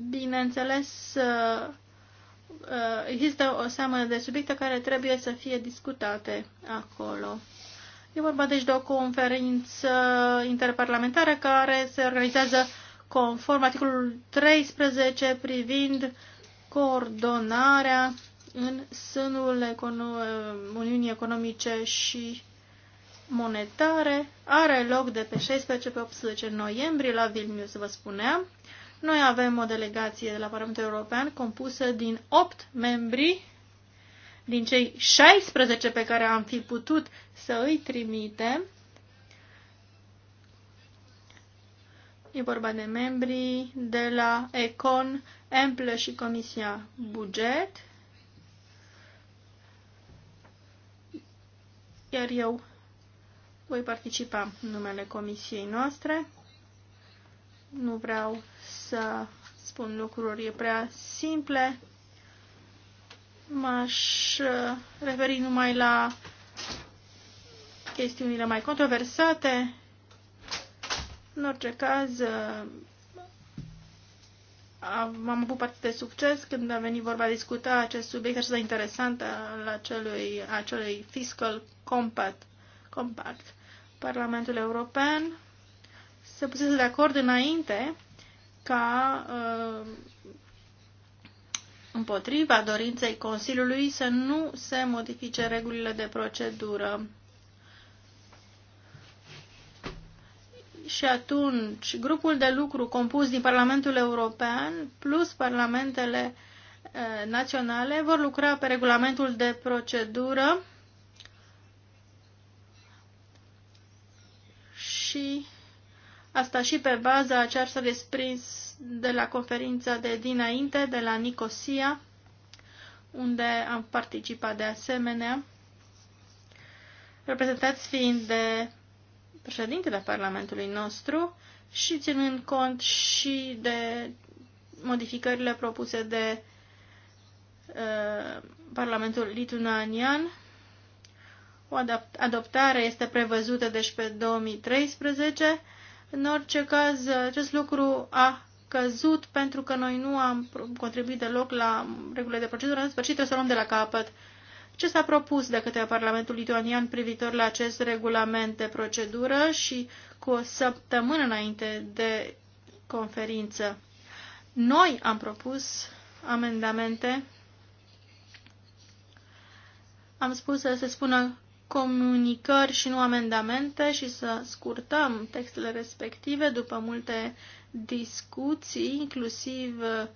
bineînțeles, ă, ă, există o seamă de subiecte care trebuie să fie discutate acolo. E vorba deci de o conferință interparlamentară care se organizează conform articolul 13 privind coordonarea în sânul Econo- Uniunii Economice și Monetare. Are loc de pe 16 pe 18 noiembrie la Vilnius, vă spuneam. Noi avem o delegație de la Parlamentul European compusă din 8 membri din cei 16 pe care am fi putut să îi trimitem E vorba de membrii de la Econ, Emplă și Comisia Buget. Iar eu voi participa în numele comisiei noastre. Nu vreau să spun lucruri prea simple. M-aș uh, referi numai la chestiunile mai controversate în orice caz, uh, am avut parte de succes când a venit vorba a discuta acest subiect așa de interesant al acelui, acelui fiscal compact, compact. Parlamentul European se pusese de acord înainte ca uh, împotriva dorinței Consiliului să nu se modifice regulile de procedură Și atunci, grupul de lucru compus din Parlamentul European plus parlamentele naționale vor lucra pe regulamentul de procedură și asta și pe baza a ce s-a desprins de la conferința de dinainte, de la Nicosia, unde am participat de asemenea, reprezentați fiind de președintele Parlamentului nostru și ținând cont și de modificările propuse de uh, Parlamentul lituanian. O adoptare este prevăzută deci pe 2013. În orice caz, acest lucru a căzut pentru că noi nu am contribuit deloc la regulile de procedură. În sfârșit, trebuie să luăm de la capăt ce s-a propus de către Parlamentul lituanian privitor la acest regulament de procedură și cu o săptămână înainte de conferință. Noi am propus amendamente. Am spus să se spună comunicări și nu amendamente și să scurtăm textele respective după multe discuții, inclusiv uh,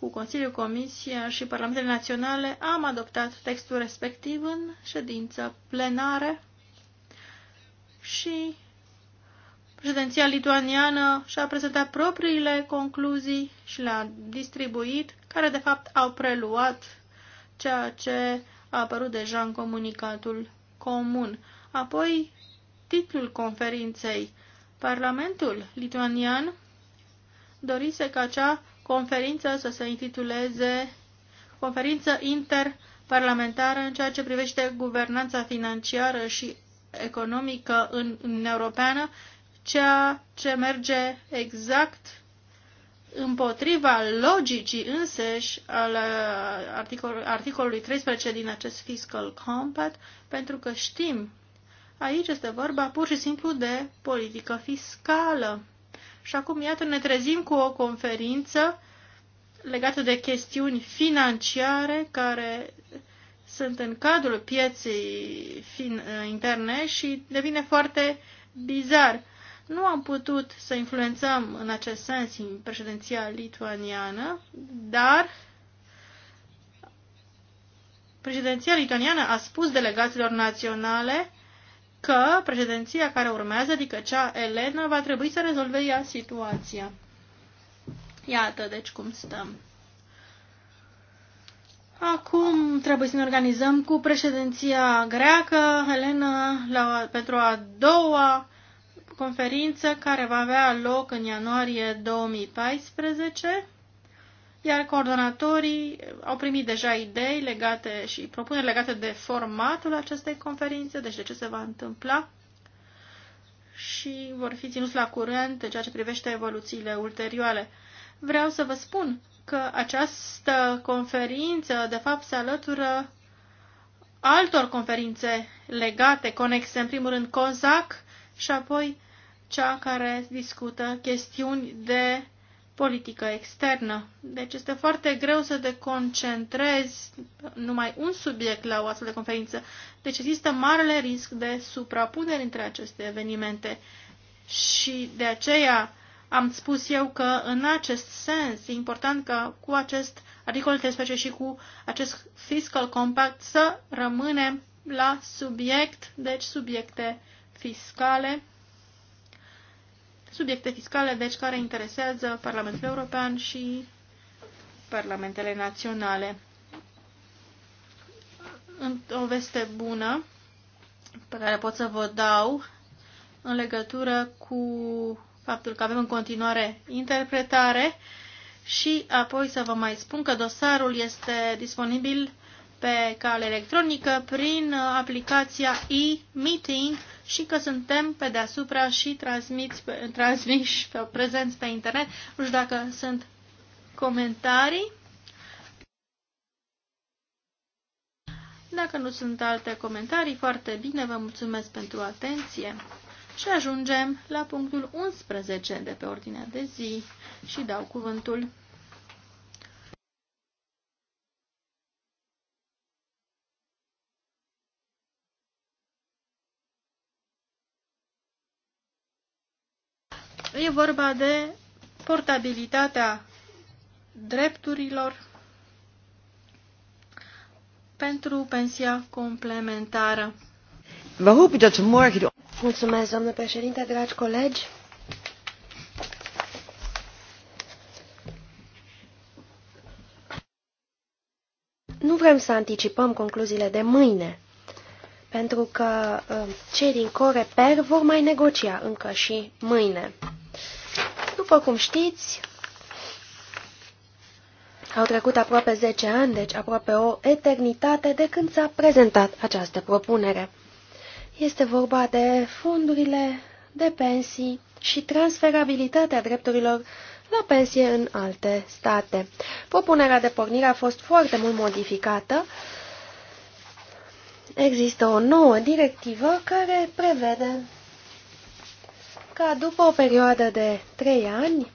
cu Consiliul, Comisia și Parlamentele Naționale, am adoptat textul respectiv în ședință plenară și președinția lituaniană și-a prezentat propriile concluzii și le-a distribuit, care de fapt au preluat ceea ce a apărut deja în comunicatul comun. Apoi, titlul conferinței Parlamentul lituanian dorise ca acea conferință să se intituleze Conferință interparlamentară în ceea ce privește guvernanța financiară și economică în Uniunea Europeană, ceea ce merge exact împotriva logicii înseși al uh, articol, articolului 13 din acest Fiscal Compact, pentru că știm, aici este vorba pur și simplu de politică fiscală. Și acum, iată, ne trezim cu o conferință legată de chestiuni financiare care sunt în cadrul pieței fin, uh, interne și devine foarte bizar. Nu am putut să influențăm în acest sens în președinția lituaniană, dar președinția lituaniană a spus delegațiilor naționale că președinția care urmează, adică cea Elena, va trebui să rezolve ea situația. Iată, deci, cum stăm. Acum trebuie să ne organizăm cu președinția greacă, Elena, la, pentru a doua conferință care va avea loc în ianuarie 2014 iar coordonatorii au primit deja idei legate și propuneri legate de formatul acestei conferințe, deci de ce se va întâmpla și vor fi ținuți la curent în ceea ce privește evoluțiile ulterioare. Vreau să vă spun că această conferință, de fapt, se alătură altor conferințe legate, conexe, în primul rând COSAC și apoi cea care discută chestiuni de politică externă. Deci este foarte greu să te concentrezi numai un subiect la o astfel de conferință. Deci există marele risc de suprapunere între aceste evenimente și de aceea am spus eu că în acest sens e important că cu acest articol 13 și cu acest fiscal compact să rămânem la subiect, deci subiecte fiscale subiecte fiscale, deci, care interesează Parlamentul European și Parlamentele Naționale. O veste bună pe care pot să vă dau în legătură cu faptul că avem în continuare interpretare și apoi să vă mai spun că dosarul este disponibil pe cale electronică prin aplicația e-meeting și că suntem pe deasupra și transmiți, transmiși, pe, prezenți pe internet. Nu știu dacă sunt comentarii. Dacă nu sunt alte comentarii, foarte bine, vă mulțumesc pentru atenție. Și ajungem la punctul 11 de pe ordinea de zi și dau cuvântul e vorba de portabilitatea drepturilor pentru pensia complementară. Vă hoop dat Mulțumesc, doamnă președinte, dragi colegi. Nu vrem să anticipăm concluziile de mâine, pentru că uh, cei din Coreper vor mai negocia încă și mâine. După cum știți, au trecut aproape 10 ani, deci aproape o eternitate de când s-a prezentat această propunere. Este vorba de fondurile de pensii și transferabilitatea drepturilor la pensie în alte state. Propunerea de pornire a fost foarte mult modificată. Există o nouă directivă care prevede ca după o perioadă de trei ani,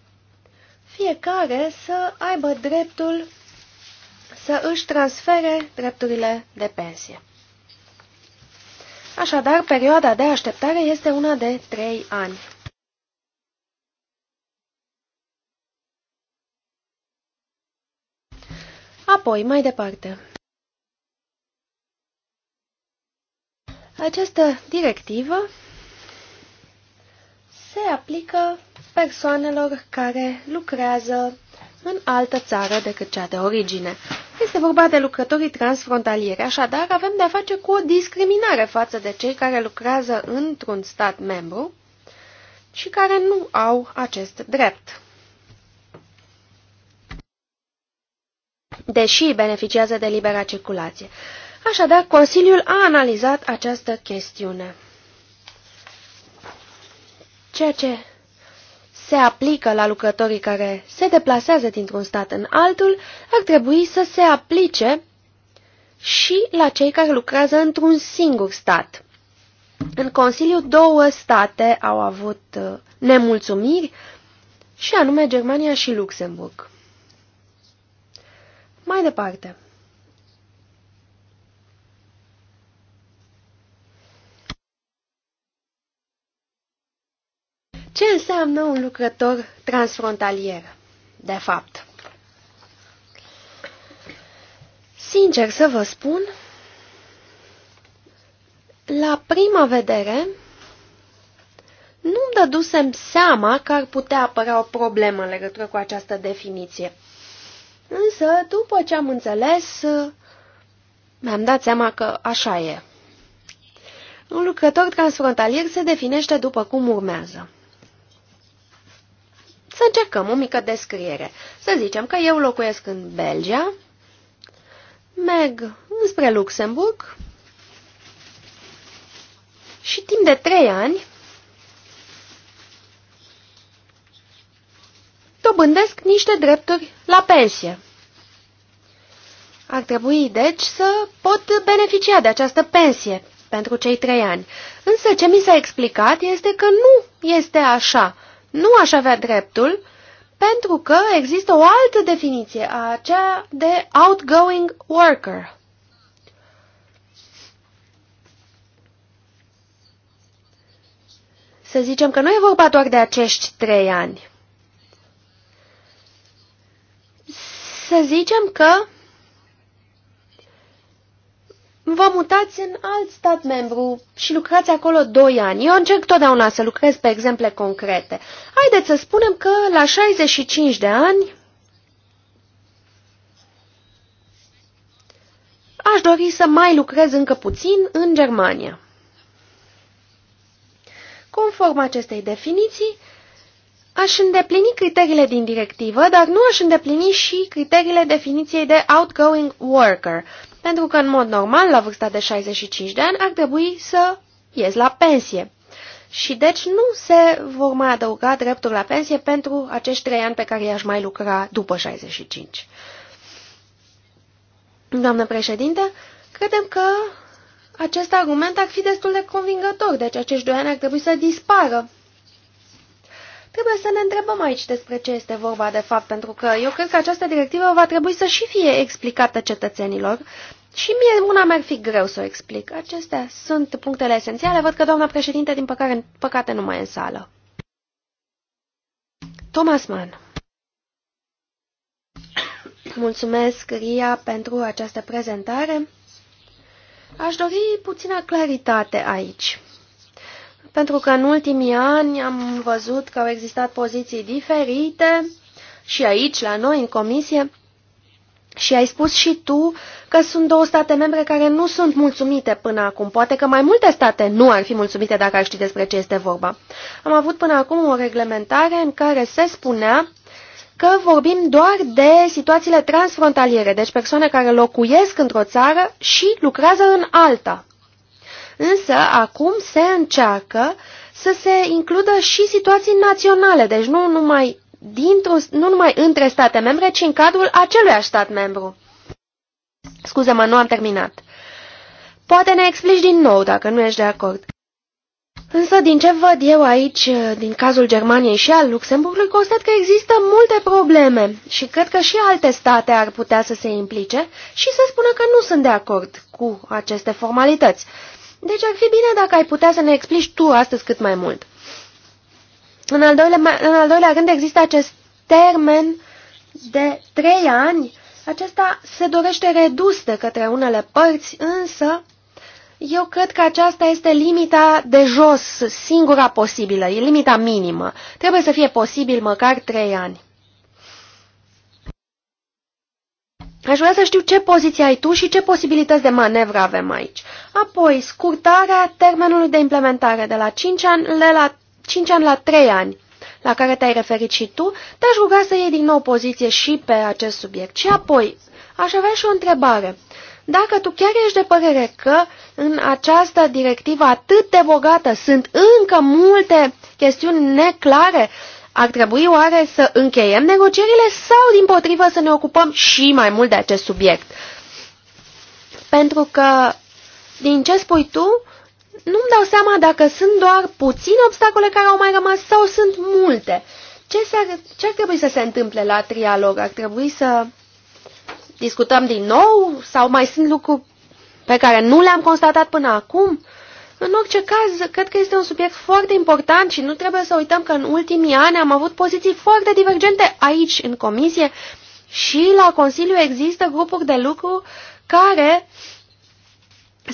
fiecare să aibă dreptul să își transfere drepturile de pensie. Așadar, perioada de așteptare este una de trei ani. Apoi, mai departe. Această directivă se aplică persoanelor care lucrează în altă țară decât cea de origine. Este vorba de lucrătorii transfrontalieri, așadar avem de-a face cu o discriminare față de cei care lucrează într-un stat membru și care nu au acest drept. Deși beneficiază de libera circulație. Așadar, Consiliul a analizat această chestiune ceea ce se aplică la lucrătorii care se deplasează dintr-un stat în altul, ar trebui să se aplice și la cei care lucrează într-un singur stat. În Consiliu două state au avut uh, nemulțumiri, și anume Germania și Luxemburg. Mai departe. Ce înseamnă un lucrător transfrontalier, de fapt? Sincer să vă spun, la prima vedere, nu-mi dădusem seama că ar putea apărea o problemă în legătură cu această definiție. Însă, după ce am înțeles, mi-am dat seama că așa e. Un lucrător transfrontalier se definește după cum urmează. Să încercăm o mică descriere. Să zicem că eu locuiesc în Belgia, merg spre Luxemburg și timp de trei ani dobândesc niște drepturi la pensie. Ar trebui, deci, să pot beneficia de această pensie pentru cei trei ani. Însă ce mi s-a explicat este că nu este așa nu aș avea dreptul pentru că există o altă definiție, aceea de outgoing worker. Să zicem că nu e vorba doar de acești trei ani. Să zicem că vă mutați în alt stat membru și lucrați acolo doi ani. Eu încerc totdeauna să lucrez pe exemple concrete. Haideți să spunem că la 65 de ani aș dori să mai lucrez încă puțin în Germania. Conform acestei definiții, aș îndeplini criteriile din directivă, dar nu aș îndeplini și criteriile definiției de outgoing worker, pentru că, în mod normal, la vârsta de 65 de ani ar trebui să ies la pensie. Și deci nu se vor mai adăuga drepturi la pensie pentru acești trei ani pe care i-aș mai lucra după 65. Doamnă președinte, credem că acest argument ar fi destul de convingător, deci acești doi ani ar trebui să dispară Trebuie să ne întrebăm aici despre ce este vorba de fapt, pentru că eu cred că această directivă va trebui să și fie explicată cetățenilor și mie una mi-ar fi greu să o explic. Acestea sunt punctele esențiale. Văd că doamna președinte, din păcare, păcate, nu mai e în sală. Thomas Mann. Mulțumesc, Ria, pentru această prezentare. Aș dori puțină claritate aici pentru că în ultimii ani am văzut că au existat poziții diferite și aici, la noi, în comisie, și ai spus și tu că sunt două state membre care nu sunt mulțumite până acum. Poate că mai multe state nu ar fi mulțumite dacă ar ști despre ce este vorba. Am avut până acum o reglementare în care se spunea că vorbim doar de situațiile transfrontaliere, deci persoane care locuiesc într-o țară și lucrează în alta. Însă, acum se încearcă să se includă și situații naționale, deci nu numai, nu numai între state membre, ci în cadrul acelui stat membru. Scuze-mă, nu am terminat. Poate ne explici din nou, dacă nu ești de acord. Însă, din ce văd eu aici, din cazul Germaniei și al Luxemburgului, constat că există multe probleme și cred că și alte state ar putea să se implice și să spună că nu sunt de acord cu aceste formalități. Deci ar fi bine dacă ai putea să ne explici tu astăzi cât mai mult. În al doilea, în al doilea rând există acest termen de trei ani. Acesta se dorește redus de către unele părți, însă eu cred că aceasta este limita de jos, singura posibilă, e limita minimă. Trebuie să fie posibil măcar trei ani. Aș vrea să știu ce poziție ai tu și ce posibilități de manevră avem aici. Apoi, scurtarea termenului de implementare de la 5 ani la, 5 ani la 3 ani, la care te-ai referit și tu, te-aș ruga să iei din nou poziție și pe acest subiect. Și apoi, aș avea și o întrebare. Dacă tu chiar ești de părere că în această directivă atât de bogată sunt încă multe chestiuni neclare, ar trebui oare să încheiem negocierile sau, din potrivă, să ne ocupăm și mai mult de acest subiect? Pentru că, din ce spui tu, nu-mi dau seama dacă sunt doar puține obstacole care au mai rămas sau sunt multe. Ce, ar ce ar trebui să se întâmple la trialog? Ar trebui să discutăm din nou sau mai sunt lucruri pe care nu le-am constatat până acum? În orice caz, cred că este un subiect foarte important și nu trebuie să uităm că în ultimii ani am avut poziții foarte divergente aici, în comisie, și la Consiliu există grupuri de lucru care uh,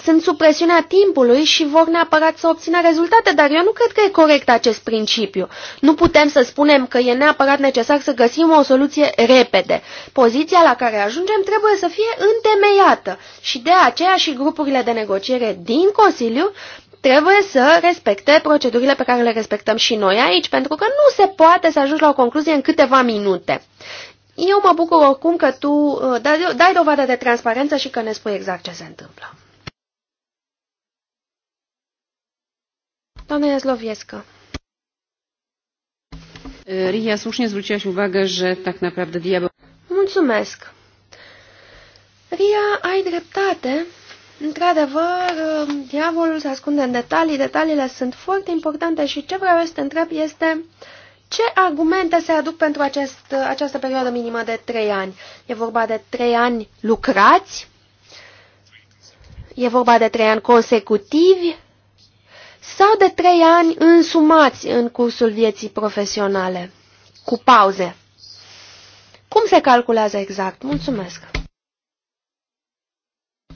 sunt sub presiunea timpului și vor neapărat să obțină rezultate, dar eu nu cred că e corect acest principiu. Nu putem să spunem că e neapărat necesar să găsim o soluție repede. Poziția la care ajungem trebuie să fie întemeiată și de aceea și grupurile de negociere din Consiliu trebuie să respecte procedurile pe care le respectăm și noi aici, pentru că nu se poate să ajungi la o concluzie în câteva minute. Eu mă bucur oricum că tu uh, dai dovadă de transparență și că ne spui exact ce se întâmplă. Doamna Jazlowiecka. Ria słusznie zwróciłaś uwagę, że tak naprawdę diabeł... Mulțumesc! Ria, ai dreptate. Într-adevăr, diavolul se ascunde în detalii, detaliile sunt foarte importante și ce vreau să te întreb este ce argumente se aduc pentru acest, această perioadă minimă de trei ani. E vorba de trei ani lucrați? E vorba de trei ani consecutivi? sau de trei ani însumați în cursul vieții profesionale, cu pauze. Cum se calculează exact? Mulțumesc!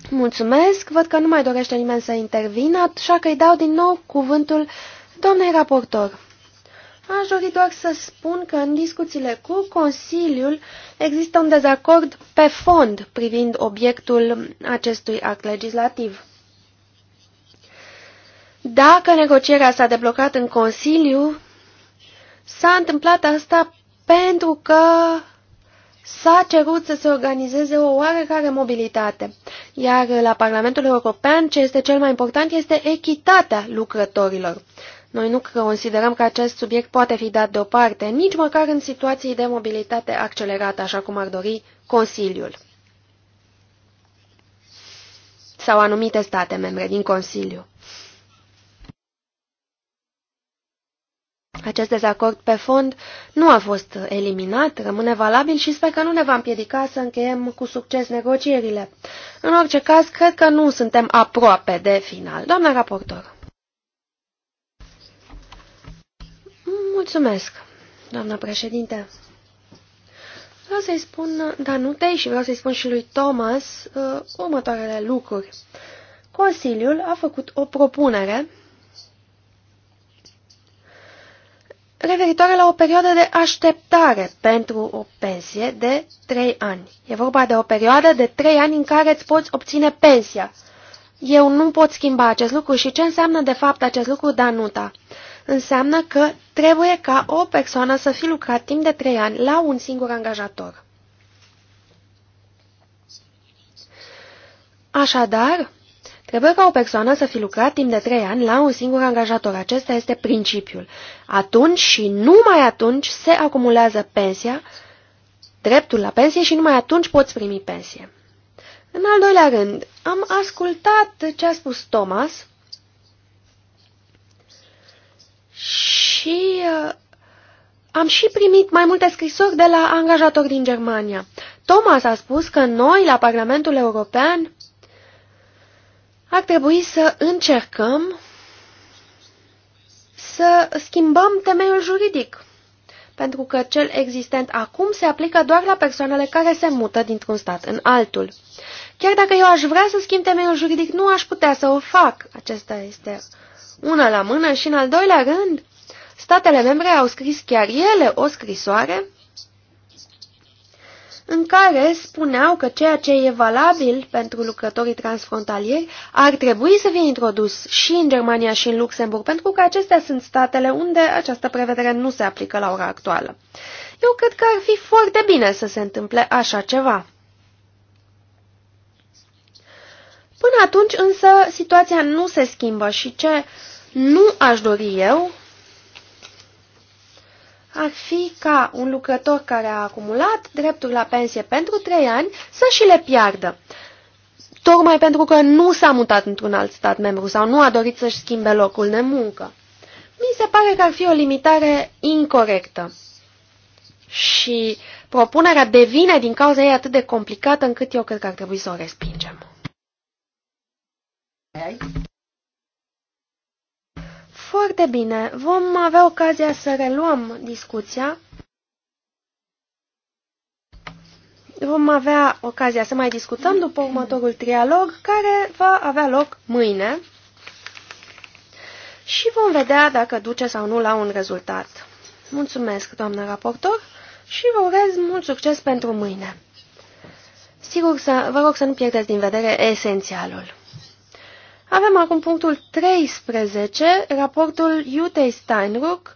Mulțumesc, văd că nu mai dorește nimeni să intervină, așa că îi dau din nou cuvântul doamnei raportor. Aș dori doar să spun că în discuțiile cu Consiliul există un dezacord pe fond privind obiectul acestui act legislativ. Dacă negocierea s-a deblocat în Consiliu, s-a întâmplat asta pentru că s-a cerut să se organizeze o oarecare mobilitate. Iar la Parlamentul European, ce este cel mai important este echitatea lucrătorilor. Noi nu considerăm că acest subiect poate fi dat deoparte, nici măcar în situații de mobilitate accelerată, așa cum ar dori Consiliul sau anumite state membre din Consiliu. Acest dezacord pe fond nu a fost eliminat, rămâne valabil și sper că nu ne va împiedica să încheiem cu succes negocierile. În orice caz, cred că nu suntem aproape de final. Doamna raportor. Mulțumesc, doamna președinte. Vreau să-i spun Danutei și vreau să-i spun și lui Thomas uh, următoarele lucruri. Consiliul a făcut o propunere referitoare la o perioadă de așteptare pentru o pensie de 3 ani. E vorba de o perioadă de 3 ani în care îți poți obține pensia. Eu nu pot schimba acest lucru și ce înseamnă de fapt acest lucru, Danuta? Înseamnă că trebuie ca o persoană să fi lucrat timp de 3 ani la un singur angajator. Așadar, Trebuie ca o persoană să fi lucrat timp de trei ani la un singur angajator. Acesta este principiul. Atunci și numai atunci se acumulează pensia, dreptul la pensie și numai atunci poți primi pensie. În al doilea rând, am ascultat ce a spus Thomas și uh, am și primit mai multe scrisori de la angajatori din Germania. Thomas a spus că noi, la Parlamentul European, ar trebui să încercăm să schimbăm temeiul juridic, pentru că cel existent acum se aplică doar la persoanele care se mută dintr-un stat în altul. Chiar dacă eu aș vrea să schimb temeiul juridic, nu aș putea să o fac. Acesta este una la mână și în al doilea rând, statele membre au scris chiar ele o scrisoare în care spuneau că ceea ce e valabil pentru lucrătorii transfrontalieri ar trebui să fie introdus și în Germania și în Luxemburg, pentru că acestea sunt statele unde această prevedere nu se aplică la ora actuală. Eu cred că ar fi foarte bine să se întâmple așa ceva. Până atunci însă situația nu se schimbă și ce nu aș dori eu ar fi ca un lucrător care a acumulat drepturi la pensie pentru trei ani să și le piardă. Tocmai pentru că nu s-a mutat într-un alt stat membru sau nu a dorit să-și schimbe locul de muncă. Mi se pare că ar fi o limitare incorrectă. Și propunerea devine din cauza ei atât de complicată încât eu cred că ar trebui să o respingem. Foarte bine, vom avea ocazia să reluăm discuția. Vom avea ocazia să mai discutăm după următorul trialog, care va avea loc mâine. Și vom vedea dacă duce sau nu la un rezultat. Mulțumesc, doamnă raportor, și vă urez mult succes pentru mâine. Sigur, să, vă rog să nu pierdeți din vedere esențialul. Avem acum punctul 13, raportul Jutei Steinruck,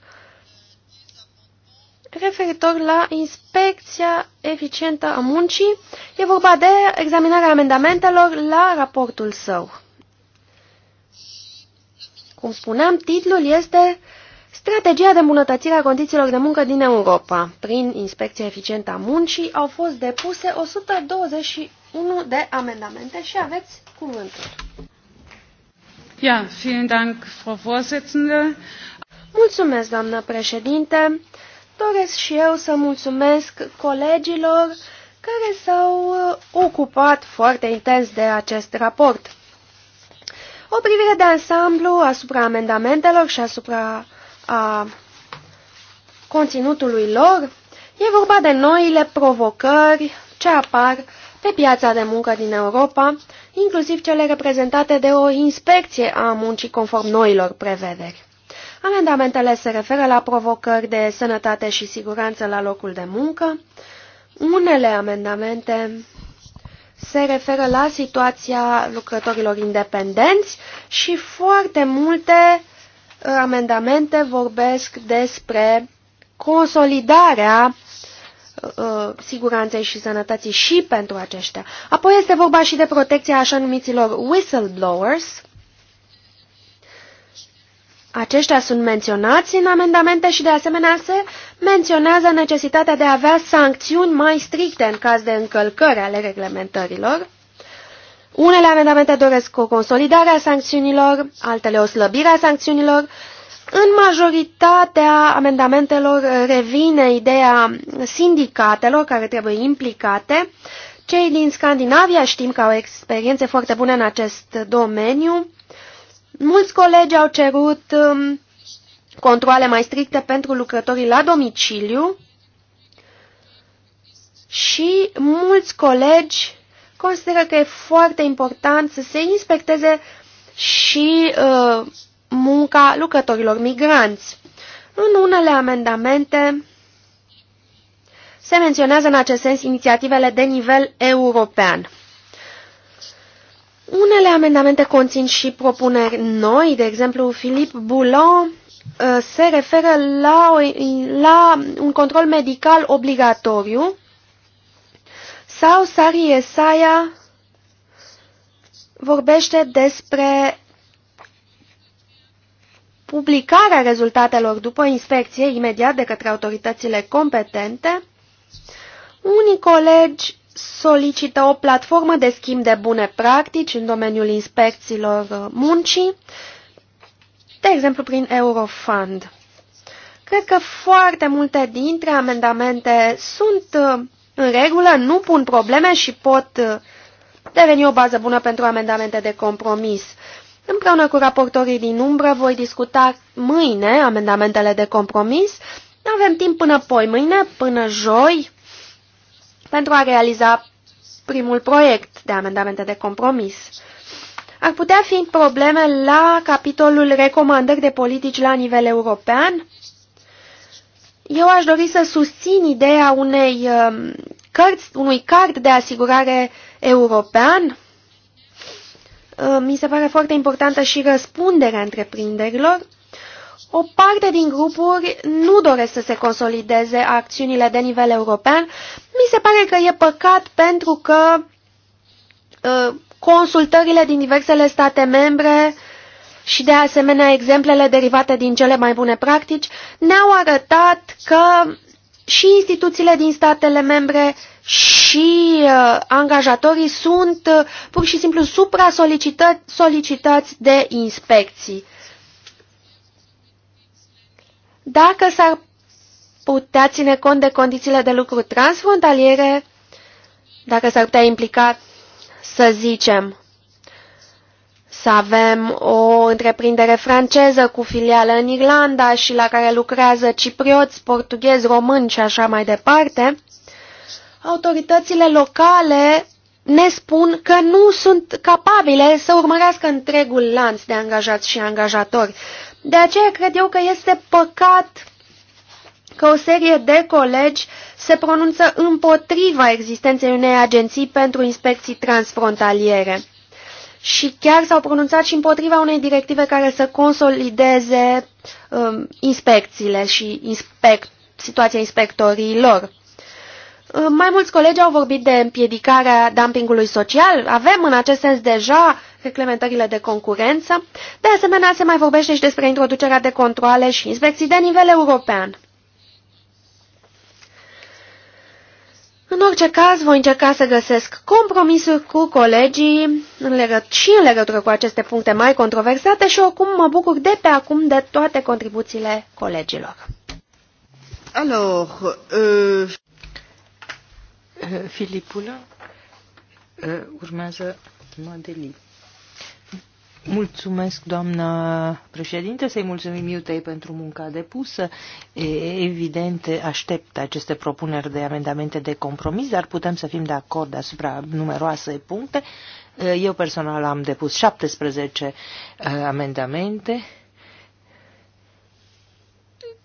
referitor la inspecția eficientă a muncii. E vorba de examinarea amendamentelor la raportul său. Cum spuneam, titlul este Strategia de îmbunătățire a condițiilor de muncă din Europa. Prin inspecția eficientă a muncii au fost depuse 121 de amendamente și aveți cuvântul. Ja, vielen Dank, Frau Vorsitzende. Mulțumesc, doamnă președinte. Doresc și eu să mulțumesc colegilor care s-au uh, ocupat foarte intens de acest raport. O privire de ansamblu asupra amendamentelor și asupra a, conținutului lor, e vorba de noile provocări ce apar pe piața de muncă din Europa, inclusiv cele reprezentate de o inspecție a muncii conform noilor prevederi. Amendamentele se referă la provocări de sănătate și siguranță la locul de muncă. Unele amendamente se referă la situația lucrătorilor independenți și foarte multe uh, amendamente vorbesc despre consolidarea Uh, siguranței și sănătății și pentru aceștia. Apoi este vorba și de protecția așa numiților whistleblowers. Aceștia sunt menționați în amendamente și de asemenea se menționează necesitatea de a avea sancțiuni mai stricte în caz de încălcări ale reglementărilor. Unele amendamente doresc o consolidare a sancțiunilor, altele o slăbire a sancțiunilor în majoritatea amendamentelor revine ideea sindicatelor care trebuie implicate. Cei din Scandinavia știm că au experiențe foarte bune în acest domeniu. Mulți colegi au cerut um, controle mai stricte pentru lucrătorii la domiciliu și mulți colegi consideră că e foarte important să se inspecteze și uh, munca lucrătorilor migranți. În unele amendamente se menționează în acest sens inițiativele de nivel european. Unele amendamente conțin și propuneri noi, de exemplu, Filip Boulon uh, se referă la, o, la un control medical obligatoriu sau Sari Esaia vorbește despre publicarea rezultatelor după inspecție imediat de către autoritățile competente, unii colegi solicită o platformă de schimb de bune practici în domeniul inspecțiilor muncii, de exemplu prin Eurofund. Cred că foarte multe dintre amendamente sunt în regulă, nu pun probleme și pot deveni o bază bună pentru amendamente de compromis. Împreună cu raportorii din umbră voi discuta mâine amendamentele de compromis. Avem timp până poi mâine, până joi, pentru a realiza primul proiect de amendamente de compromis. Ar putea fi probleme la capitolul recomandări de politici la nivel european? Eu aș dori să susțin ideea unei um, cărți, unui card de asigurare european Uh, mi se pare foarte importantă și răspunderea întreprinderilor. O parte din grupuri nu doresc să se consolideze acțiunile de nivel european. Mi se pare că e păcat pentru că uh, consultările din diversele state membre și de asemenea exemplele derivate din cele mai bune practici ne-au arătat că și instituțiile din statele membre și uh, angajatorii sunt uh, pur și simplu supra-solicitați de inspecții. Dacă s-ar putea ține cont de condițiile de lucru transfrontaliere, dacă s-ar putea implica, să zicem, să avem o întreprindere franceză cu filială în Irlanda și la care lucrează ciprioți, portughezi, români și așa mai departe, autoritățile locale ne spun că nu sunt capabile să urmărească întregul lanț de angajați și angajatori. De aceea cred eu că este păcat că o serie de colegi se pronunță împotriva existenței unei agenții pentru inspecții transfrontaliere. Și chiar s-au pronunțat și împotriva unei directive care să consolideze um, inspecțiile și inspect, situația inspectorilor. Uh, mai mulți colegi au vorbit de împiedicarea dumpingului social. Avem în acest sens deja reclementările de concurență. De asemenea, se mai vorbește și despre introducerea de controle și inspecții de nivel european. În orice caz, voi încerca să găsesc compromisuri cu colegii în legă și în legătură cu aceste puncte mai controversate și acum mă bucur de pe acum de toate contribuțiile colegilor. Alors, euh... Eh, Filipula, eh, urmează Madeli. Mulțumesc, doamna președinte, să-i mulțumim Iutei pentru munca depusă. Evident, aștept aceste propuneri de amendamente de compromis, dar putem să fim de acord asupra numeroase puncte. Eh, Eu personal am depus 17 amendamente.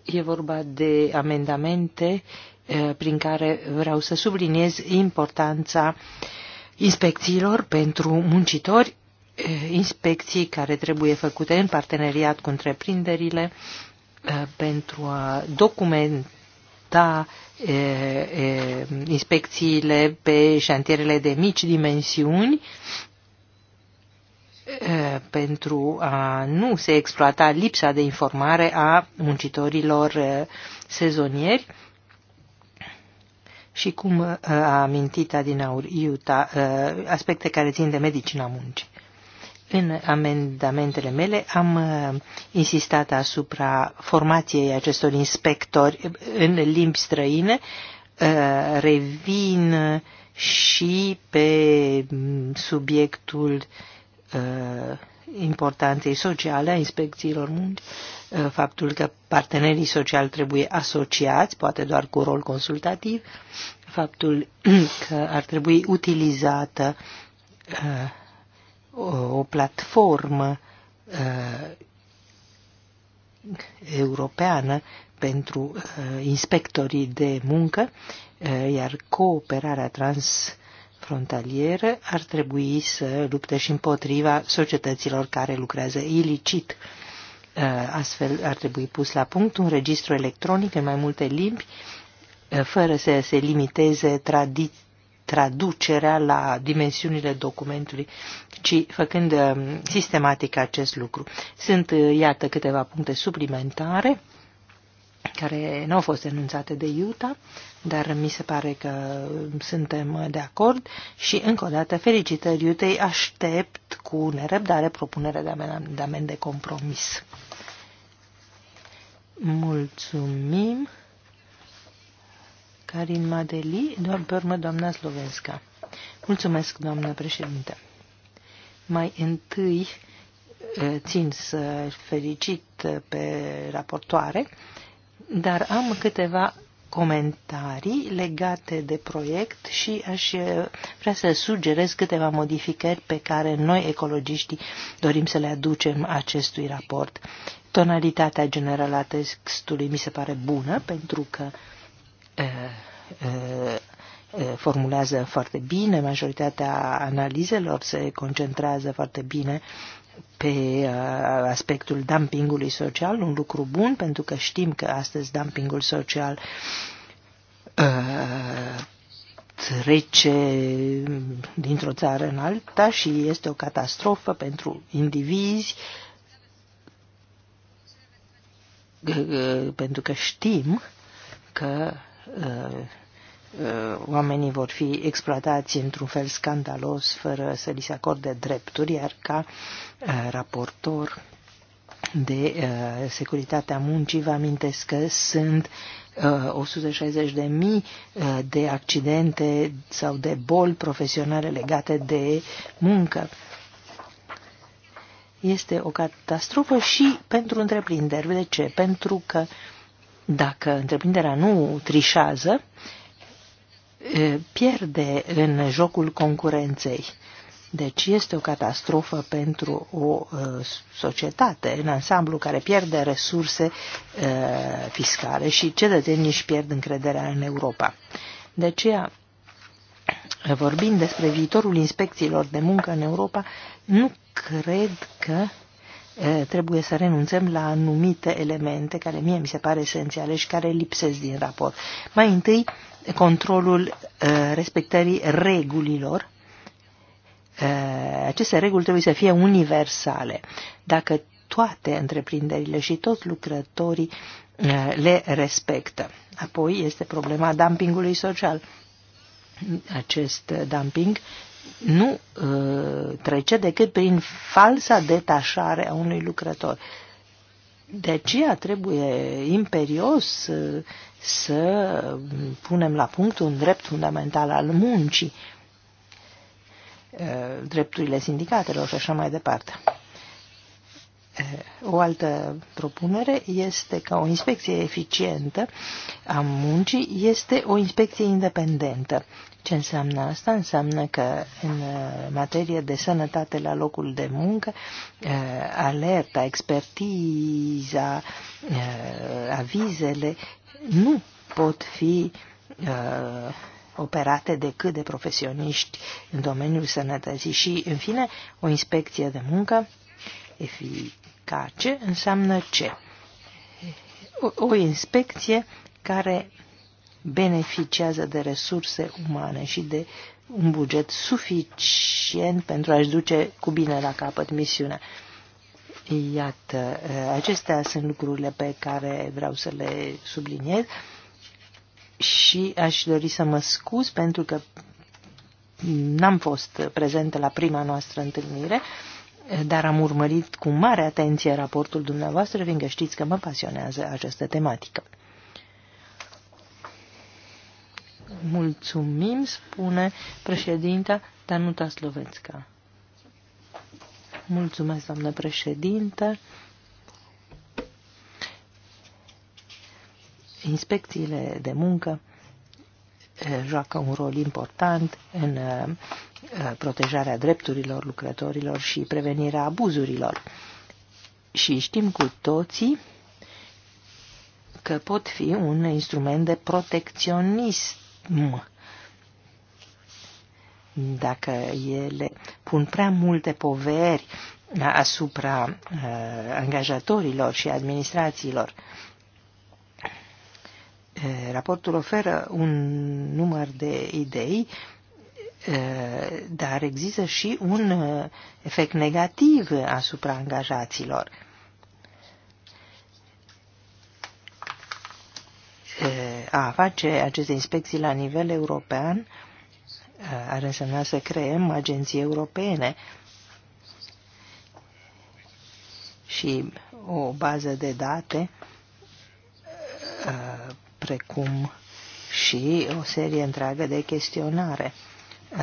E vorba de amendamente uh, Eh, prin care vreau să subliniez importanța inspecțiilor pentru muncitori, eh, inspecții care trebuie făcute în parteneriat cu întreprinderile eh, pentru a documenta inspecțiile pe șantierele de mici dimensiuni pentru a nu se exploata lipsa de informare a muncitorilor sezonieri și cum uh, a amintit Adinaur Iuta, uh, aspecte care țin de medicina muncii. În amendamentele mele am uh, insistat asupra formației acestor inspectori în limbi străine, revin și pe mm, subiectul importanței sociale a inspecțiilor muncii, ă, faptul că partenerii sociali trebuie asociați, poate doar cu rol consultativ, faptul că ar trebui utilizată ă, o platformă ă, europeană pentru inspectorii de muncă, iar cooperarea trans transfrontaliere ar trebui să lupte și împotriva societăților care lucrează ilicit. Uh, astfel ar trebui pus la punct un registru electronic în mai multe limbi, uh, fără să se limiteze tradiții traducerea la dimensiunile documentului, ci făcând uh, sistematic acest lucru. Sunt, iată, câteva puncte suplimentare care nu au fost enunțate de Utah, dar mi se pare că suntem de acord și, încă o dată, felicitări Iutei, aștept cu nerăbdare propunerea de amend de compromis. Mulțumim. Karin Madeli, doar pe urmă doamna Slovenska. Mulțumesc, doamnă președinte. Mai întâi eh, țin să felicit pe raportoare, dar am câteva comentarii legate de proiect și aș eh, vrea să sugerez câteva modificări pe care noi, ecologiștii, dorim să le aducem acestui raport. Tonalitatea generală a textului mi se pare bună pentru că e, eh, e, eh, formulează foarte bine, majoritatea analizelor se concentrează foarte bine pe uh, aspectul dumpingului social, un lucru bun, pentru că știm că astăzi dumpingul social uh, trece dintr-o țară în alta și este o catastrofă pentru indivizi, uh, pentru că știm că Uh, oamenii vor fi exploatați într-un fel scandalos, fără să li se acorde drepturi, iar ca uh, raportor de uh, securitatea muncii vă amintesc că sunt 160.000 de accidente sau de boli profesionale legate de muncă. Este o catastrofă și pentru întreprinderi. De ce? Pentru că dacă întreprinderea nu trișează, uh, pierde în jocul concurenței. Deci este o catastrofă pentru o societate în ansamblu care pierde resurse fiscale și cetățenii își pierd încrederea în Europa. De aceea, vorbind despre viitorul inspecțiilor de muncă în Europa, nu cred că trebuie să renunțăm la anumite elemente care mie mi se pare esențiale și care lipsesc din raport. Mai întâi, controlul uh, respectării regulilor. Uh, aceste reguli trebuie să fie universale. Dacă toate întreprinderile și toți lucrătorii uh, le respectă. Apoi este problema dumpingului social. Acest dumping nu trece decât prin falsa detașare a unui lucrător. De aceea trebuie imperios să punem la punct un drept fundamental al muncii, eh, drepturile sindicatelor și așa mai departe. Eh, o altă propunere este că o inspecție eficientă a muncii este o inspecție independentă. Ce înseamnă asta? Înseamnă că în eh, materie de sănătate la locul de muncă, alerta, expertiza, avizele nu pot fi uh, operate decât de profesioniști în domeniul sănătății și, în fine, o inspecție de muncă eficace înseamnă ce? O, o inspecție care beneficiază de resurse umane și de un buget suficient pentru a-și duce cu bine la capăt misiunea. Iată, uh, acestea sunt lucrurile pe care vreau să le subliniez și aș dori să mă scuz pentru că n-am fost prezentă la prima noastră întâlnire, dar am urmărit cu mare atenție raportul dumneavoastră, fiindcă știți că mă pasionează această tematică. Mulțumim, spune președinta Danuta Slovenska. Mulțumesc, doamnă președinte. Inspecțiile de muncă eh, joacă un rol important în eh, protejarea drepturilor lucrătorilor și prevenirea abuzurilor. Și știm cu toții că pot fi un instrument de protecționism dacă ele pun prea multe poveri asupra uh, angajatorilor și administrațiilor. Uh, raportul oferă un număr de idei, uh, dar există și un uh, efect negativ asupra angajaților. A face aceste inspecții la nivel european ar însemna să creăm agenții europene și o bază de date uh, precum și o serie întreagă de chestionare.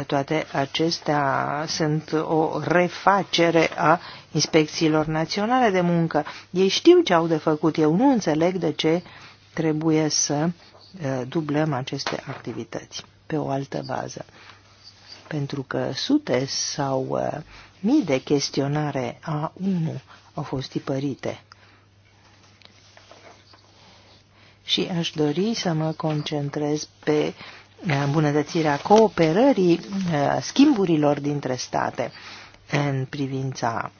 Toate acestea sunt o refacere a inspecțiilor naționale de muncă. Ei știu ce au de făcut, eu nu înțeleg de ce trebuie să uh, dublăm aceste activități pe o altă bază. Pentru că sute sau uh, mii de chestionare A1 au fost tipărite. Și aș dori să mă concentrez pe uh, îmbunătățirea cooperării, uh, schimburilor dintre state în privința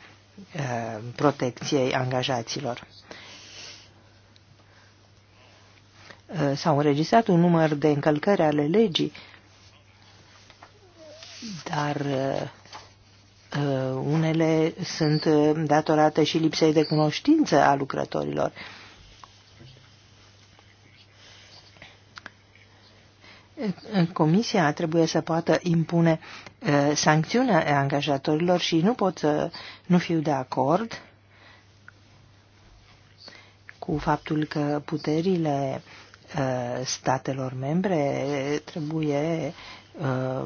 protecției angajaților. Uh, s-au înregistrat un număr de încălcări ale legii, dar uh, uh, unele sunt datorate și lipsei de cunoștință a lucrătorilor. Comisia trebuie să poată impune sancțiunea angajatorilor și nu pot să nu fiu de acord cu faptul că puterile Uh, statelor membre trebuie uh,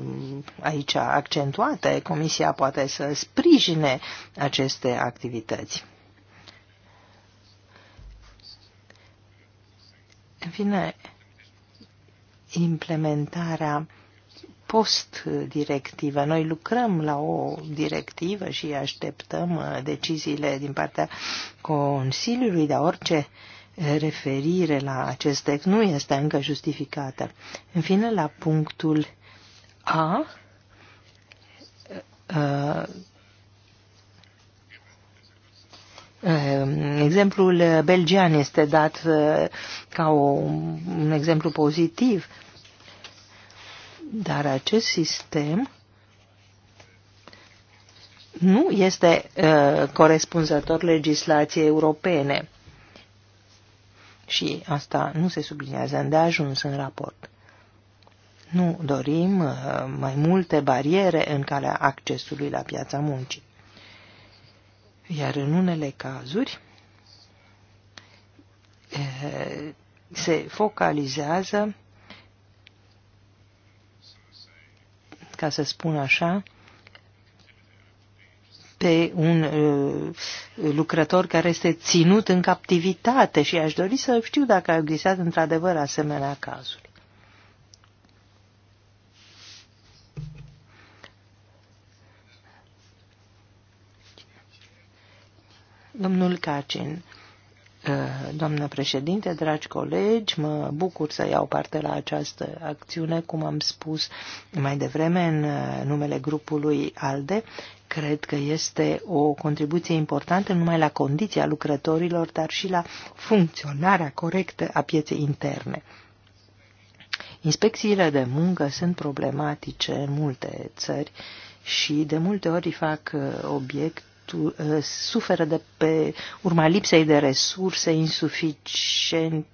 aici accentuate. Comisia poate să sprijine aceste activități. În fine, implementarea post-directivă. Noi lucrăm la o directivă și așteptăm uh, deciziile din partea Consiliului, dar orice uh, referire la acest text nu este încă justificată. În fine, la punctul A, uh, uh, exemplul belgian este dat uh, ca o, un exemplu pozitiv, dar acest sistem nu este corespunzător legislației europene și asta nu se subliniază îndeajuns în raport. Nu dorim uh, mai multe bariere în calea accesului la piața muncii. Iar în unele cazuri uh, se focalizează, ca să spun așa, pe un uh, lucrător care este ținut în captivitate și aș dori să știu dacă a existat într-adevăr asemenea cazuri. Domnul Cacin, uh, doamnă președinte, dragi colegi, mă bucur să iau parte la această acțiune, cum am spus mai devreme, în uh, numele grupului ALDE cred că este o contribuție importantă numai la condiția lucrătorilor, dar și la funcționarea corectă a pieței interne. Inspecțiile de muncă sunt problematice în multe țări și de multe ori fac uh, obiect uh, suferă de pe urma lipsei de resurse insuficient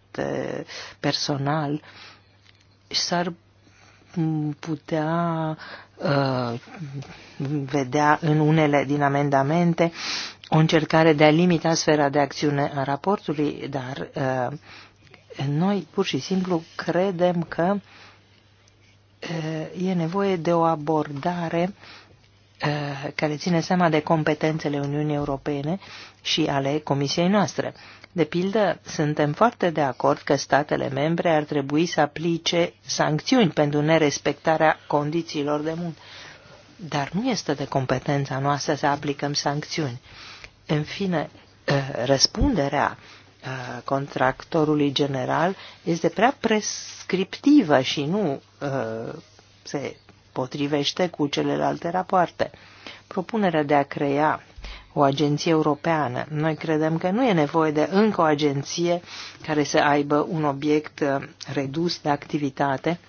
personal și s-ar putea Uh, vedea în unele din amendamente o încercare de a limita sfera de acțiune a raportului, dar uh, noi pur și simplu credem că uh, e nevoie de o abordare care ține seama de competențele Uniunii Europene și ale Comisiei noastre. De pildă, suntem foarte de acord că statele membre ar trebui să aplice sancțiuni pentru nerespectarea condițiilor de muncă. Dar nu este de competența noastră să aplicăm sancțiuni. În fine, ă, răspunderea ă, contractorului general este prea prescriptivă și nu ă, se potrivește cu celelalte rapoarte. Propunerea de a crea o agenție europeană. Noi credem că nu e nevoie de încă o agenție care să aibă un obiect uh, redus de activitate.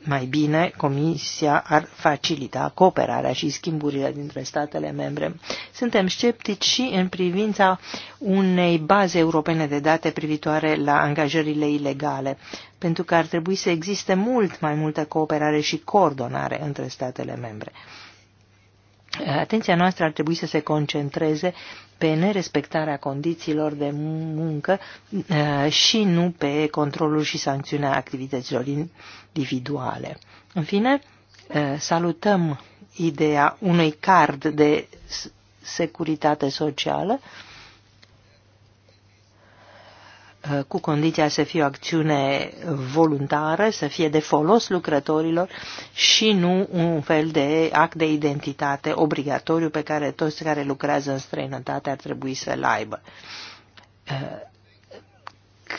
Mai bine, Comisia ar facilita cooperarea și schimburile dintre statele membre. Suntem sceptici și în privința unei baze europene de date privitoare la angajările ilegale, pentru că ar trebui să existe mult mai multă cooperare și coordonare între statele membre. Atenția noastră ar trebui să se concentreze pe nerespectarea condițiilor de muncă uh, și nu pe controlul și sancțiunea activităților individuale. În fine, uh, salutăm ideea unui card de securitate socială Uh, cu condiția să fie o acțiune voluntară, să fie de folos lucrătorilor și nu un fel de act de identitate obligatoriu pe care toți care lucrează în străinătate ar trebui să-l aibă. Uh,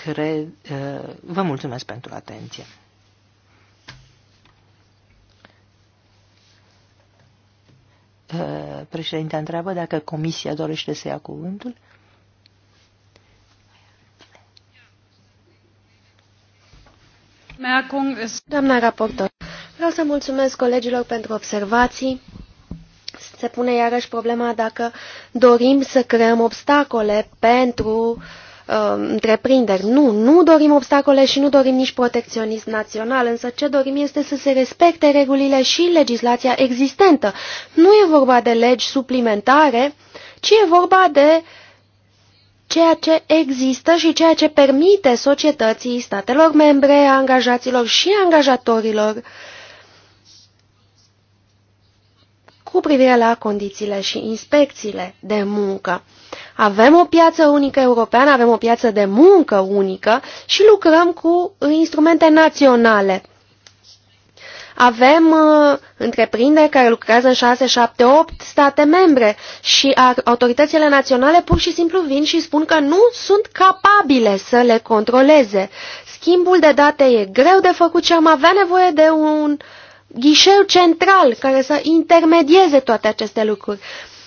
cred, uh, vă mulțumesc pentru atenție. Președinte întreabă dacă comisia dorește să ia cuvântul. Doamna raportor, vreau să mulțumesc colegilor pentru observații. Se pune iarăși problema dacă dorim să creăm obstacole pentru um, întreprinderi. Nu, nu dorim obstacole și nu dorim nici protecționism național, însă ce dorim este să se respecte regulile și legislația existentă. Nu e vorba de legi suplimentare, ci e vorba de uh, ceea ce există și ceea ce permite societății, statelor membre, angajaților și angajatorilor cu privire la condițiile și inspecțiile de muncă. Avem o piață unică europeană, avem o piață de muncă unică și lucrăm cu instrumente naționale avem uh, întreprinderi care lucrează în 6, 7, 8 state membre și autoritățile naționale pur și simplu vin și spun că nu sunt capabile să le controleze. Schimbul de date e greu de făcut și am avea nevoie de un ghișeu central care să intermedieze toate aceste lucruri.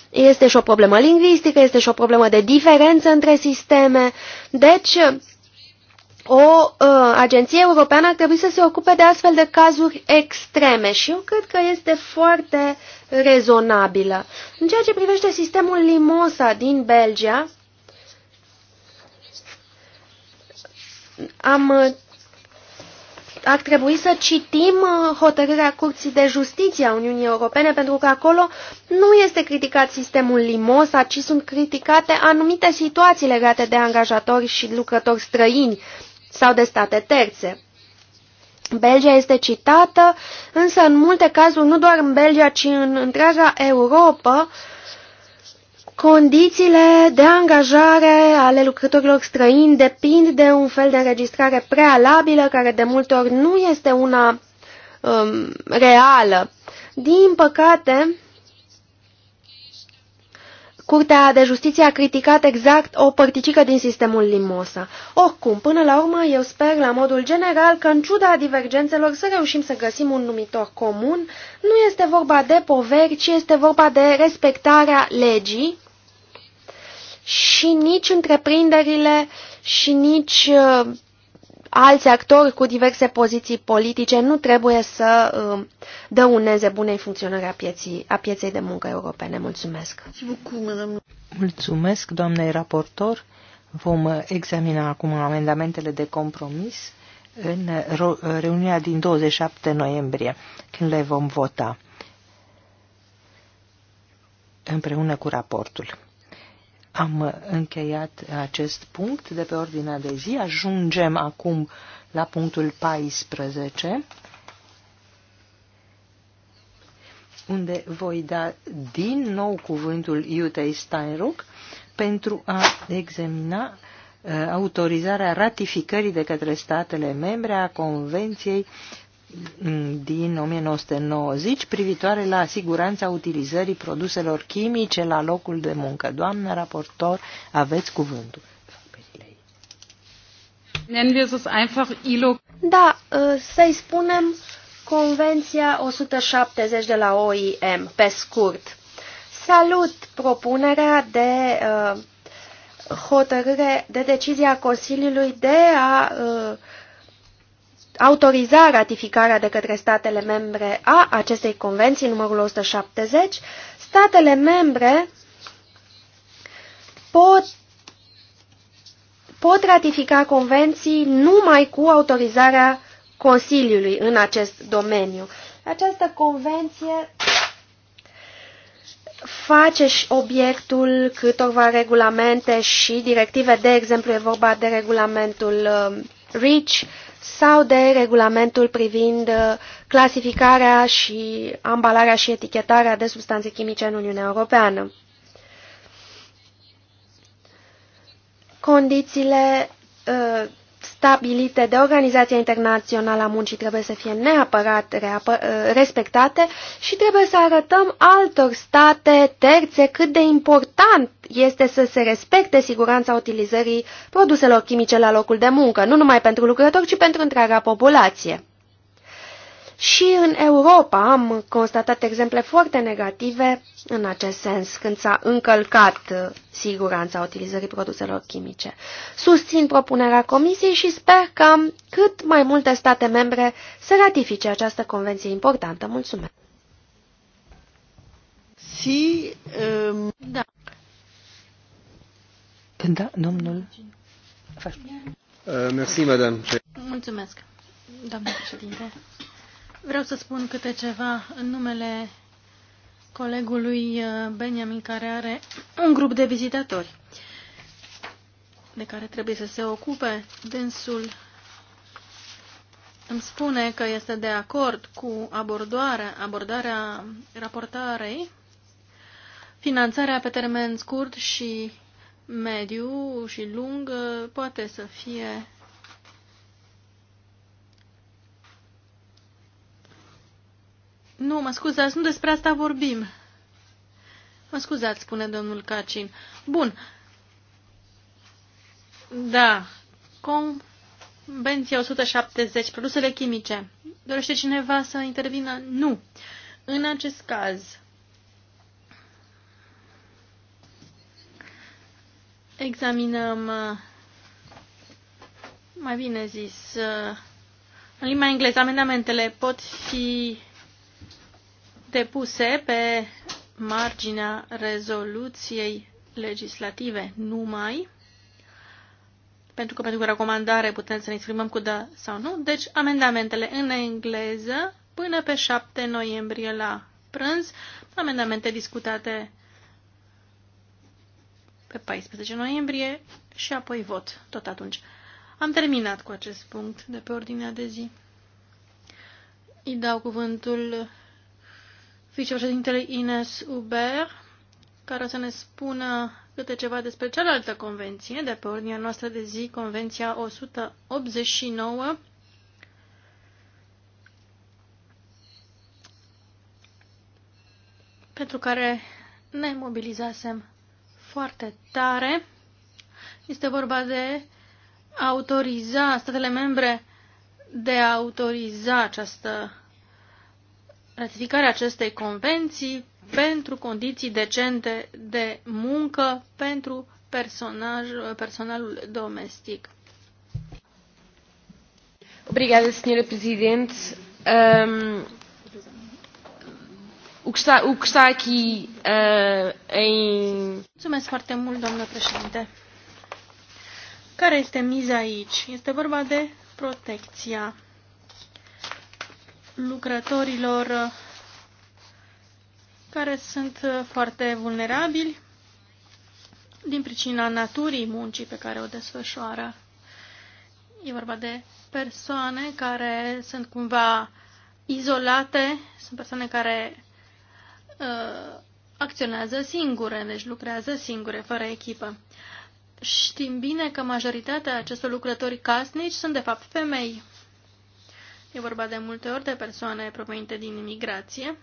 Este și o problemă lingvistică, este și o problemă de diferență între sisteme. Deci, o uh, agenție europeană ar trebui să se ocupe de astfel de cazuri extreme și eu cred că este foarte rezonabilă. În ceea ce privește sistemul Limosa din Belgia, am, ar trebui să citim uh, hotărârea Curții de Justiție a Uniunii Europene, pentru că acolo nu este criticat sistemul Limosa, ci sunt criticate anumite situații legate de angajatori și lucrători străini sau de state terțe. Belgia este citată, însă în multe cazuri, nu doar în Belgia, ci în întreaga Europa, condițiile de angajare ale lucrătorilor străini depind de un fel de înregistrare prealabilă, care de multe ori nu este una um, reală. Din păcate, Curtea de Justiție a criticat exact o părticică din sistemul limosă. Oricum, până la urmă, eu sper, la modul general, că în ciuda divergențelor să reușim să găsim un numitor comun. Nu este vorba de poveri, ci este vorba de respectarea legii și nici întreprinderile și nici uh, alți actori cu diverse poziții politice nu trebuie să um, dăuneze bunei funcționări a, pieții, a pieței de muncă europene. Mulțumesc! Mulțumesc, doamnei raportor! Vom examina acum amendamentele de compromis în reuniunea din 27 noiembrie, când le vom vota împreună cu raportul. Am încheiat acest punct de pe ordinea de zi. Ajungem acum la punctul 14, unde voi da din nou cuvântul Iutei Steinruck pentru a examina uh, autorizarea ratificării de către statele membre a Convenției uh, din 1990 privitoare la siguranța utilizării produselor chimice la locul de muncă. Doamnă raportor, aveți cuvântul. Da, ă, să-i spunem Convenția 170 de la OIM, pe scurt. Salut propunerea de uh, hotărâre de decizia Consiliului de a uh, autoriza ratificarea de către statele membre a acestei convenții, numărul 170, statele membre pot, pot ratifica convenții numai cu autorizarea Consiliului în acest domeniu. Această convenție face și obiectul câtorva regulamente și directive, de exemplu e vorba de regulamentul um, REACH, sau de regulamentul privind uh, clasificarea și ambalarea și etichetarea de substanțe chimice în Uniunea Europeană. Condițiile uh, stabilite de Organizația Internațională a Muncii trebuie să fie neapărat ă, respectate și trebuie să arătăm altor state terțe cât de important este să se respecte siguranța utilizării produselor chimice la locul de muncă, nu numai pentru lucrători, ci pentru întreaga populație. Și în Europa am constatat exemple foarte negative în acest sens, când s-a încălcat uh, siguranța utilizării produselor chimice. Susțin propunerea Comisiei și sper ca cât mai multe state membre să ratifice această convenție importantă. Mulțumesc! Si, um, da. Da, domnul. Uh, merci, madame. Mulțumesc, doamnă președinte. Vreau să spun câte ceva în numele colegului uh, Benjamin, care are un grup de vizitatori de care trebuie să se ocupe. Dânsul îmi spune că este de acord cu abordarea, abordarea raportarei, finanțarea pe termen scurt și mediu și lung uh, poate să fie Nu, mă scuzați, nu despre asta vorbim. Mă scuzați, spune domnul Cacin. Bun. Da. Convenția 170, produsele chimice. Dorește cineva să intervină? Nu. În acest caz, examinăm, mai bine zis, în limba engleză, amendamentele pot fi depuse pe marginea rezoluției legislative numai, pentru că pentru recomandare putem să ne exprimăm cu da sau nu, deci amendamentele în engleză până pe 7 noiembrie la prânz, amendamente discutate pe 14 noiembrie și apoi vot tot atunci. Am terminat cu acest punct de pe ordinea de zi. Îi dau cuvântul vicepreședintele Ines Uber, care o să ne spună câte ceva despre cealaltă convenție de pe ordinea noastră de zi, Convenția 189 pentru care ne mobilizasem foarte tare. Este vorba de autoriza statele membre de a autoriza această ratificarea acestei convenții pentru condiții decente de muncă pentru personaj, personalul domestic. Obrigada, Sra. Presidente. Um, o, que está, o que está aqui uh, em. Mulțumesc foarte mult, doamnă președinte. Care este miza aici? Este vorba de protecția lucrătorilor care sunt foarte vulnerabili din pricina naturii muncii pe care o desfășoară. E vorba de persoane care sunt cumva izolate, sunt persoane care uh, acționează singure, deci lucrează singure, fără echipă. Știm bine că majoritatea acestor lucrători casnici sunt de fapt femei. E vorba de multe ori de persoane provenite din imigrație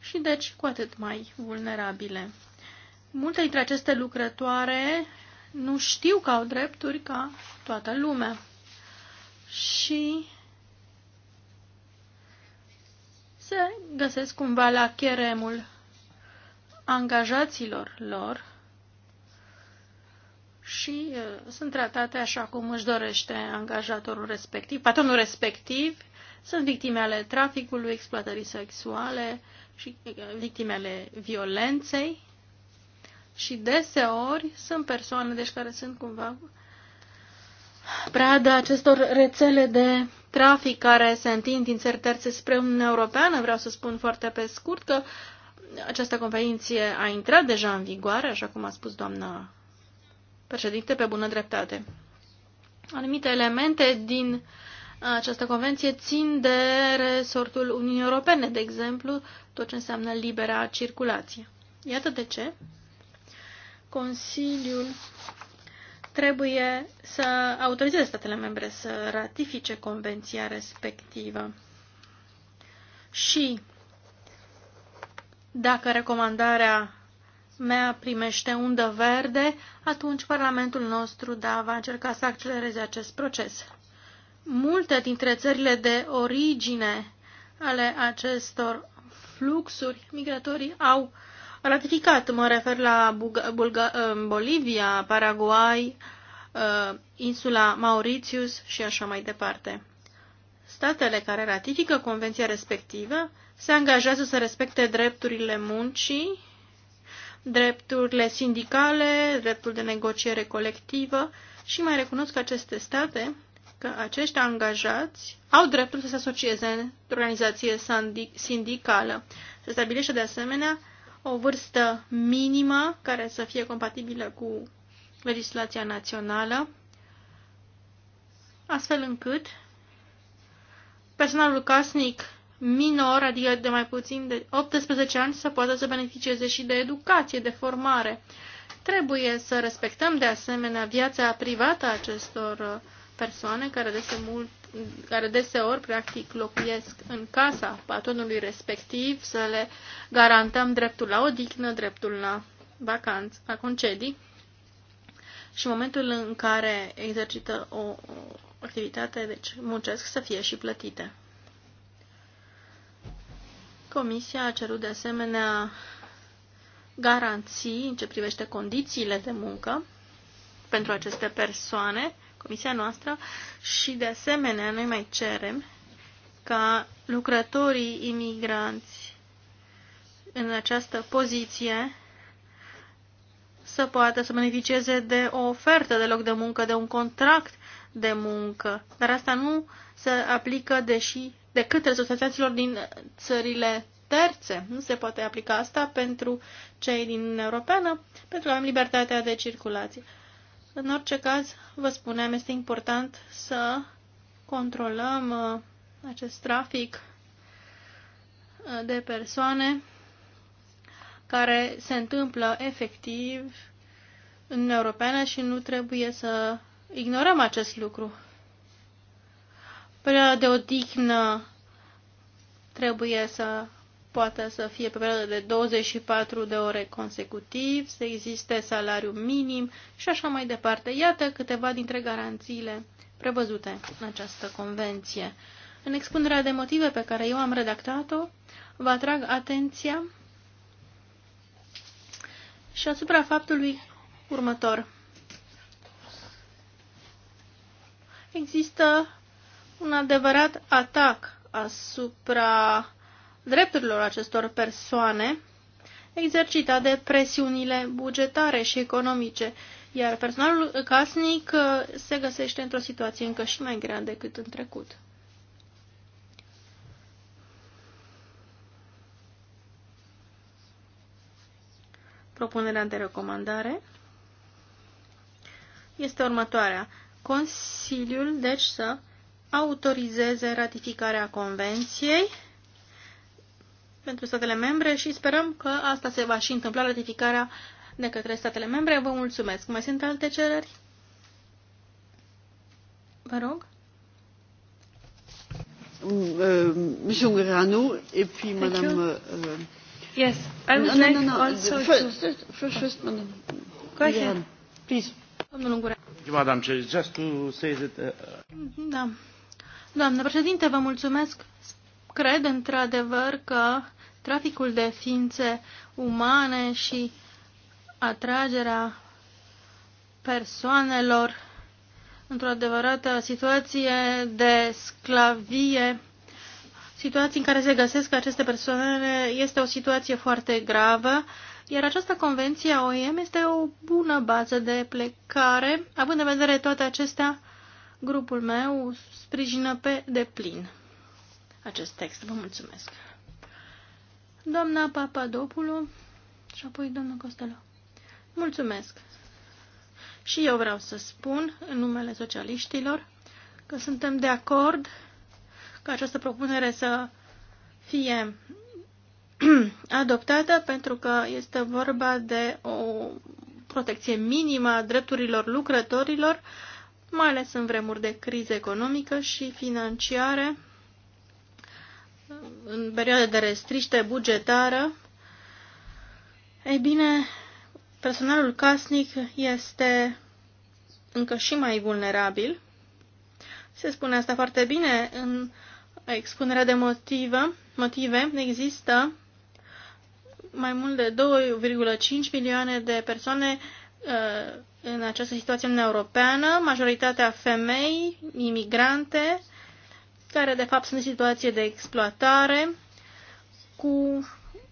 și deci cu atât mai vulnerabile. Multe dintre aceste lucrătoare nu știu că au drepturi ca toată lumea. Și se găsesc cumva la cheremul angajaților lor și uh, sunt tratate așa cum își dorește angajatorul respectiv, patronul respectiv, sunt victime ale traficului, exploatării sexuale și uh, victime ale violenței și deseori sunt persoane deci care sunt cumva prada acestor rețele de trafic care se întind din țări terțe spre Uniunea Europeană. Vreau să spun foarte pe scurt că această convenție a intrat deja în vigoare, așa cum a spus doamna președinte, pe bună dreptate. Anumite elemente din această convenție țin de resortul Uniunii Europene, de exemplu, tot ce înseamnă libera circulație. Iată de ce Consiliul trebuie să autorizeze statele membre să ratifice convenția respectivă. Și dacă recomandarea mea primește undă verde, atunci Parlamentul nostru da, va încerca să accelereze acest proces. Multe dintre țările de origine ale acestor fluxuri migratorii au ratificat, mă refer la Bulga, uh, Bolivia, Paraguay, uh, insula Mauritius și așa mai departe. Statele care ratifică convenția respectivă se angajează să respecte drepturile muncii drepturile sindicale, dreptul de negociere colectivă și mai recunosc că aceste state, că acești angajați au dreptul să se asocieze în organizație sindicală. Se stabilește de asemenea o vârstă minimă care să fie compatibilă cu legislația națională, astfel încât personalul casnic minor, adică de mai puțin de 18 ani, să poată să beneficieze și de educație, de formare. Trebuie să respectăm de asemenea viața privată a acestor uh, persoane care, dese mult, care deseori practic locuiesc în casa patronului respectiv, să le garantăm dreptul la odihnă, dreptul la vacanță, la concedii. Și în momentul în care exercită o, o activitate, deci muncesc, să fie și plătite. Comisia a cerut de asemenea garanții în ce privește condițiile de muncă pentru aceste persoane, comisia noastră, și de asemenea noi mai cerem ca lucrătorii imigranți în această poziție să poată să beneficieze de o ofertă de loc de muncă, de un contract de muncă. Dar asta nu se aplică deși decât resortanților din țările terțe. Nu se poate aplica asta pentru cei din Uniunea Europeană, pentru că avem libertatea de circulație. În orice caz, vă spuneam, este important să controlăm uh, acest trafic uh, de persoane care se întâmplă efectiv în Europeană și nu trebuie să ignorăm acest lucru perioada de odihnă trebuie să poată să fie pe perioada de 24 de ore consecutiv, să existe salariu minim și așa mai departe. Iată câteva dintre garanțiile prevăzute în această convenție. În expunerea de motive pe care eu am redactat-o, vă atrag atenția și asupra faptului următor. Există un adevărat atac asupra drepturilor acestor persoane exercitat de presiunile bugetare și economice, iar personalul casnic uh, se găsește într-o situație încă și mai grea decât în trecut. Propunerea de recomandare este următoarea. Consiliul, deci, să autorizeze ratificarea convenției pentru statele membre și sperăm că asta se va și întâmpla, ratificarea de către statele membre. Vă mulțumesc. Mai sunt alte cereri? Vă rog. Euh, monsieur Guerrano et puis Madame. Euh, yes, I would like also first, First, first, Madame. Go ahead, please. Madame, just to say that. Uh, da. Doamnă președinte, vă mulțumesc. Cred într-adevăr că traficul de ființe umane și atragerea persoanelor într-o adevărată situație de sclavie, situații în care se găsesc aceste persoane, este o situație foarte gravă, iar această convenție a OIM este o bună bază de plecare, având în vedere toate acestea, Grupul meu sprijină pe deplin acest text. Vă mulțumesc. Doamna Papadopulu și apoi doamna Costello. Mulțumesc. Și eu vreau să spun, în numele socialiștilor, că suntem de acord că această propunere să fie adoptată pentru că este vorba de o protecție minimă a drepturilor lucrătorilor mai ales în vremuri de criză economică și financiare, în perioade de restriște bugetară, ei bine, personalul casnic este încă și mai vulnerabil. Se spune asta foarte bine în expunerea de motive. motive există mai mult de 2,5 milioane de persoane uh, în această situație în europeană, majoritatea femei, imigrante, care de fapt sunt în situație de exploatare, cu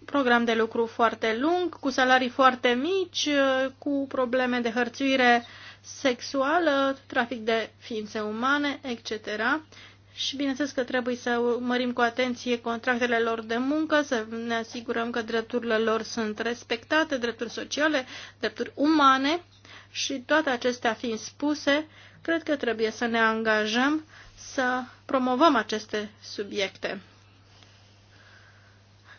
program de lucru foarte lung, cu salarii foarte mici, cu probleme de hărțuire sexuală, trafic de ființe umane, etc. Și bineînțeles că trebuie să urmărim cu atenție contractele lor de muncă, să ne asigurăm că drepturile lor sunt respectate, drepturi sociale, drepturi umane și toate acestea fiind spuse, cred că trebuie să ne angajăm să promovăm aceste subiecte.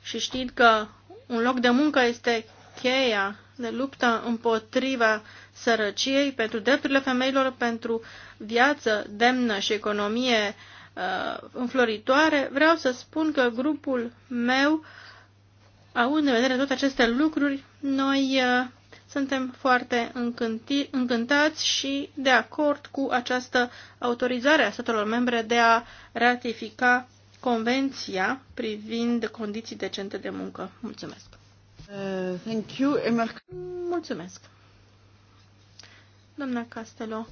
Și știind că un loc de muncă este cheia de luptă împotriva sărăciei, pentru drepturile femeilor, pentru viață demnă și economie uh, înfloritoare, vreau să spun că grupul meu, având în vedere toate aceste lucruri, noi uh, suntem foarte încântați și de acord cu această autorizare a statelor membre de a ratifica Convenția privind condiții decente de muncă. Mulțumesc! Uh, thank you, Mulțumesc! Doamna Castelo,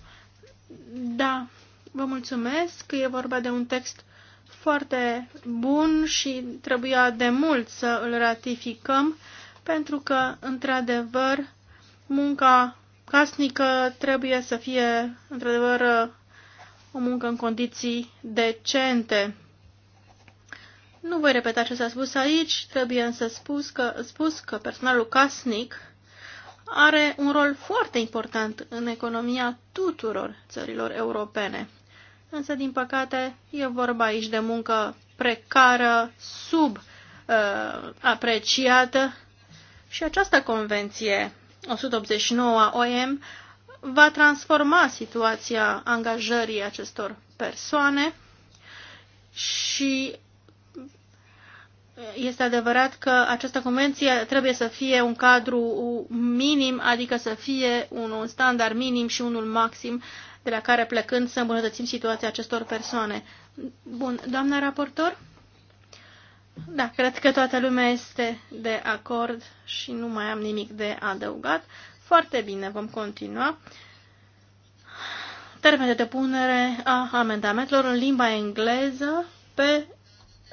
da, vă mulțumesc că e vorba de un text foarte bun și trebuia de mult să îl ratificăm, pentru că, într-adevăr, munca casnică trebuie să fie, într-adevăr, o muncă în condiții decente. Nu voi repeta ce s-a spus aici, trebuie însă spus că, spus că personalul casnic are un rol foarte important în economia tuturor țărilor europene. Însă, din păcate, e vorba aici de muncă precară, sub uh, apreciată și această convenție 189 OM va transforma situația angajării acestor persoane și este adevărat că această convenție trebuie să fie un cadru minim, adică să fie un standard minim și unul maxim de la care plecând să îmbunătățim situația acestor persoane. Bun, doamna raportor? Da, cred că toată lumea este de acord și nu mai am nimic de adăugat. Foarte bine, vom continua. Termen de depunere a amendamentelor în limba engleză pe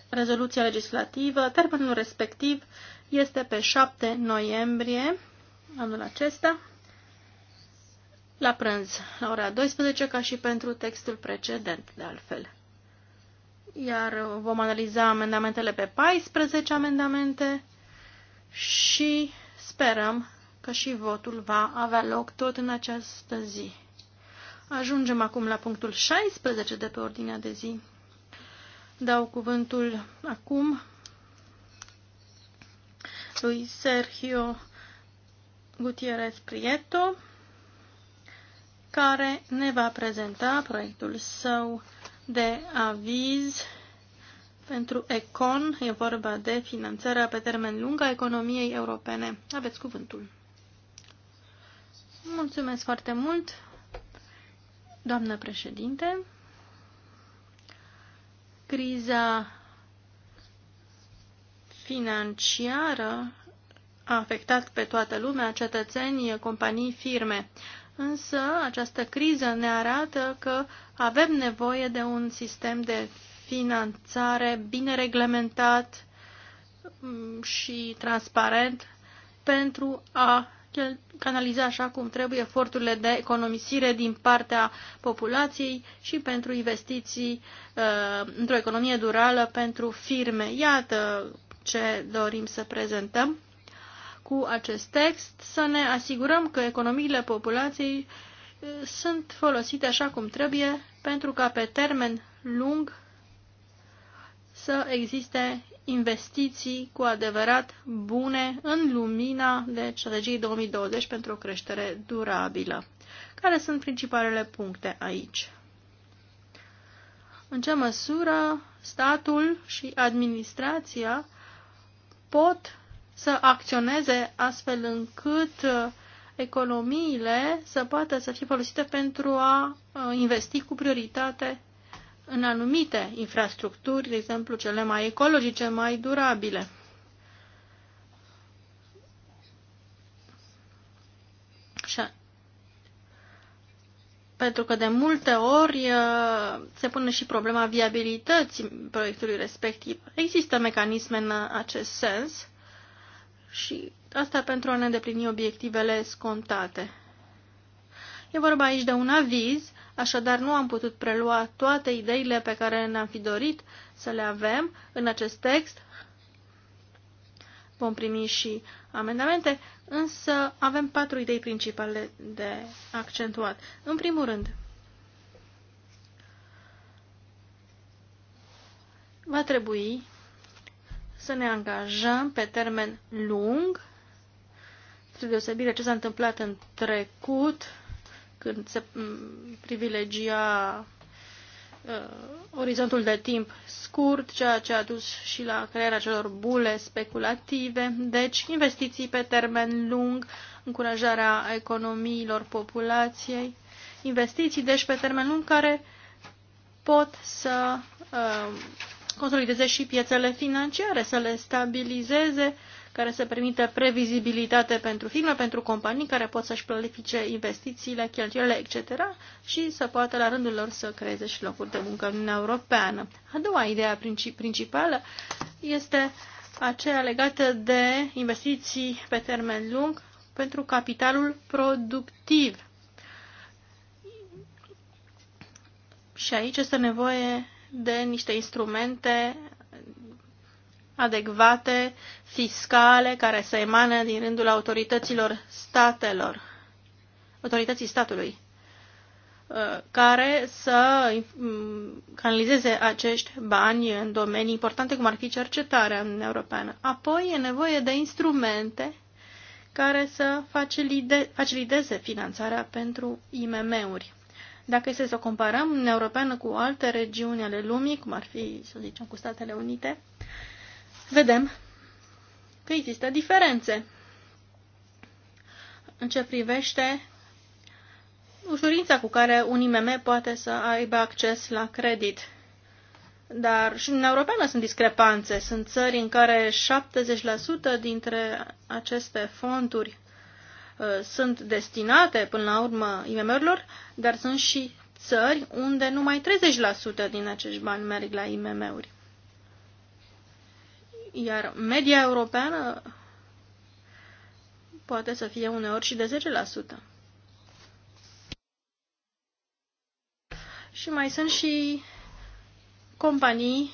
rezoluția legislativă. Termenul respectiv este pe 7 noiembrie anul acesta, la prânz, la ora 12, ca și pentru textul precedent, de altfel iar uh, vom analiza amendamentele pe 14 amendamente și sperăm că și votul va avea loc tot în această zi. Ajungem acum la punctul 16 de pe ordinea de zi. Dau cuvântul acum lui Sergio Gutierrez Prieto, care ne va prezenta proiectul său de aviz pentru Econ. E vorba de finanțarea pe termen lung a economiei europene. Aveți cuvântul. Mulțumesc foarte mult, doamnă președinte. Criza financiară a afectat pe toată lumea, cetățenii, companii, firme. Însă această criză ne arată că avem nevoie de un sistem de finanțare bine reglementat mm, și transparent pentru a canaliza așa cum trebuie eforturile de economisire din partea populației și pentru investiții uh, într-o economie durală pentru firme. Iată ce dorim să prezentăm cu acest text, să ne asigurăm că economiile populației uh, sunt folosite așa cum trebuie pentru ca pe termen lung să existe investiții cu adevărat bune în lumina de strategiei 2020 pentru o creștere durabilă. Care sunt principalele puncte aici? În ce măsură statul și administrația pot să acționeze astfel încât uh, economiile să poată să fie folosite pentru a uh, investi cu prioritate în anumite infrastructuri, de exemplu cele mai ecologice, mai durabile. Pentru că de multe ori uh, se pune și problema viabilității proiectului respectiv. Există mecanisme în acest sens și asta pentru a ne îndeplini obiectivele scontate. E vorba aici de un aviz, așadar nu am putut prelua toate ideile pe care ne-am fi dorit să le avem în acest text. Vom primi și amendamente, însă avem patru idei principale de accentuat. În primul rând, va trebui să ne angajăm pe termen lung, spre deosebire ce s-a întâmplat în trecut, când se privilegia uh, orizontul de timp scurt, ceea ce a dus și la crearea celor bule speculative, deci investiții pe termen lung, încurajarea economiilor populației, investiții deci pe termen lung care pot să uh, consolideze și piețele financiare, să le stabilizeze, care să permită previzibilitate pentru firme, pentru companii care pot să-și planifice investițiile, cheltuielile, etc. și să poată la rândul lor să creeze și locuri de muncă în Uniunea Europeană. A doua idee principală este aceea legată de investiții pe termen lung pentru capitalul productiv. Și aici este nevoie de niște instrumente adecvate, fiscale, care să emană din rândul autorităților statelor, autorității statului, uh, care să mm, canalizeze acești bani în domenii importante, cum ar fi cercetarea în europeană. Apoi e nevoie de instrumente care să faciliteze finanțarea pentru IMM-uri. Dacă este să o comparăm, Uniunea Europeană cu alte regiuni ale lumii, cum ar fi, să zicem, cu Statele Unite, vedem că există diferențe în ce privește ușurința cu care un IMM poate să aibă acces la credit. Dar și în Europeană sunt discrepanțe. Sunt țări în care 70% dintre aceste fonduri Uh, sunt destinate până la urmă IMM-urilor, dar sunt și țări unde numai 30% din acești bani merg la IMM-uri. Iar media europeană poate să fie uneori și de 10%. Și mai sunt și companii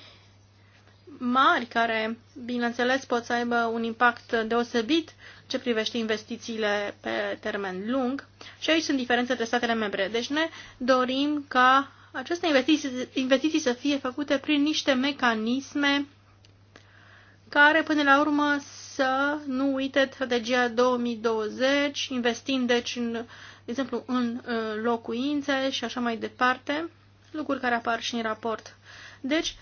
mari care, bineînțeles, pot să aibă un impact deosebit ce privește investițiile pe termen lung. Și aici sunt diferențe între statele membre. Deci ne dorim ca aceste investiții, investiții să fie făcute prin niște mecanisme care până la urmă să nu uite strategia 2020, investind deci în, de exemplu în uh, locuințe și așa mai departe, lucruri care apar și în raport. Deci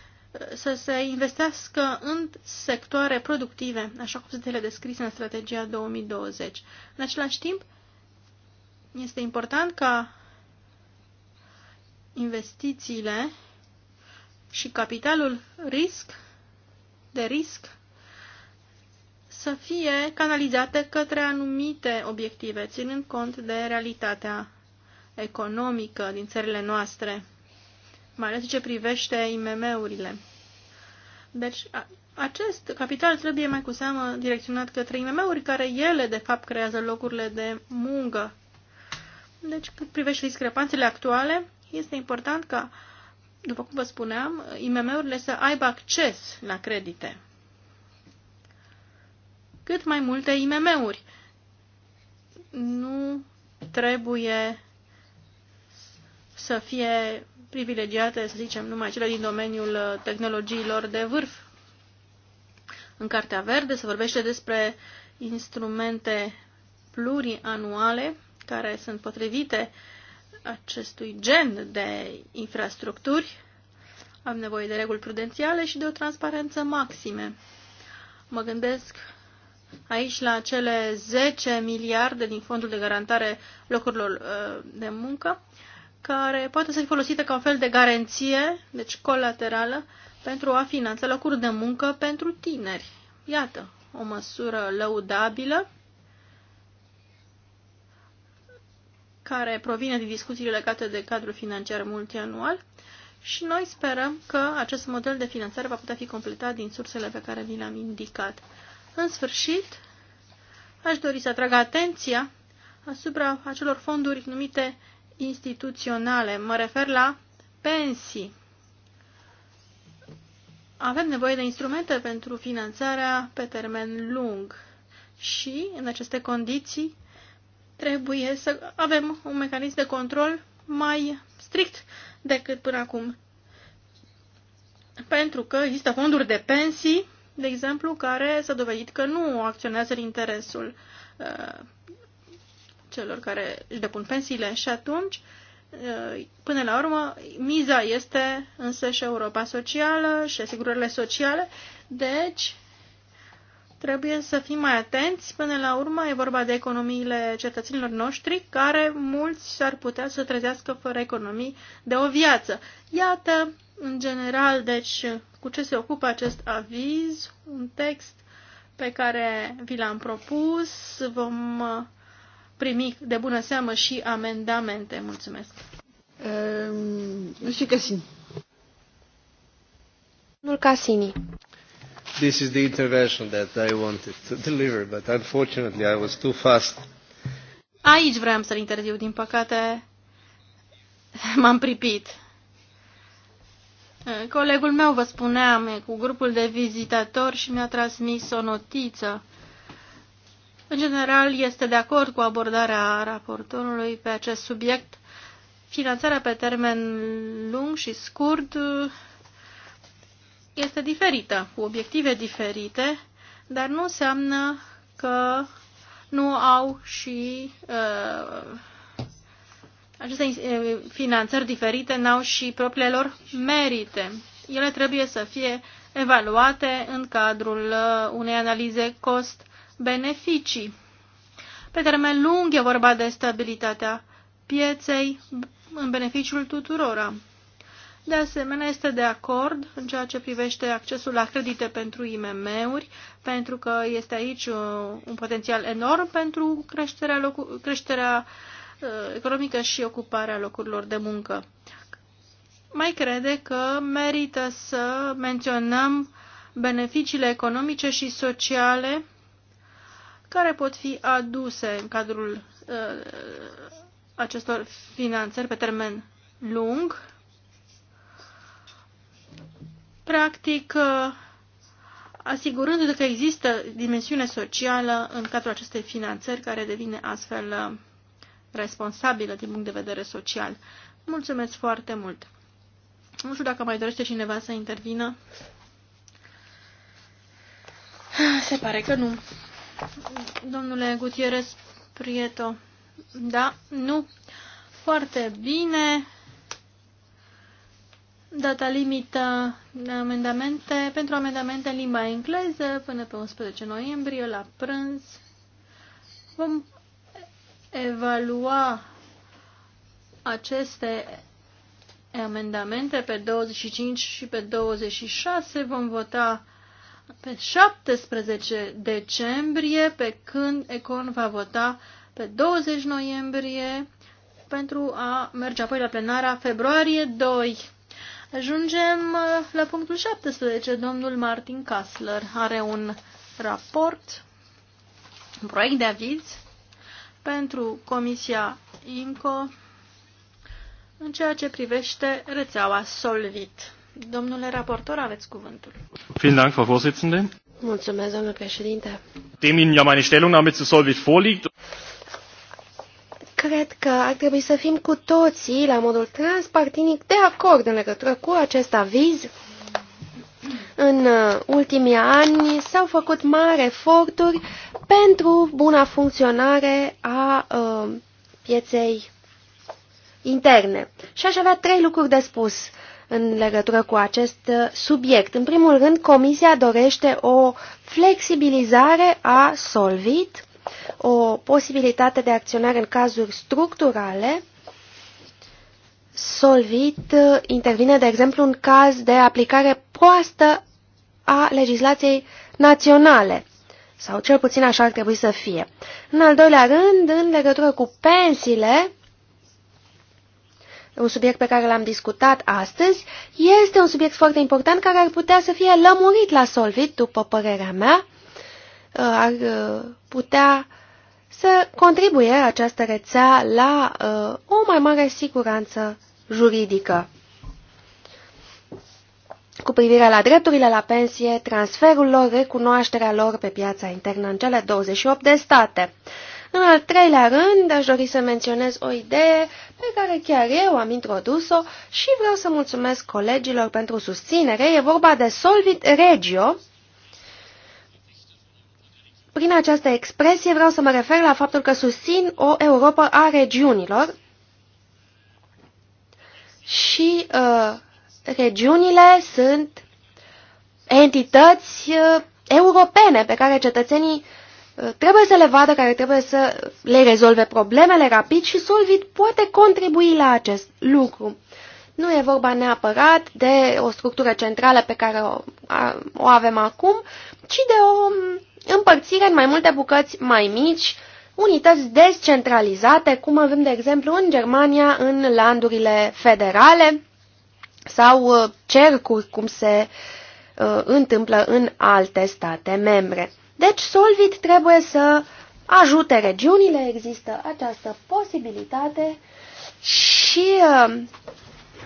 să se investească în sectoare productive, așa cum sunt ele descrise în strategia 2020. În același timp, este important ca investițiile și capitalul risc de risc să fie canalizate către anumite obiective, ținând cont de realitatea economică din țările noastre mai ales ce privește IMM-urile. Deci, acest capital trebuie mai cu seamă direcționat către IMM-uri, care ele, de fapt, creează locurile de muncă. Deci, cât privește discrepanțele actuale, este important ca, după cum vă spuneam, IMM-urile să aibă acces la credite. Cât mai multe IMM-uri. Nu trebuie să fie privilegiate, să zicem, numai cele din domeniul uh, tehnologiilor de vârf. În Cartea Verde se vorbește despre instrumente plurianuale care sunt potrivite acestui gen de infrastructuri. Am nevoie de reguli prudențiale și de o transparență maxime. Mă gândesc aici la cele 10 miliarde din fondul de garantare locurilor uh, de muncă care poate să fie folosită ca un fel de garanție, deci colaterală, pentru a finanța locuri de muncă pentru tineri. Iată, o măsură lăudabilă care provine din discuțiile legate de cadrul financiar multianual și noi sperăm că acest model de finanțare va putea fi completat din sursele pe care vi le-am indicat. În sfârșit, aș dori să atrag atenția asupra acelor fonduri numite instituționale. Mă refer la pensii. Avem nevoie de instrumente pentru finanțarea pe termen lung și, în aceste condiții, trebuie să avem un mecanism de control mai strict decât până acum. Pentru că există fonduri de pensii, de exemplu, care s-a dovedit că nu acționează în interesul uh, celor care își depun pensiile și atunci, eh, până la urmă, miza este însă și Europa socială și asigurările sociale, deci trebuie să fim mai atenți. Până la urmă e vorba de economiile cetățenilor noștri, care mulți s-ar putea să trezească fără economii de o viață. Iată, în general, deci, cu ce se ocupă acest aviz, un text pe care vi l-am propus. Vom eh, primi de bună seamă și amendamente. Mulțumesc. Ehm, Monsieur Cassini. Domnul Cassini. This is the intervention that I wanted to deliver, but unfortunately I was too fast. Aici vreau să-l interviu, din păcate m-am pripit. Colegul meu, vă spuneam, cu grupul de vizitatori și mi-a transmis o notiță în general este de acord cu abordarea raportorului pe acest subiect. Finanțarea pe termen lung și scurt este diferită, cu obiective diferite, dar nu înseamnă că nu au și uh, aceste uh, finanțări diferite, n-au și propriile lor merite. Ele trebuie să fie evaluate în cadrul uh, unei analize cost beneficii. Pe termen lung e vorba de stabilitatea pieței în beneficiul tuturora. De asemenea, este de acord în ceea ce privește accesul la credite pentru IMM-uri, pentru că este aici uh, un potențial enorm pentru creșterea, locu- creșterea uh, economică și ocuparea locurilor de muncă. Mai crede că merită să menționăm beneficiile economice și sociale care pot fi aduse în cadrul uh, acestor finanțări pe termen lung. Practic, uh, asigurându-te că există dimensiune socială în cadrul acestei finanțări care devine astfel uh, responsabilă din punct de vedere social. Mulțumesc foarte mult! Nu știu dacă mai dorește cineva să intervină. Se pare că nu. Domnule Gutierrez Prieto, da, nu, foarte bine. Data limită amendamente, pentru amendamente în limba engleză până pe 11 noiembrie la prânz. Vom evalua aceste amendamente pe 25 și pe 26. Vom vota pe 17 decembrie, pe când Econ va vota pe 20 noiembrie pentru a merge apoi la plenara februarie 2. Ajungem uh, la punctul 17. Domnul Martin Kassler are un raport, un proiect de aviz pentru Comisia INCO în ceea ce privește rețeaua Solvit. Domnule raportor, aveți cuvântul. Vielen Dank, Frau Vorsitzende. Mulțumesc, domnule președinte. Dem Ihnen ja meine Stellungnahme zu Solvit vorliegt. Cred că ar trebui să fim cu toții, la modul transpartinic, de acord în legătură cu acest aviz. În uh, ultimii ani s-au făcut mari eforturi pentru buna funcționare a uh, pieței interne. Și aș avea trei lucruri de spus. Uh, în legătură cu acest uh, subiect. În primul rând, Comisia dorește o flexibilizare a Solvit, o posibilitate de acționare în cazuri structurale. Solvit uh, intervine, de exemplu, în caz de aplicare proastă a legislației naționale sau cel puțin așa ar trebui să fie. În al doilea rând, în legătură cu pensiile, un subiect pe care l-am discutat astăzi, este un subiect foarte important care ar putea să fie lămurit la Solvit, după părerea mea. Uh, ar uh, putea să contribuie această rețea la uh, o mai mare siguranță juridică cu privire la drepturile la pensie, transferul lor, recunoașterea lor pe piața internă în cele 28 de state. În al treilea rând, aș dori să menționez o idee pe care chiar eu am introdus-o și vreau să mulțumesc colegilor pentru susținere. E vorba de Solvit Regio. Prin această expresie vreau să mă refer la faptul că susțin o Europa a regiunilor și uh, regiunile sunt entități uh, europene pe care cetățenii uh, Uh, trebuie să le vadă, care trebuie să le rezolve problemele rapid și Solvit poate contribui la acest lucru. Nu e vorba neapărat de o structură centrală pe care o, a, o avem acum, ci de o împărțire în mai multe bucăți mai mici, unități descentralizate, cum avem de exemplu în Germania, în landurile federale sau uh, cercuri, cum se uh, întâmplă în alte state membre. Deci Solvit trebuie să ajute regiunile, există această posibilitate și uh,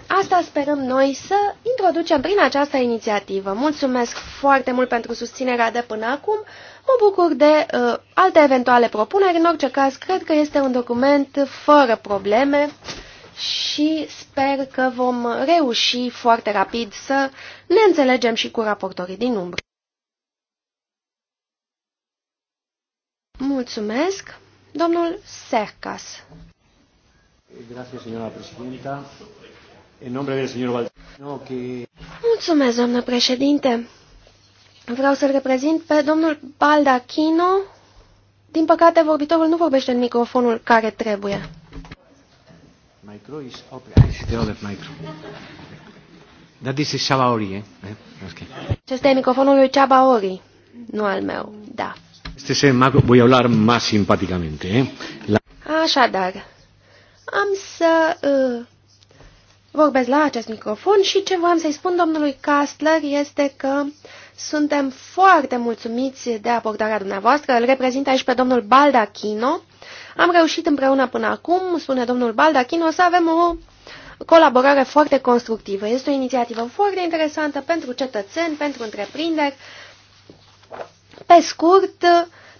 asta sperăm noi să introducem prin această inițiativă. Mulțumesc foarte mult pentru susținerea de până acum. Mă bucur de uh, alte eventuale propuneri. În orice caz, cred că este un document fără probleme și sper că vom reuși foarte rapid să ne înțelegem și cu raportorii din umbră. Mulțumesc. Domnul Sercas. Mulțumesc, doamnă președinte. Vreau să-l reprezint pe domnul Baldachino. Din păcate, vorbitorul nu vorbește în microfonul care trebuie. Micro micro. Eh? Eh, Acesta e microfonul lui Chabaori, nu al meu, da este más simpáticamente. Eh? Așadar, am să uh, vorbesc la acest microfon și ce vreau să-i spun domnului Castler este că suntem foarte mulțumiți de abordarea dumneavoastră. Îl reprezintă aici pe domnul Baldachino. Am reușit împreună până acum, spune domnul Baldachino, să avem o colaborare foarte constructivă. Este o inițiativă foarte interesantă pentru cetățeni, pentru întreprinderi pe scurt,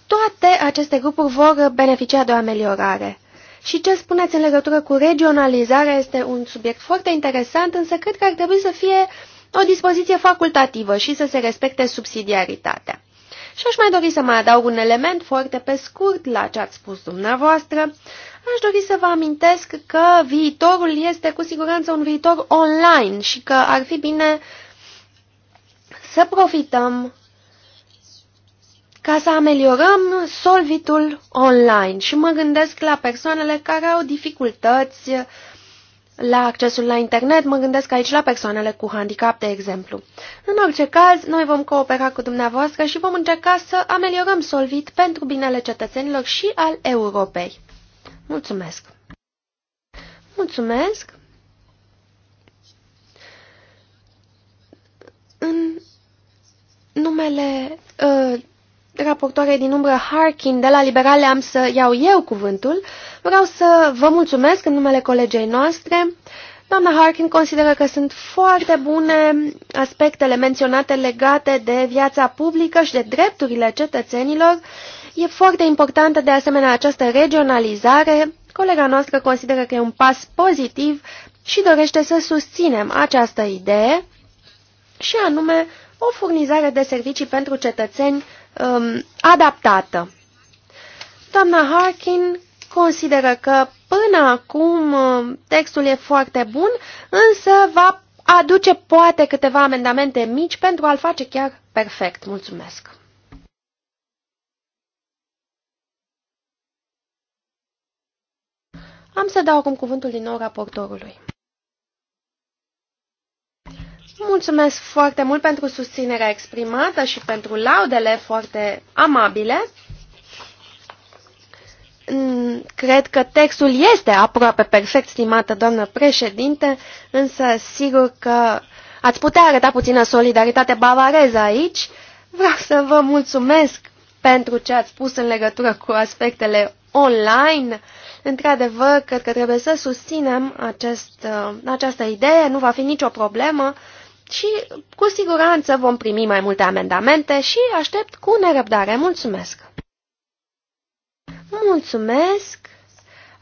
toate aceste grupuri vor beneficia de o ameliorare. Și ce spuneți în legătură cu regionalizarea este un subiect foarte interesant, însă cred că ar trebui să fie o dispoziție facultativă și să se respecte subsidiaritatea. Și aș mai dori să mai adaug un element foarte pe scurt la ce ați spus dumneavoastră. Aș dori să vă amintesc că viitorul este cu siguranță un viitor online și că ar fi bine să profităm ca să ameliorăm solvitul online și mă gândesc la persoanele care au dificultăți la accesul la internet, mă gândesc aici la persoanele cu handicap, de exemplu. În orice caz, noi vom coopera cu dumneavoastră și vom încerca să ameliorăm solvit pentru binele cetățenilor și al Europei. Mulțumesc! Mulțumesc! În numele uh, raportoare din umbră Harkin de la Liberale am să iau eu cuvântul. Vreau să vă mulțumesc în numele colegei noastre. Doamna Harkin consideră că sunt foarte bune aspectele menționate legate de viața publică și de drepturile cetățenilor. E foarte importantă de asemenea această regionalizare. Colega noastră consideră că e un pas pozitiv și dorește să susținem această idee și anume o furnizare de servicii pentru cetățeni um, adaptată. Doamna Harkin consideră că până acum uh, textul e foarte bun, însă va aduce poate câteva amendamente mici pentru a-l face chiar perfect. Mulțumesc! Am să dau acum cuvântul din nou raportorului. Mulțumesc foarte mult pentru susținerea exprimată și pentru laudele foarte amabile. Mm, cred că textul este aproape perfect, stimată doamnă președinte, însă sigur că ați putea arăta puțină solidaritate bavareză aici. Vreau să vă mulțumesc pentru ce ați spus în legătură cu aspectele online. Într-adevăr, cred că trebuie să susținem acest, uh, această idee, nu va fi nicio problemă și cu siguranță vom primi mai multe amendamente și aștept cu nerăbdare. Mulțumesc! Mulțumesc!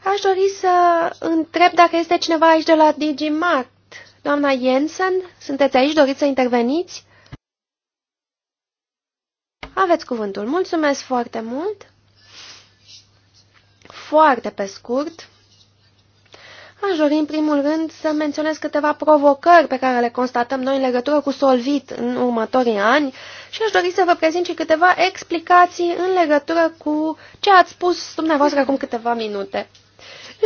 Aș dori să întreb dacă este cineva aici de la DigiMart. Doamna Jensen, sunteți aici? Doriți să interveniți? Aveți cuvântul. Mulțumesc foarte mult! Foarte pe scurt! Aș dori în primul rând să menționez câteva provocări pe care le constatăm noi în legătură cu Solvit în următorii ani și aș dori să vă prezint și câteva explicații în legătură cu ce ați spus dumneavoastră acum câteva minute.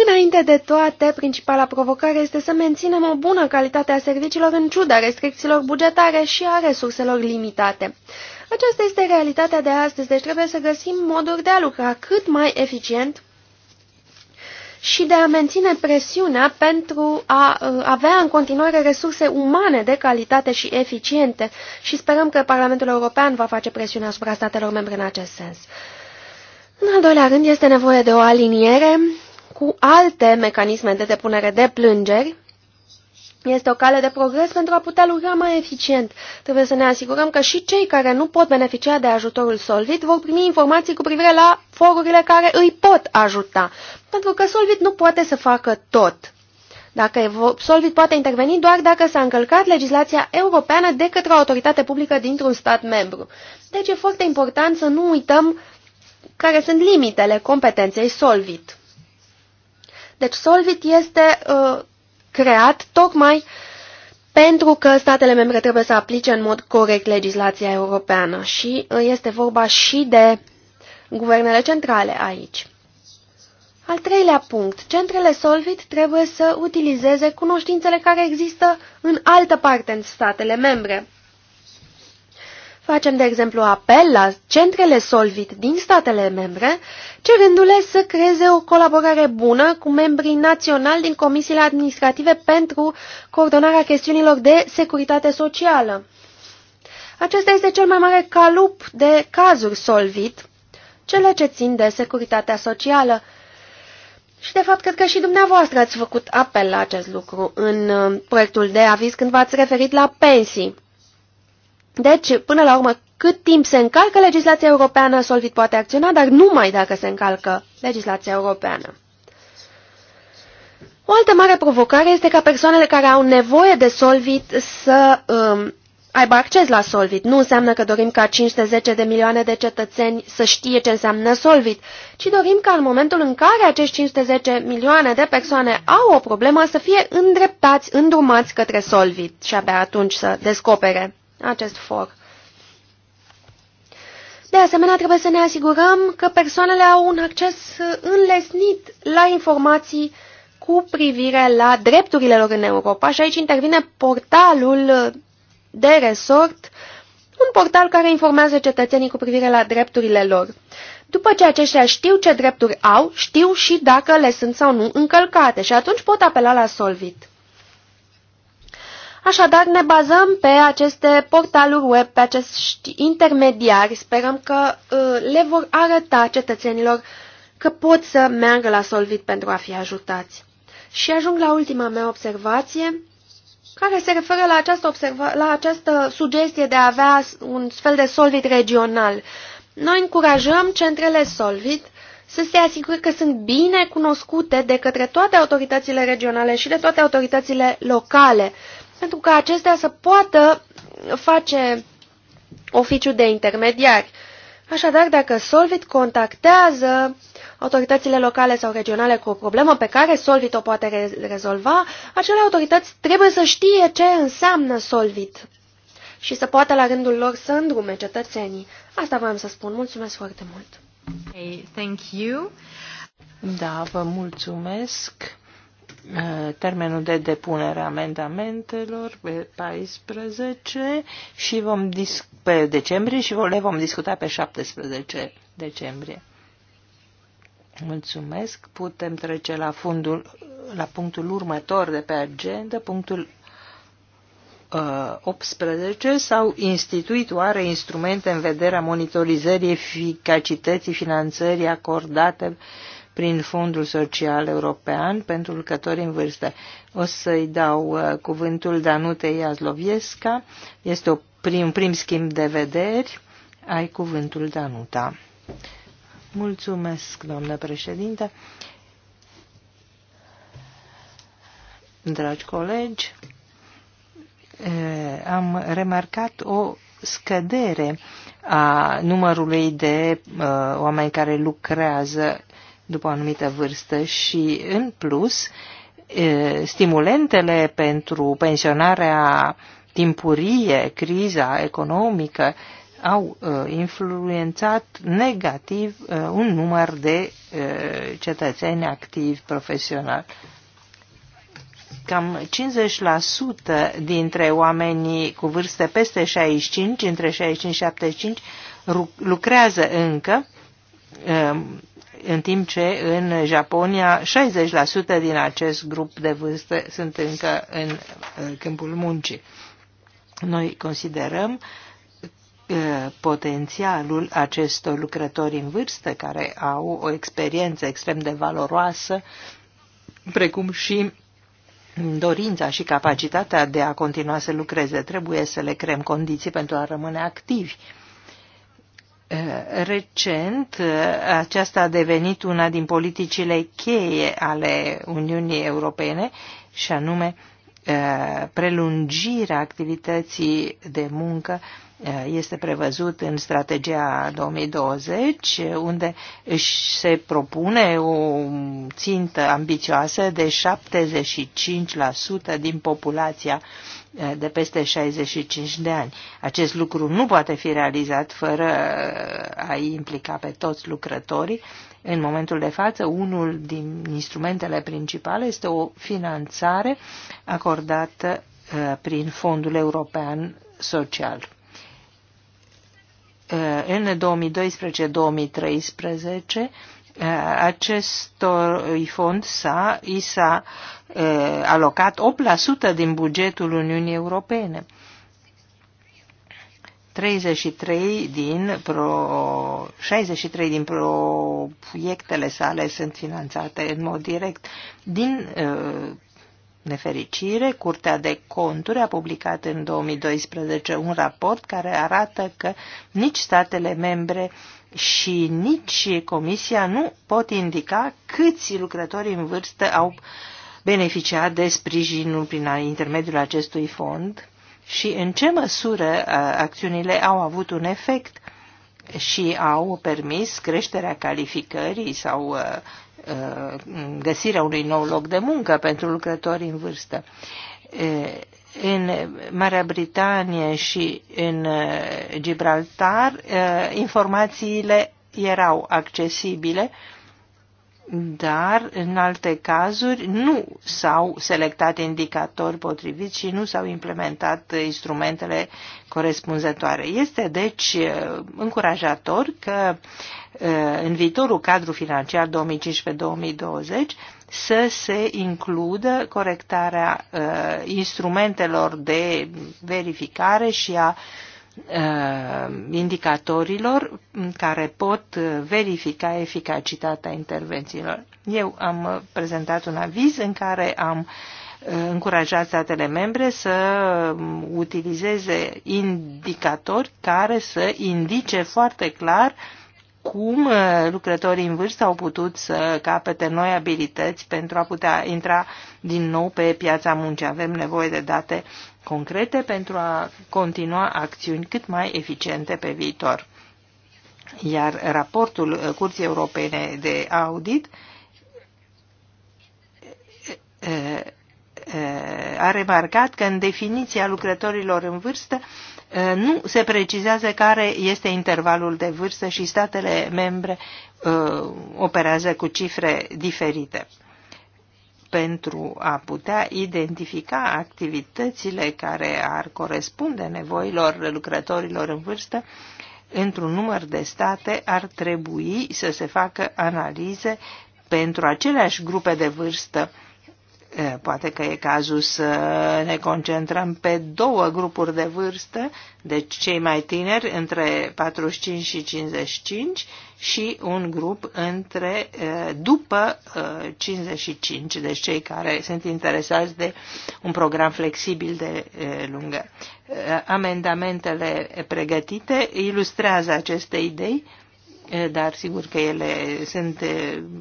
Înainte de toate, principala provocare este să menținem o bună calitate a serviciilor în ciuda restricțiilor bugetare și a resurselor limitate. Aceasta este realitatea de astăzi, deci trebuie să găsim moduri de a lucra cât mai eficient și de a menține presiunea pentru a uh, avea în continuare resurse umane de calitate și eficiente și sperăm că Parlamentul European va face presiune asupra statelor membre în acest sens. În al doilea rând, este nevoie de o aliniere cu alte mecanisme de depunere de plângeri este o cale de progres pentru a putea lucra mai eficient. Trebuie să ne asigurăm că și cei care nu pot beneficia de ajutorul Solvit vor primi informații cu privire la forurile care îi pot ajuta, pentru că Solvit nu poate să facă tot. Dacă Solvit poate interveni doar dacă s-a încălcat legislația europeană de către o autoritate publică dintr-un stat membru. Deci e foarte important să nu uităm care sunt limitele competenței Solvit. Deci Solvit este uh, creat tocmai pentru că statele membre trebuie să aplice în mod corect legislația europeană și uh, este vorba și de guvernele centrale aici. Al treilea punct, centrele Solvit trebuie să utilizeze cunoștințele care există în altă parte în statele membre. Facem, de exemplu, apel la centrele Solvit din statele membre, cerându-le să creeze o colaborare bună cu membrii naționali din comisiile administrative pentru coordonarea chestiunilor de securitate socială. Acesta este cel mai mare calup de cazuri Solvit, cele ce țin de securitatea socială. Și, de fapt, cred că și dumneavoastră ați făcut apel la acest lucru în uh, proiectul de aviz când v-ați referit la pensii. Deci, până la urmă, cât timp se încalcă legislația europeană, Solvit poate acționa, dar numai dacă se încalcă legislația europeană. O altă mare provocare este ca persoanele care au nevoie de Solvit să um, aibă acces la Solvit. Nu înseamnă că dorim ca 510 de milioane de cetățeni să știe ce înseamnă Solvit, ci dorim ca în momentul în care acești 510 milioane de persoane au o problemă să fie îndreptați, îndrumați către Solvit și abia atunci să descopere acest for. De asemenea, trebuie să ne asigurăm că persoanele au un acces înlesnit la informații cu privire la drepturile lor în Europa și aici intervine portalul de resort, un portal care informează cetățenii cu privire la drepturile lor. După ce aceștia știu ce drepturi au, știu și dacă le sunt sau nu încălcate și atunci pot apela la Solvit. Așadar, ne bazăm pe aceste portaluri web, pe acești intermediari. Sperăm că uh, le vor arăta cetățenilor că pot să meargă la Solvit pentru a fi ajutați. Și ajung la ultima mea observație, care se referă la această, la această sugestie de a avea un fel de Solvit regional. Noi încurajăm centrele Solvit să se asigure că sunt bine cunoscute de către toate autoritățile regionale și de toate autoritățile locale, pentru ca acestea să poată face oficiu de intermediari. Așadar, dacă Solvit contactează autoritățile locale sau regionale cu o problemă pe care Solvit o poate re rezolva, acele autorități trebuie să știe ce înseamnă Solvit și să poată la rândul lor să îndrume cetățenii. Asta vreau să spun. Mulțumesc foarte mult! Okay, thank you. Da, vă mulțumesc. Uh, termenul de depunere a amendamentelor pe 14 și vom pe decembrie și le vom discuta pe 17 decembrie. Mulțumesc. Putem trece la fundul, la punctul următor de pe agenda, punctul uh, 18. S-au instituit oare instrumente în vederea monitorizării eficacității finanțării acordate uh, prin Fondul Social European pentru lucrători în vârstă. O să-i dau uh, cuvântul Danutei Iazlovieska. Este un prim, prim schimb de vederi. Ai cuvântul, Danuta. Mulțumesc, doamnă președinte. Dragi colegi, eh, am remarcat o scădere a numărului de uh, oameni care lucrează după o anumită vârstă și, în plus, stimulentele pentru pensionarea timpurie, criza economică, au influențat negativ un număr de cetățeni activi profesional. Cam 50% dintre oamenii cu vârste peste 65, între 65 și 75, lucrează încă în timp ce în Japonia 60% din acest grup de vârstă sunt încă în uh, câmpul muncii. Noi considerăm uh, potențialul acestor lucrători în vârstă care au o experiență extrem de valoroasă, precum și dorința și capacitatea de a continua să lucreze. Trebuie să le creăm condiții pentru a rămâne activi. Recent, aceasta a devenit una din politicile cheie ale Uniunii Europene și anume eh, prelungirea activității de muncă Eh, este prevăzut în strategia 2020, eh, unde își se propune o țintă ambițioasă de 75% din populația eh, de peste 65 de ani. Acest lucru nu poate fi realizat fără a implica pe toți lucrătorii. În momentul de față, unul din instrumentele principale este o finanțare acordată prin Fondul European Social. Eh, în 2012-2013 eh, acestui fond s-a, i s-a eh, alocat 8% din bugetul Uniunii Europene. 33 din pro, 63 din proiectele sale sunt finanțate în mod direct. Din nefericire, Curtea de Conturi a publicat în 2012 un raport care arată că nici statele membre și nici Comisia nu pot indica câți lucrători în vârstă au beneficiat de sprijinul prin intermediul acestui fond și în ce măsură acțiunile au avut un efect și au permis creșterea calificării sau Uh, găsirea unui nou loc de muncă pentru lucrători în vârstă. Uh, în Marea Britanie și în uh, Gibraltar informațiile erau accesibile dar în alte cazuri nu s-au selectat indicatori potriviți și nu s-au implementat instrumentele corespunzătoare. Este deci eh, încurajator că eh, în viitorul cadru financiar 2015-2020 să se includă corectarea eh, instrumentelor de verificare și a uh, Uh, indicatorilor care pot verifica eficacitatea intervențiilor. Eu am prezentat un aviz în care am uh, încurajat statele membre să um, utilizeze indicatori care să indice foarte clar uh, cum uh, lucrătorii în vârstă au putut să capete noi abilități pentru a putea intra din nou pe piața muncii. Avem nevoie de date concrete pentru a continua acțiuni cât mai eficiente pe viitor. Iar raportul uh, Curții Europene de Audit uh, a remarcat că în definiția lucrătorilor în vârstă Eh, nu se precizează care este intervalul de vârstă și statele membre eh, operează cu cifre diferite pentru a putea identifica activitățile care ar corespunde nevoilor lucrătorilor în vârstă, într-un număr de state ar trebui să se facă analize pentru aceleași grupe de vârstă Poate că e cazul să ne concentrăm pe două grupuri de vârstă, deci cei mai tineri între 45 și 55 și un grup între după 55, deci cei care sunt interesați de un program flexibil de lungă. Amendamentele pregătite ilustrează aceste idei dar sigur că ele sunt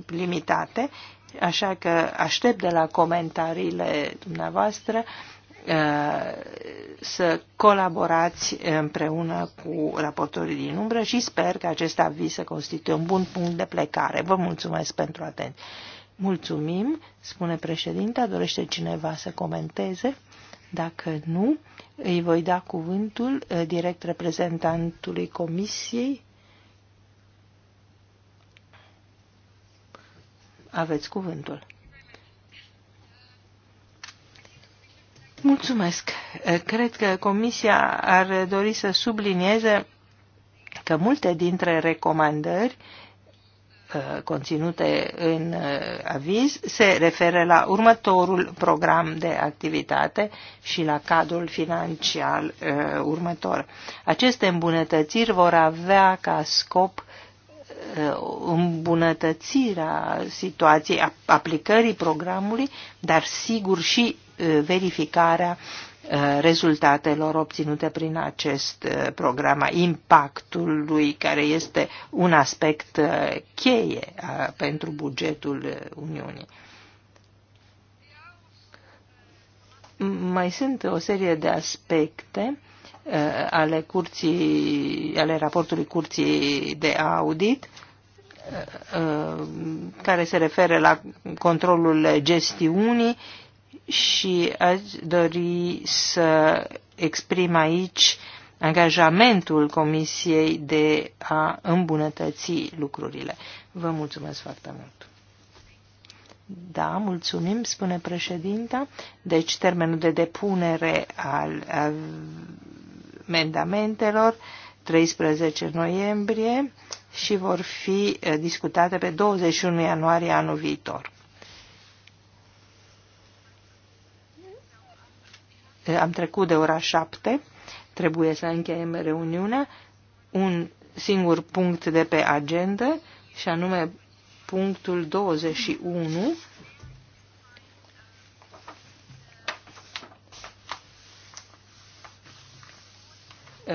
limitate Așa că aștept de la comentariile dumneavoastră uh, să colaborați împreună cu raportorii din umbră și sper că acest aviz să constituie un bun punct de plecare. Vă mulțumesc pentru atenție. Mulțumim, spune președinta, dorește cineva să comenteze? Dacă nu, îi voi da cuvântul uh, direct reprezentantului comisiei, Aveți cuvântul. Mulțumesc. Cred că Comisia ar dori să sublinieze că multe dintre recomandări uh, conținute în uh, aviz se referă la următorul program de activitate și la cadrul financiar uh, următor. Aceste îmbunătățiri vor avea ca scop Uh, îmbunătățirea situației aplicării programului, dar sigur și uh, verificarea uh, rezultatelor obținute prin acest program, impactul impactului care este un aspect cheie pentru bugetul Uniunii. Mai sunt o serie de aspecte Eh, ale, curții, ale raportului curții de audit eh, eh, care se referă la controlul gestiunii și aș dori să exprim aici angajamentul Comisiei de a îmbunătăți lucrurile. Vă mulțumesc foarte mult. Da, mulțumim, spune președinta. Deci termenul de depunere al amendamentelor 13 noiembrie și vor fi eh, discutate pe 21 ianuarie anul viitor. Eh, am trecut de ora 7, trebuie să încheiem reuniunea. Un singur punct de pe agenda și anume punctul 21 Uh,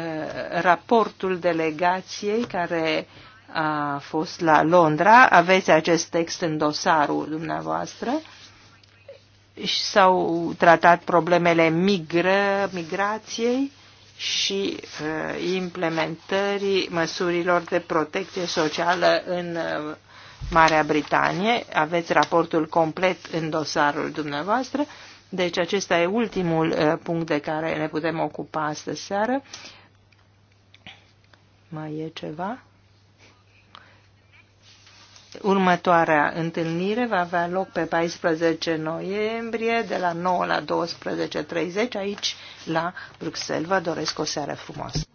raportul delegației care a fost la Londra. Aveți acest text în dosarul dumneavoastră și s-au tratat problemele migră, migrației și uh, implementării măsurilor de protecție socială în uh, Marea Britanie. Aveți raportul complet în dosarul dumneavoastră. Deci acesta e ultimul uh, punct de care ne putem ocupa astăzi seară. Uh, mai e ceva? Următoarea întâlnire va avea loc pe 14 noiembrie de la 9 la 12.30 aici la Bruxelles. Vă doresc o seară frumoasă!